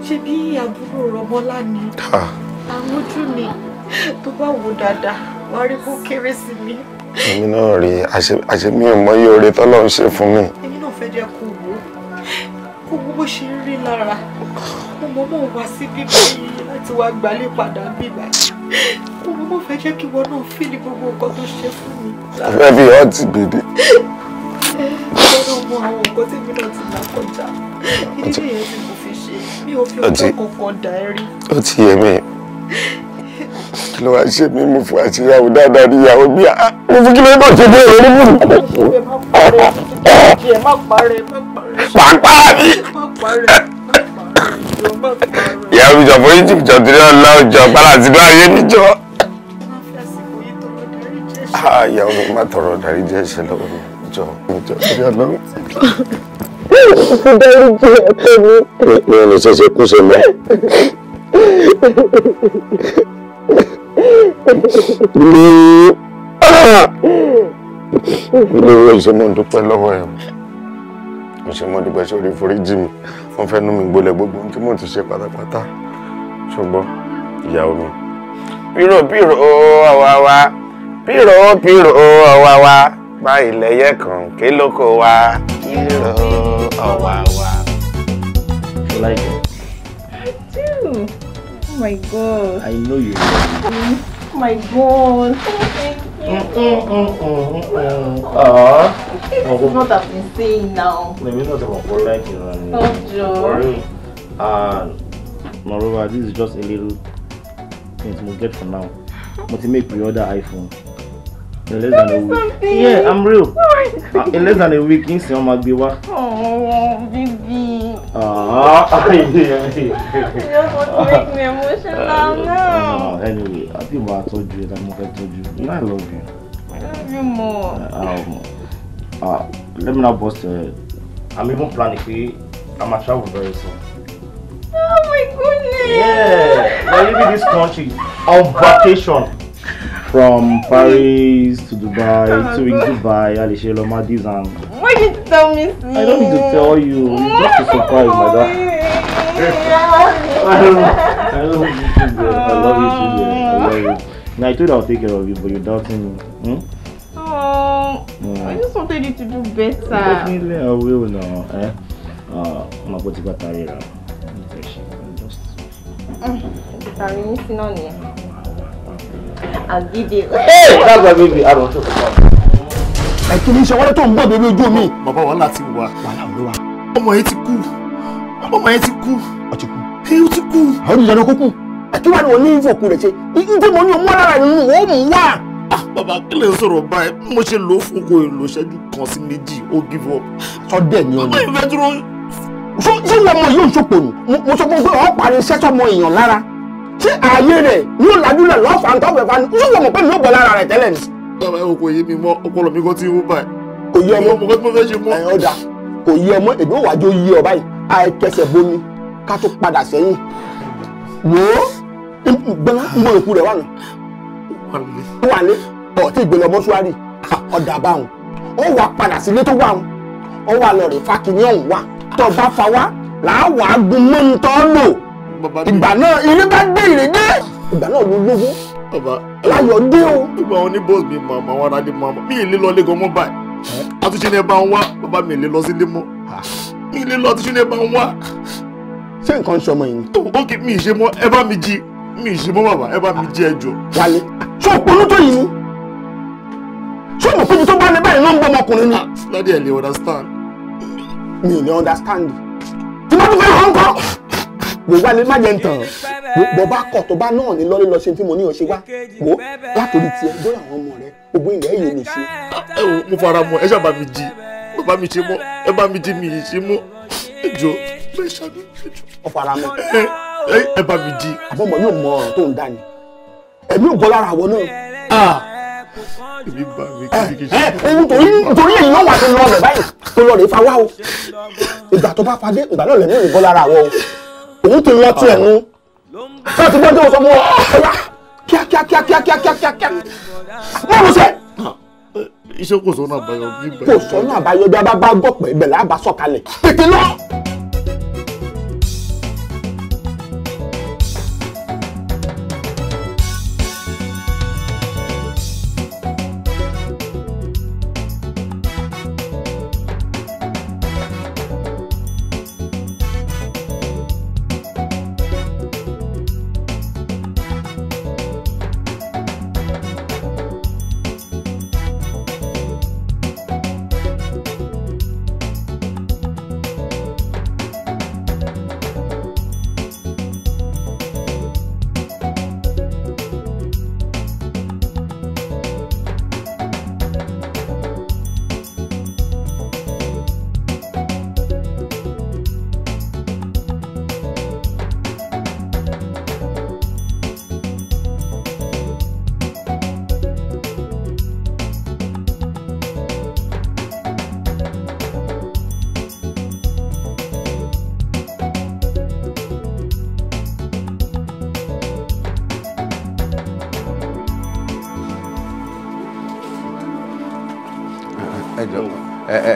ṣe bí àbúrò ọ̀rọ̀ ọmọlá ni. àrùn ojú ni tó bá wò dáadáa wàá rí kó kéré sí mi. èmi náà rí àṣẹ mi ò mọ tọ́lọ́run ṣe fún mi. èmi náà fẹ́ jẹ́ kó gbogbo bó ṣe ń rí lára mo mọ mọ wá sí bíbá yìí láti wá gbalé padà bíbá mo mọ mọ fẹ́ jẹ́ kí ìwọ náà fìlì gbogbo nǹkan tó ṣe fún mi. abẹ́ bí ọ́ ti gbèdé. ẹ ẹ mọ àwọn nǹkan tí mi náà ti là kọjá ìdílé yẹn ni mo fi ṣe mi ò fi ọjọ́ kankan dà ẹ́ rí. ó ti yẹ mí kí ló wá ṣe mí mo fún àṣeyàwó dáadáa ní ìyàwó bí ah, mo fún kí ló bá ṣe bí èrò ní burúkú. pàápàá mi. ìyàwó mi jọ forí jù jọ torí ọlá òjò balàsì ló ayé níjọ. ìyàwó mi má tọrọ dárí jẹ ẹ̀ṣẹ̀ lọ́wọ́ mi jọ ìjọ torí ọlá. dárí jẹ ẹ̀ṣẹ̀ mi. mi ò ní ṣẹ̀ṣẹ̀ kú sọ mọ́ olówó ìṣe mo dúpẹ́ lọ́wọ́ ẹ̀ mo ṣe mo dúpẹ́ sórí foríjì mi wọ́n fẹ́ nú mi gbolẹ̀ gbogbo tí mo ti ṣe pátápátá ṣùgbọ́n ìyàwó mi. pírò pírò ọwà wa pírò pírò ọwà wa pa ìlẹ̀yẹ kan ké lóko wa pírò ọwà wa. I like it. I do. Oh my god. I know you Oh my god. Thank you. Mm, mm, mm, mm, mm. Ah. This is not as insane now. Let me not about what like you and worry. Oh, and moreover, this is just a little thing to get for now. But to make pre-order iPhone. Ah, in less than a week. Something. Yeah, I'm real. uh, in less than a week, in Sioma Biwa. Oh, baby. Ah, yeah. you just want to make me emotional uh, now. Uh, anyway, I think I told you that I'm going to told you. You I love you. I love you more. Uh, um, uh, let me not bust your uh, head. I'm even planning to. I'm going to travel very soon. Oh my goodness! Yeah, I leaving this country on vacation from mm. Paris to Dubai, oh, two weeks Dubai, Alice Lomadis and. Why did you tell me? This? I don't need to tell you. just to surprise, my dad. I don't know. I don't know. I love you, Julia. I oh. love you. Now, I told you I'll take care of you, but you're doubting me. Hmm? Oh, yeah. I just wanted you to do better. Definitely, I will now. Eh? Uh, I'm not going to go to eh? Just. Mm. I'm not going to go to I'll give you. Hey, that's my baby. I don't talk about it. Ẹ kí ni iṣẹ́ wọlé tó ń gbọ́ bèbè ojú mi? Bàbá wàhálà ti wà. Wàhálà ò ló wà. Ọmọ yẹn ti kú. Ọmọ yẹn ti kú. Ó ti kú. Ẹ ó ti kú. Àwọn ìjọba kó kú. Àti wà ní òní ìfọ̀kù rẹ̀ ṣe. Ìdí mo ní òun lára nínú òun mú wá. Ah, bàbá kí lè sọ̀rọ̀ báyìí bí mo ṣe lò ó fún kò èlò ìṣẹ́jú kan sí méjì ó give up. Sọ́dẹ̀ ni ọ̀nà. Ṣé ìwọ ọmọ yóò ṣòpò nù? Mo sọ fún pé ọ̀ ṣé ààyè rẹ̀ yóò lajú lẹ̀ lọ́fà ń tọ́fẹ̀ fa ni yóò wọ̀ mọ̀ pé yóò bọ̀ lára rẹ̀ tẹ́lẹ̀ ni. bàbá yóò kò yé mi mọ ọpọlọ mi kò tí ń bá ẹ. kò yé ọmọ kò tí mo fẹ́ ṣe mọ́. ẹ ọ̀dà kò yé ọmọ èdè òwájú yé ọ báyìí àìkẹsẹ̀ bomi ká tó padà sẹ́yìn wò ó gbẹ́lá mọ òkú rẹ̀ wà nù. wà ní ọtí ìgbélé mọ́ṣúárì ọ̀dà báwọn ó wà padà sílé tó wà wọn ó wà lọ rè fákiní ọ̀hún wà tó bá fa wá làá wàá gun bàbá mi. ìgbà náà ilé bá gbé ìrèdé ìgbà náà ló lówó. bàbá láyọ̀ dé o. ìgbà oni ní bọ́ọ̀sì mi mama. wọn ara dé màmá mi ìlé lọ lẹ́gàn mọ́ báyìí. àtúnṣe ni ẹ bá ń wá bàbá mi ìlé lọ sílé mọ́ mi ìlé lọ àtúnṣe ni ẹ bá ń wá. ṣé nǹkan ṣọmọ yìí. tó o kì mí ìṣe mọ́ ẹ bá mi jí mi ìṣe mọ́ bàbá ẹ bá mi jí ẹjọ́. wálé ṣé o polú tó ni ṣé o mọ̀ pé ibi tó bá lẹ báyìí náà ń bọ́ ọmọkùnrin ni. Ah, ládìí ẹ̀ lè understand. Me ò understand. You bá tún fẹ́ hàn kọ́ wò wá lè má jẹ ntàn bọba kọ tó bá náà ní lọ́lé lọ ṣe tí mo ní ọṣẹ wá wò látòrí tiẹ̀ dórí àwọn ọmọ rẹ ògbó ilẹ̀ yìí lè ṣe. Ah, ẹ wo mo fara mọ́ ẹ ṣàbà mi jí bàbá mi ṣe mọ́ ẹ bá mi jí mi yìí ṣe mọ́ ẹ jọ bẹ́ẹ̀ ṣàbí ẹ jọ. ọ fara mọ́ ẹ bá mi jí. àbọ̀mọ̀ yóò mọ ọ̀rọ̀ tó ń dá ni ẹ̀mí ò bọ́ àwọn náà. Ah. èmi bá mi kí ẹ ohun torí èyí náà wà tó lọ báyìí tó lọ òun ah. ti lọ tiẹ̀ nu fẹ́ẹ́ ti gbọ́dọ̀ sọ fún ọ kíákíákíákíákíákíá mọ̀ ló ṣe. iṣẹ́ kò sọ́nà àbáyọ bí bẹ́ẹ̀. kò sọ́nà àbáyọ bí a bá bá gbọ́ pé bẹ́ẹ̀ lábàá sọ̀kalẹ̀ tètè lọ.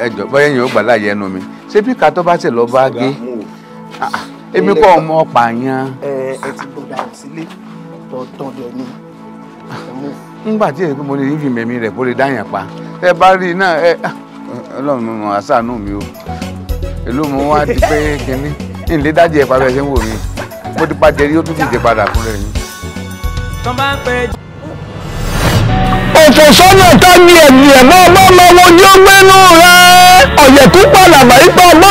ẹjọ bóyá èèyàn ó gbà láàyè ẹnu mi ṣé bí kàtọ́ bá ṣe lọ bá gé ah, ah, èmi kọ́ ọmọ pààyàn. ẹ ẹ ti gbọdọ àtìlé tọ̀tàn dẹ̀ ni ngbà tí èyí mo lè rí fi mẹ̀mí rẹ̀ kó lè dáyàn pa ẹ bá rí i náà ẹ ah, ọlọ́run mi mọ̀ àṣàánú mi o èló mo wá di pé kínní ìlé dájẹ́ ìpàbẹ̀ṣẹ̀ ń wò mí mo ti pàjẹ́ rí ó tún ti jẹ padà fún rẹ̀ yín kò sọ́nà tá ni ẹ̀mí ẹ̀ ọmọ ọmọ wo ni ó gbénú rẹ ọ̀yẹ̀kú palàmà ipa mọ́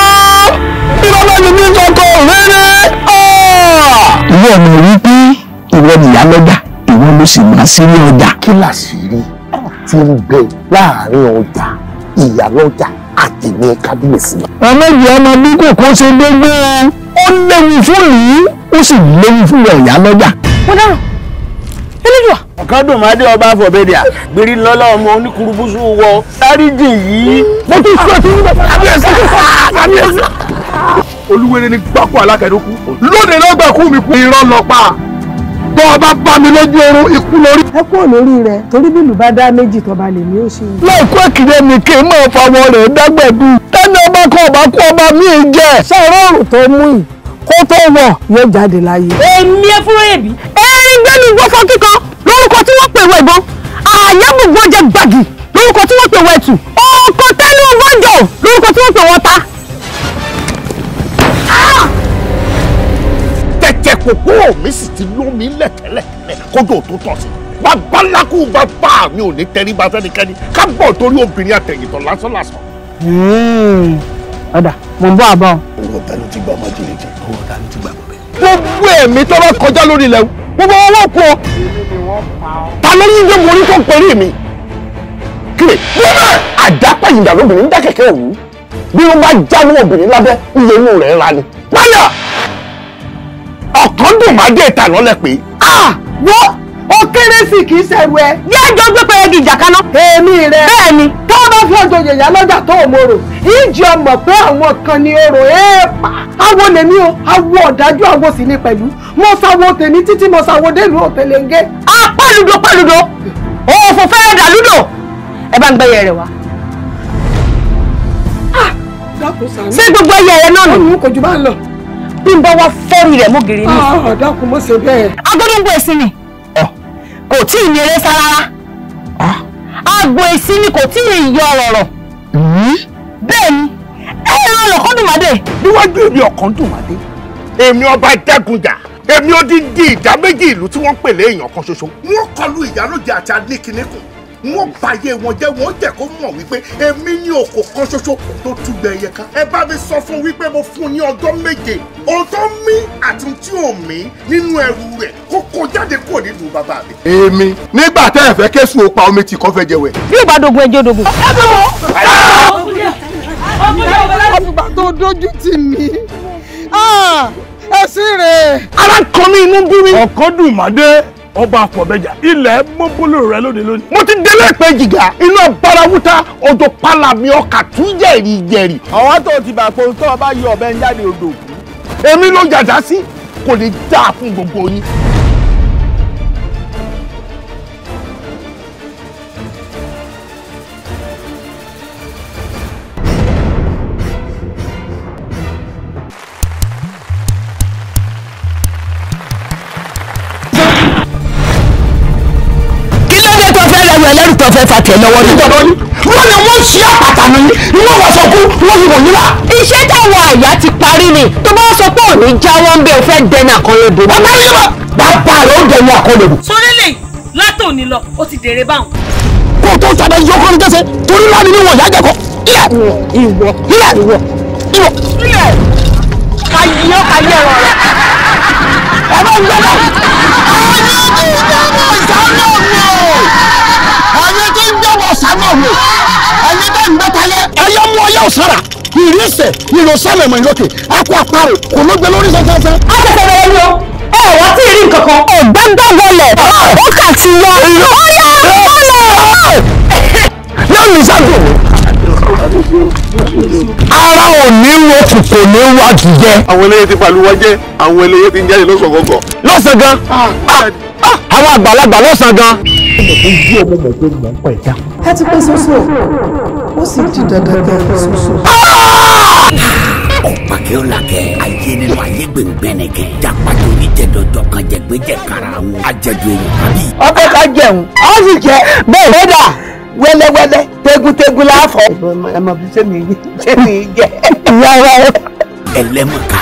bí bàbá mi ní kọkọ rere. ìwé ọmọ rí pé ìwọ nìyá lọ́jà ìwọ ló sì máa sí ní ọjà. kí làṣírí ti ń bẹ láàrin ọjà ìyá lọ́jà àti ní kábíyèsí. ọmọ ìyá ọmọ bí kò kó ṣe gbégbé ó léwu fún yìí ó sì léwu fún ọ̀yá lọ́jà. mo dáhùn elédùà nǹkan dùn máa dé ọba àfọ̀bẹ́dẹ́à gbèrè lọ́lọ́ ọmọ oníkurubúsù wọ dáríjì yìí. mo tún sọ ti ń bọ̀ kábíyèsí kábíyèsí. olúwere ni gbáko alákẹ́dókú lóde lọ́gbàkú mi kú irọ́ lọ pa tó o bá mi lójú oorun ikú lórí. ẹ kúrò lórí rẹ torí bí ìlú bá dá méjì tọba lè ní oṣù. láìpẹ́ kìlẹ̀ mi kì í mọ̀ fáwọn rẹ̀ dágbẹ̀dù tẹ́ni ọba kan ọba kú ọba mi jẹ. sọ̀rọ̀ ọ̀rùn tó mú yìí kó tó wọ̀ yóò jáde láyé. èmi ẹ fúnra ẹbí ẹ gbẹ́nu gbọ́ fọ́kíkan wọ ìbọn àyàbùgbò jẹ gbàgì lórúkọ tí wọ́n pè wọ ẹ̀tù ọkọ tẹ́lú wọ́jọ lórúkọ tí wọ́n pè wọ́n ta. tẹ̀tẹ̀ kòkó mi sì ti lómi lẹ̀kẹ́lẹ̀kẹ́lẹ̀ kójú ò tó tọ̀ sí i babaláku bàbá mi ò ní tẹríba fẹ́nikẹ́ni ká bọ̀ torí obìnrin àtẹ̀yìntàn lásán lásán. Hmm. ọ̀dà mò ń bọ́ àbá o. owó ta ló ti gba ọmọdé rẹ jẹ owó ta ló ti gba ọmọdé. gbogbo ẹ̀mí tọ́lá kọjá lórí ilẹ̀ gbogbo owó kú ọ ta ló ní jẹ́ mo rí tó ń pẹ̀lú mi kiri bíbẹ̀ àdápàyìndà lóbìnrin dá kẹ̀kẹ́ òwú bí wọ́n bá jáwọ́ obìnrin lábẹ́ iye inú rẹ̀ ra ni wáyà ọ̀kan dùn má dé ìtànà lẹ pé ah wọ́n ó kéré sí kì í ṣẹ̀rù ẹ. bí ẹjọ́ gbé pẹ́yẹ́gì ìjàkaná. èmi rẹ bẹ́ẹ̀ ni. tó o bá fi ọjọ́ yẹ̀yà lọ́jà tó o mòrò ìjì ọmọ pé àwọn kan ni orò èèpà. awo lèmi o awo ọ̀dájú awo sì ni pẹ̀lú mo ṣàwo tèmi títí mo ṣàwo délùú òtẹ̀lẹ̀ngẹ́. a pàlùdò pàlùdò òfò fẹ́rẹ̀ dàlúdò ẹ bá ń gbẹ́yẹ rẹ wá. ṣé gbogbo ẹyẹ rẹ náà nù. ó ní kò jù bá ń lọ. bí n bá wá fẹ́rí rẹ̀ mọ́gìrì ní. Ah, dákun mọ́ ṣe bẹ́ẹ̀. agbọ́dọ̀ ń gbọ́ ẹ̀sìn ni kò tí ì ní eré sá rárá agbo èsì ni kò tí ì yọ ọ̀rọ̀ hmm? bẹ́ẹ̀ ni ẹ̀rọ lọ́kọ́dùnmáde. níwájú èmi ọ̀kọ́dùnmáde èmi ọba jágunjà èmi ó dín dín ìdá méjì ìlú tí wọ́n pè lé èèyàn kan ṣoṣo. wọ́n kọlu ìyálójà àti adínkìnnìkùn wọ́n bàyẹ̀ wọn jẹ́ wọ́n jẹ́ kó mọ̀ wípé èmi ní òkò kan ṣoṣo tó túgbẹ̀ ẹyẹ ká. ẹ bá mi sọ fún wípé mo fún un ní ọjọ́ méje ohun tó àti tí ò mí nínú ẹrù rẹ̀ kó kó jáde kúrò nínú bàbá mi. èmi nígbà tẹ́ ẹ fẹ́ késù òpa omi tì kọ́ fẹ́ bí ìbádọ́gun ẹjọ́ dogun. ẹ bẹ̀ wọ́n. Ah, ara kan ní inú bí mi. ọ̀kan dùn má dé ọba àfọ̀bẹ́jà ilẹ̀ mọ́bólò rẹ lónìí lónìí. mo ti délé ìpè jìgà iná barawúta odò palami ọkà tún jẹ̀rì jẹ̀rì. ọ̀wá tó ti bà pé tó o bá yọ ọ̀bẹ ń jáde odò. èmi ló jàjà sí kò ní dáa fún gbogbo yín. wọn fẹ́ fà tẹ̀ lọ́wọ́ ní. wọ́n ní wọ́n ṣí àpàtà mi ni wọ́n wọ́n sọ fún fi wọ̀nyí la. iṣẹ́ táwọn àyà ti parí ni tó bá sọ pé òní jáwọ́ ń bẹ ò fẹ́ àkọlẹ́bù. bàbá yìí bá bàbá rẹ̀ ó dẹni àkọlẹ́bù. sọlẹ́lẹ̀ látòní lọ ó ti dèrè báwọn. kó o tó tàbí yọkọ́ ní tẹ́sẹ̀ torí láàmì ni wọ́n yá jẹ́kọ́. ilẹ̀ ìwọ ilẹ̀ ìwọ ìwọ ilẹ̀ kàyé ọ̀rọ̀ rẹ̀ ẹ bá ń náà wò ẹ̀yin bẹ́ẹ̀ ń bẹ́ talẹ́. ẹyọ mú ọyá òsára ìrísẹ̀ ìrọ̀sálẹ̀ mọ̀ ìlókè akọ àparò kò ló gbé lórí sọ́sọ́sọ́. a tẹ̀sẹ̀ bẹ̀rẹ̀ ni o ẹ ẹ̀ wá sí ìrí nǹkan kan. ọ̀gbẹ́ngbẹ́ wọlé ó kà ti yọ ọ̀yà wọlé. lẹ́nu sáàdù ara ò ní wo kòkò ní wájú jẹ. àwọn eléyé ti pàlùwọ jẹ àwọn eléyé ti ń jáde lọ́sàn-án gọ́gọ́. lọ́sàn-án gan ah, ah, ah, àwọn àgbàlagbà lọ́sàn-án gan mọ̀ pé yí ọmọ mọ̀ pé mọ̀ ń pa ìjà. ẹ ti pẹ́ soso ó sì di dandan kẹ́ ẹ soso. ọ̀pàkẹ́ ọ̀làkẹ́ ayé nínú ayé gbẹ̀ngbẹ̀ nìkẹ́ jápàtó oníjẹ̀dọ̀jọ̀ kan jẹ̀gbẹ́jẹ̀ kára wọn ajẹ́jọ́ èèyàn kábí. ọbẹ̀ ká jẹun ó sì jẹ bẹ́ẹ̀ lọ́dà wẹ́lẹ́wẹ́lẹ́ tegutegun láàfọ̀. ẹ bí sẹ́mi sẹ́mi jẹ. ìyá wa àjànàmọ̀ká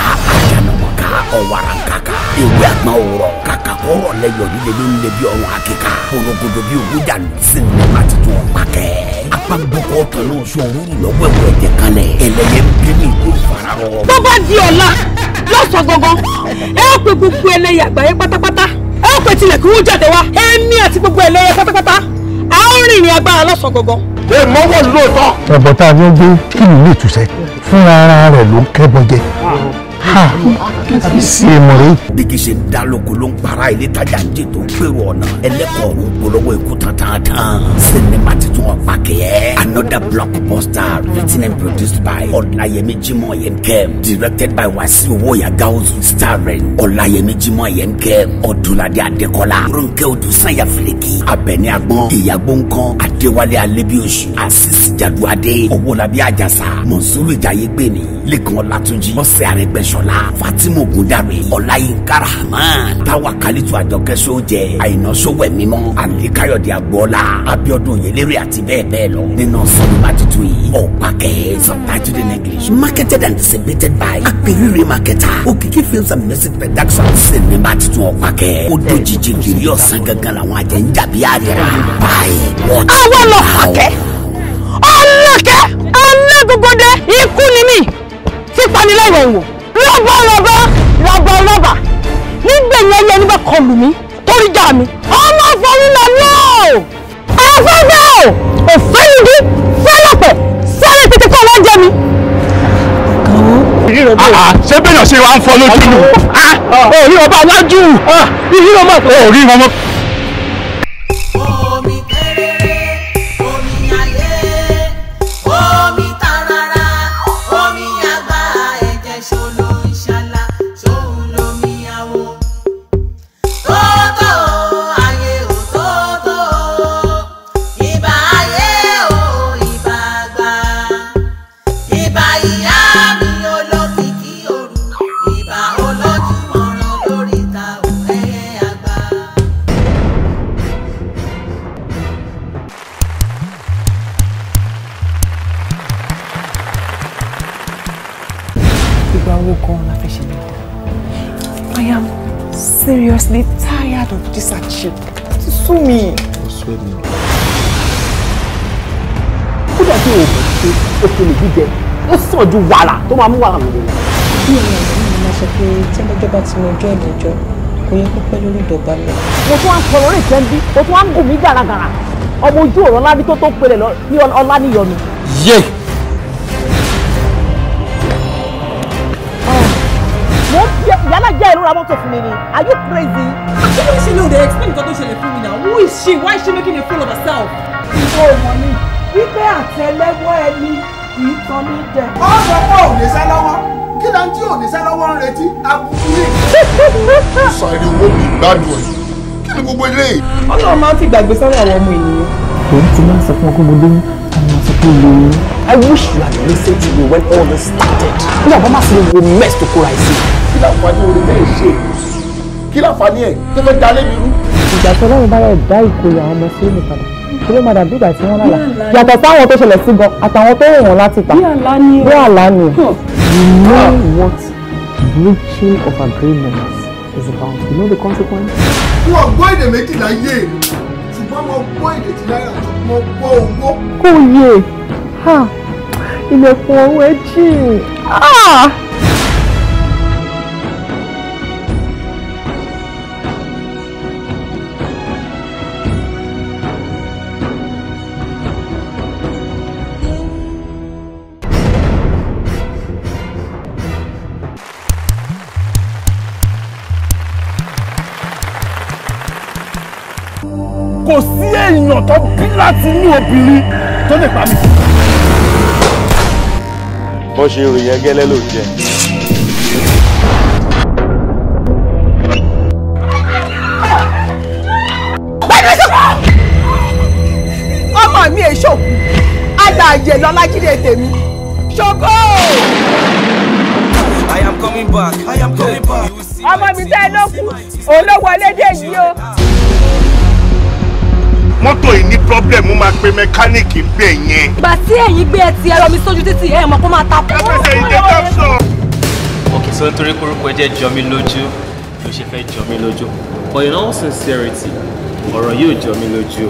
ọ̀wàràǹkàkà ìwé àgbọ̀n òwúrọ̀ àkọ́rọ̀ lẹ́yọ̀ líle ló ń lé bí ọrùn akíkà porogodo bí owó dànù sinmi má ti tún ọ̀pá kẹ́. apagbọ́kọ̀ kan ló sọ òróró lọ́wọ́ ẹ̀wọ̀ ẹ̀jẹ̀ kalẹ̀ ẹlẹ́yẹ ń bí mi kó fara rọ. tó bá di ọ̀la lọ́sàn gangan ẹ ó pe gbogbo ẹlẹ́yẹ àgbáyé pátápátá ẹ ó pe tilẹ̀ kí wọ́n jáde wá ẹ̀mí àti gbogbo ẹlẹ́yẹ pátápátá a ó rìn ní agbára lọ́sàn gangan. ẹ mọ wọn lóòótọ́. ẹ̀bọ̀tà ni ó gbé kí ni ilé ìtúsẹ́ fúnra rẹ̀ ló ń kẹ́bọ jẹ sí ẹ mọ̀ rí. bíkí ṣe ń lóko ló ń para ilé tajà ń jètò gbèrò ọ̀nà ẹlẹ́kọ̀ọ́ ń polówó ikú tantan. sinimá titun ọ̀pá kẹ́. another blockbuster written and produced by ọ̀làyẹmí jimoh yemkem directed by wasiu owóyà gaozu starring ọ̀làyẹmí jimoh yemkem ọ̀dúnladé adékọ́lá ronke odùsànyà fìlẹ̀kì abẹ́ni agbọ́n ìyàgbọ́ nǹkan adéwálé alẹ́bíoṣù asís jaduadé owólabí àjàsà mọ̀nsúrù ìjàyégbèni lẹ́kàn ọ̀làtúnjì ọ̀sẹ̀ àrẹ̀gbẹ̀ṣ Fáṣọlá Fatima Ogundare Ọláyínká Rahman Táwákálítù Àjọkẹ́ Sójẹ Àìná Sówẹ̀mímọ́ Àlékáyọ̀dé Agboola Abíọ́dún Yeléré àti bẹ́ẹ̀ bẹ́ẹ̀ lọ nínú sinimá tuntun yìí ọ̀pákẹ́ subtitled in marketed and distributed by Aperire Marketer Òkìkí Films and Music Production sinimá tuntun ọ̀pákẹ́ ó dojijì kiri ọ̀sán gangan làwọn àjẹ́ ń jàbí àjẹ́ báyìí wọ́n ti àwọn ọlọ́pàkẹ́ ọlọ́kẹ́ alágógódé ikú ni mí fífani lọ́rọ̀ wò rọ́bọ̀rọ́bọ̀ rọ́bọ̀rọ́bà nígbà yẹn yẹn nígbà kọlù mi torí jà mí ọmọ fọwọ́nà náà afẹ́fẹ́ ò òfẹ́yìndí fẹ́lọ́pẹ̀ sẹ́lẹ̀ tètè kọ́ wọ́n jẹ mi. Ah, ah, ṣé bẹ́ẹ̀ náà ṣe wá ń fọ lójú nù. òrí ọba wájú ah, ìrírí ọmọ pé. òrí ọmọ pé. seriously tired of this hardship. Ti sú mi. Ó sú ẹ̀mí. Ó dàbí oògùn ṣe òkèlè jíjẹ. Ó sàn ju wàrà tó máa mú wàrà lòdì. Bí ẹ̀rọ ìlú mi máa sọ pé tí ẹlẹ́jọ́ bá ti mọ ọjọ́ ìdájọ́, kò yẹ kó pẹ́ lórí ìdọ̀gba mi. Mo tún wá ń sọ̀rọ̀ orí ìfẹ́ bí, mo tún wá ń gùn mí gàràgàrà. Ọmọ ojú ọ̀rọ̀ lábí tó tó pelẹ̀ ní ọlá níyọnu. Yéé! is she? Why is she making a fool of herself? Ìwọ ọmọ mi, wípé àtẹ́lẹwọ́ ẹni kìí tan ní jẹ. Ọ sọ pé ò ní sẹ́ lọ́wọ́. Kí ni tí ò ní sẹ́ lọ́wọ́ ń retí? Àbùkù ni. Sàìrì owó mi gbádùn ẹ̀. Kí ni gbogbo eléyìí? Ọlọ́run máa ń fi gbàgbé sọ́rọ̀ àwọn ọmọ ènìyàn. Èyí ti máa sọ fún ọkọ lóyún. I wish you had listened to me when all this started. Ní àbá máa sinmi wo mess tó kóra ẹ̀ sí. Kí láǹfààní orin bẹ́ẹ̀ ṣe? Kí láǹfààní ẹ̀? Tẹ́fẹ́ dalé mi rú ìgbà tí ọlọ́run bá rẹ̀ dá ìkórè àwọn ọmọ sí òní padà kí ló máa dàbí ìgbà tí wọ́n lálà yàtọ̀ sáwọn tó ṣẹlẹ̀ sí gan àtàwọn tó rìn wọn láti pa bí àlá ni o. you know what breaching of agreements is about you know the consequence. wọn gbọ́ èdè méjìlá yé èmi ṣùgbọ́n mo gbọ́ èdè tí náírà tó mo gbọ́ owó. kò yé ilẹ̀kùn ọ̀hún ẹ̀ jìn. Ah! láti inú obìnrin tó lè pa mí. bó ṣe rò yẹn gẹ́lẹ́ ló jẹ. ọmọ mi èso àgbàyè lọ́lájídé tèmi ṣoko. I am coming back. I am coming back. ọmọ mi tẹ́ ló kú òun ló wọlé dé yìí o mọ́tò yìí ní problem mo máa pe mẹkáníìkì ń bẹ̀ yẹn. ìgbà tí ẹ̀yin gbé ẹ ti ẹrọ mi sójú títì ẹ̀ mọ̀ kó máa ta. ẹ fẹsẹ̀ ìdè capsule. òkè sọ nítorí korúkọ jẹ́ jọ lójú ló ṣe fẹ́ jọ lójú but in all sincerity ọ̀rọ̀ yóò jọ mí lójú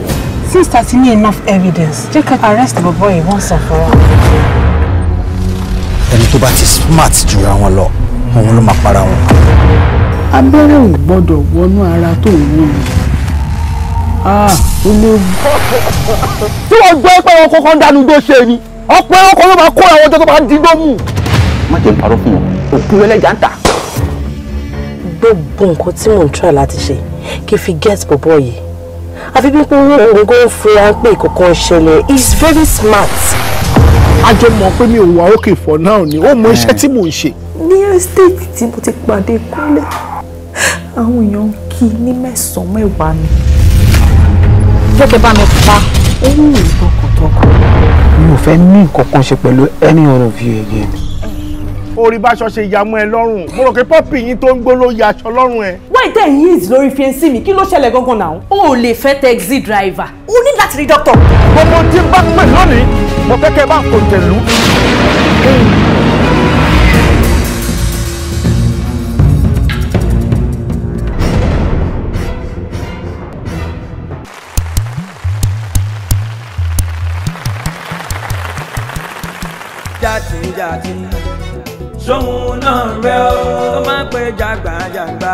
since there's no enough evidence jẹ́ ká arrest bọ̀bọ̀ boy once and for all. ẹni tó bá ti smart jura wọn lọ òun ló máa para wọn. abẹ́rẹ́ ò gbọ́dọ̀ wọnú ara tó ń wó Ah, tí wọ́n gbọ́ pé wọn kọ́kọ́ ń dánú gbó ṣe ni ọ̀pọ̀ ẹ̀rọ kan ló máa kó àwọn ọjọ́ tó máa dín gbó mú. má jẹ́ ìparọ́ fún wọn òkú ẹlẹ́jà ń tà. gbogbo nǹkan tí mò ń try láti ṣe kí n fi get bọ̀bọ̀ yìí àfi bí pé òun kò ń fura pé ìkọ̀kan ṣẹlẹ̀ he is very smart. a jọ mọ̀ pé mi ò wá òkè for now ni ó mọ iṣẹ́ tí mò ń ṣe. ní estate tí mo ti pàdé kúlẹ̀ àwọn èèyàn kì í ní mẹ́sàn-án mẹ́wàá ni jẹ́ bá mi pa mi ò fẹ́ ní nǹkan ṣe pẹ̀lú any one of you again. orí bá aṣọ ṣe ìyàmú ẹ lọ́rùn mo rò pé pọ́pì yín tó ń gbó ló ya aṣọ lọ́rùn ẹ. why ten years lórí fiancé mi kí ló ṣẹlẹ̀ gangan náà. o ò lè fẹ́ taxi driver o ní láti rí dókítà. gbogbo tí n bá pè lónìí mo fẹ́ bá kò tẹ̀lú. jàtìjàtì sóhun náà rẹ o ó máa pe jàgbàjàgbà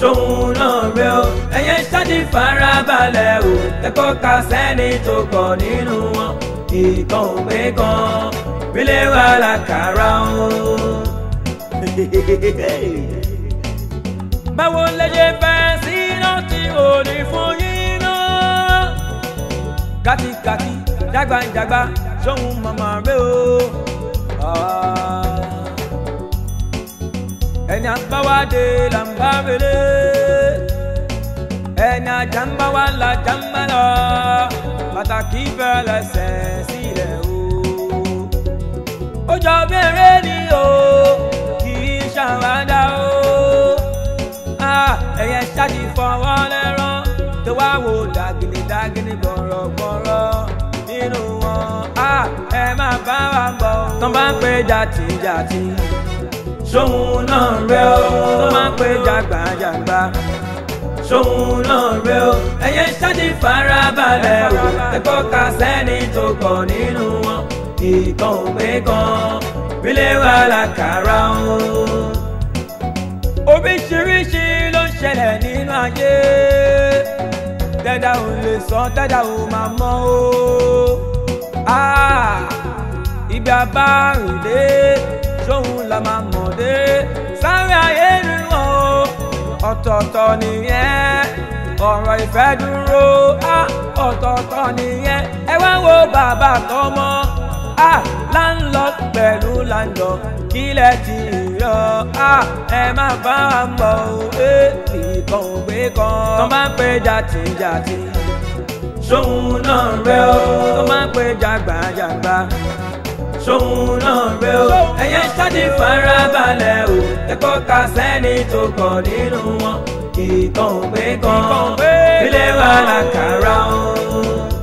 sóhun náà rẹ o ẹ̀yẹ ṣáàdì farabalẹ̀ o ẹ̀kọ́ ka sẹ́ni tó kọ̀ nínú wọn ìkan òpè kan bílẹ̀ wà lákàrà o. báwo lè ṣe fẹ́ sí náà tí ò ní fún yín náà. kàkìkàkì dàgbàjàgbà jọ̀hún màmá rẹ̀ o. Ah. ẹni àgbáwádé là ń bá rere ẹni àjà ń bá wà lájà ń bá lọ pàtàkì bẹ̀rẹ̀ sẹ̀ sílẹ̀ o. ó jọ bí eré ni o kì í ṣàwádà o ah, ẹ̀yẹ ṣáàjì fọwọ́ lẹ́rán tó wá wò dàgìnì dàgìnì gbọ̀rọ̀gbọ̀rọ̀ nínú wọn ẹ má bá wa gbọ́. tán bá ń pè jàtìjàtì sóhun náà rẹ o. tán bá ń pè jàgbàjàgbà sóhun náà rẹ o. ẹyẹ ṣáàjì farabalẹ̀ o ẹgbọ́ ká sẹ́ni tó pọ̀ nínú wọn ìkan òwe kan bílẹ̀ wà lákàrà o. oríṣiríṣi ló ń ṣẹlẹ̀ nínú ayé tẹ́dá ò le sọ dada ò máa mọ̀ o. Ah, ibi abárìndé ṣóhun la máa mọ̀ dé sáré ayé ni wọ́n ọ̀tọ̀ọ̀tọ̀ nìyẹn ọ̀rọ̀ ìfẹ́ dúró ah, ọ̀tọ̀ọ̀tọ̀ nìyẹn ẹ wá wo bàbá tọmọ ah, láńlọ pẹ̀lú láńlọ kílẹ̀ tì jọ ẹ má bá wa pọ̀ ó e, ìbọn ògbé kan tó máa ń pè jàtìjàtì sóhun náà rẹ ó tó máa ń pè jàgbàjàgbà sóhun náà rẹ ó ẹ̀yẹ ṣáàdì farabalẹ̀ ó ẹ̀kọ́ ká sẹ́ni tó kọ̀ nínú wọn ìtàn ògbé kan ilé wa làkàrà ó.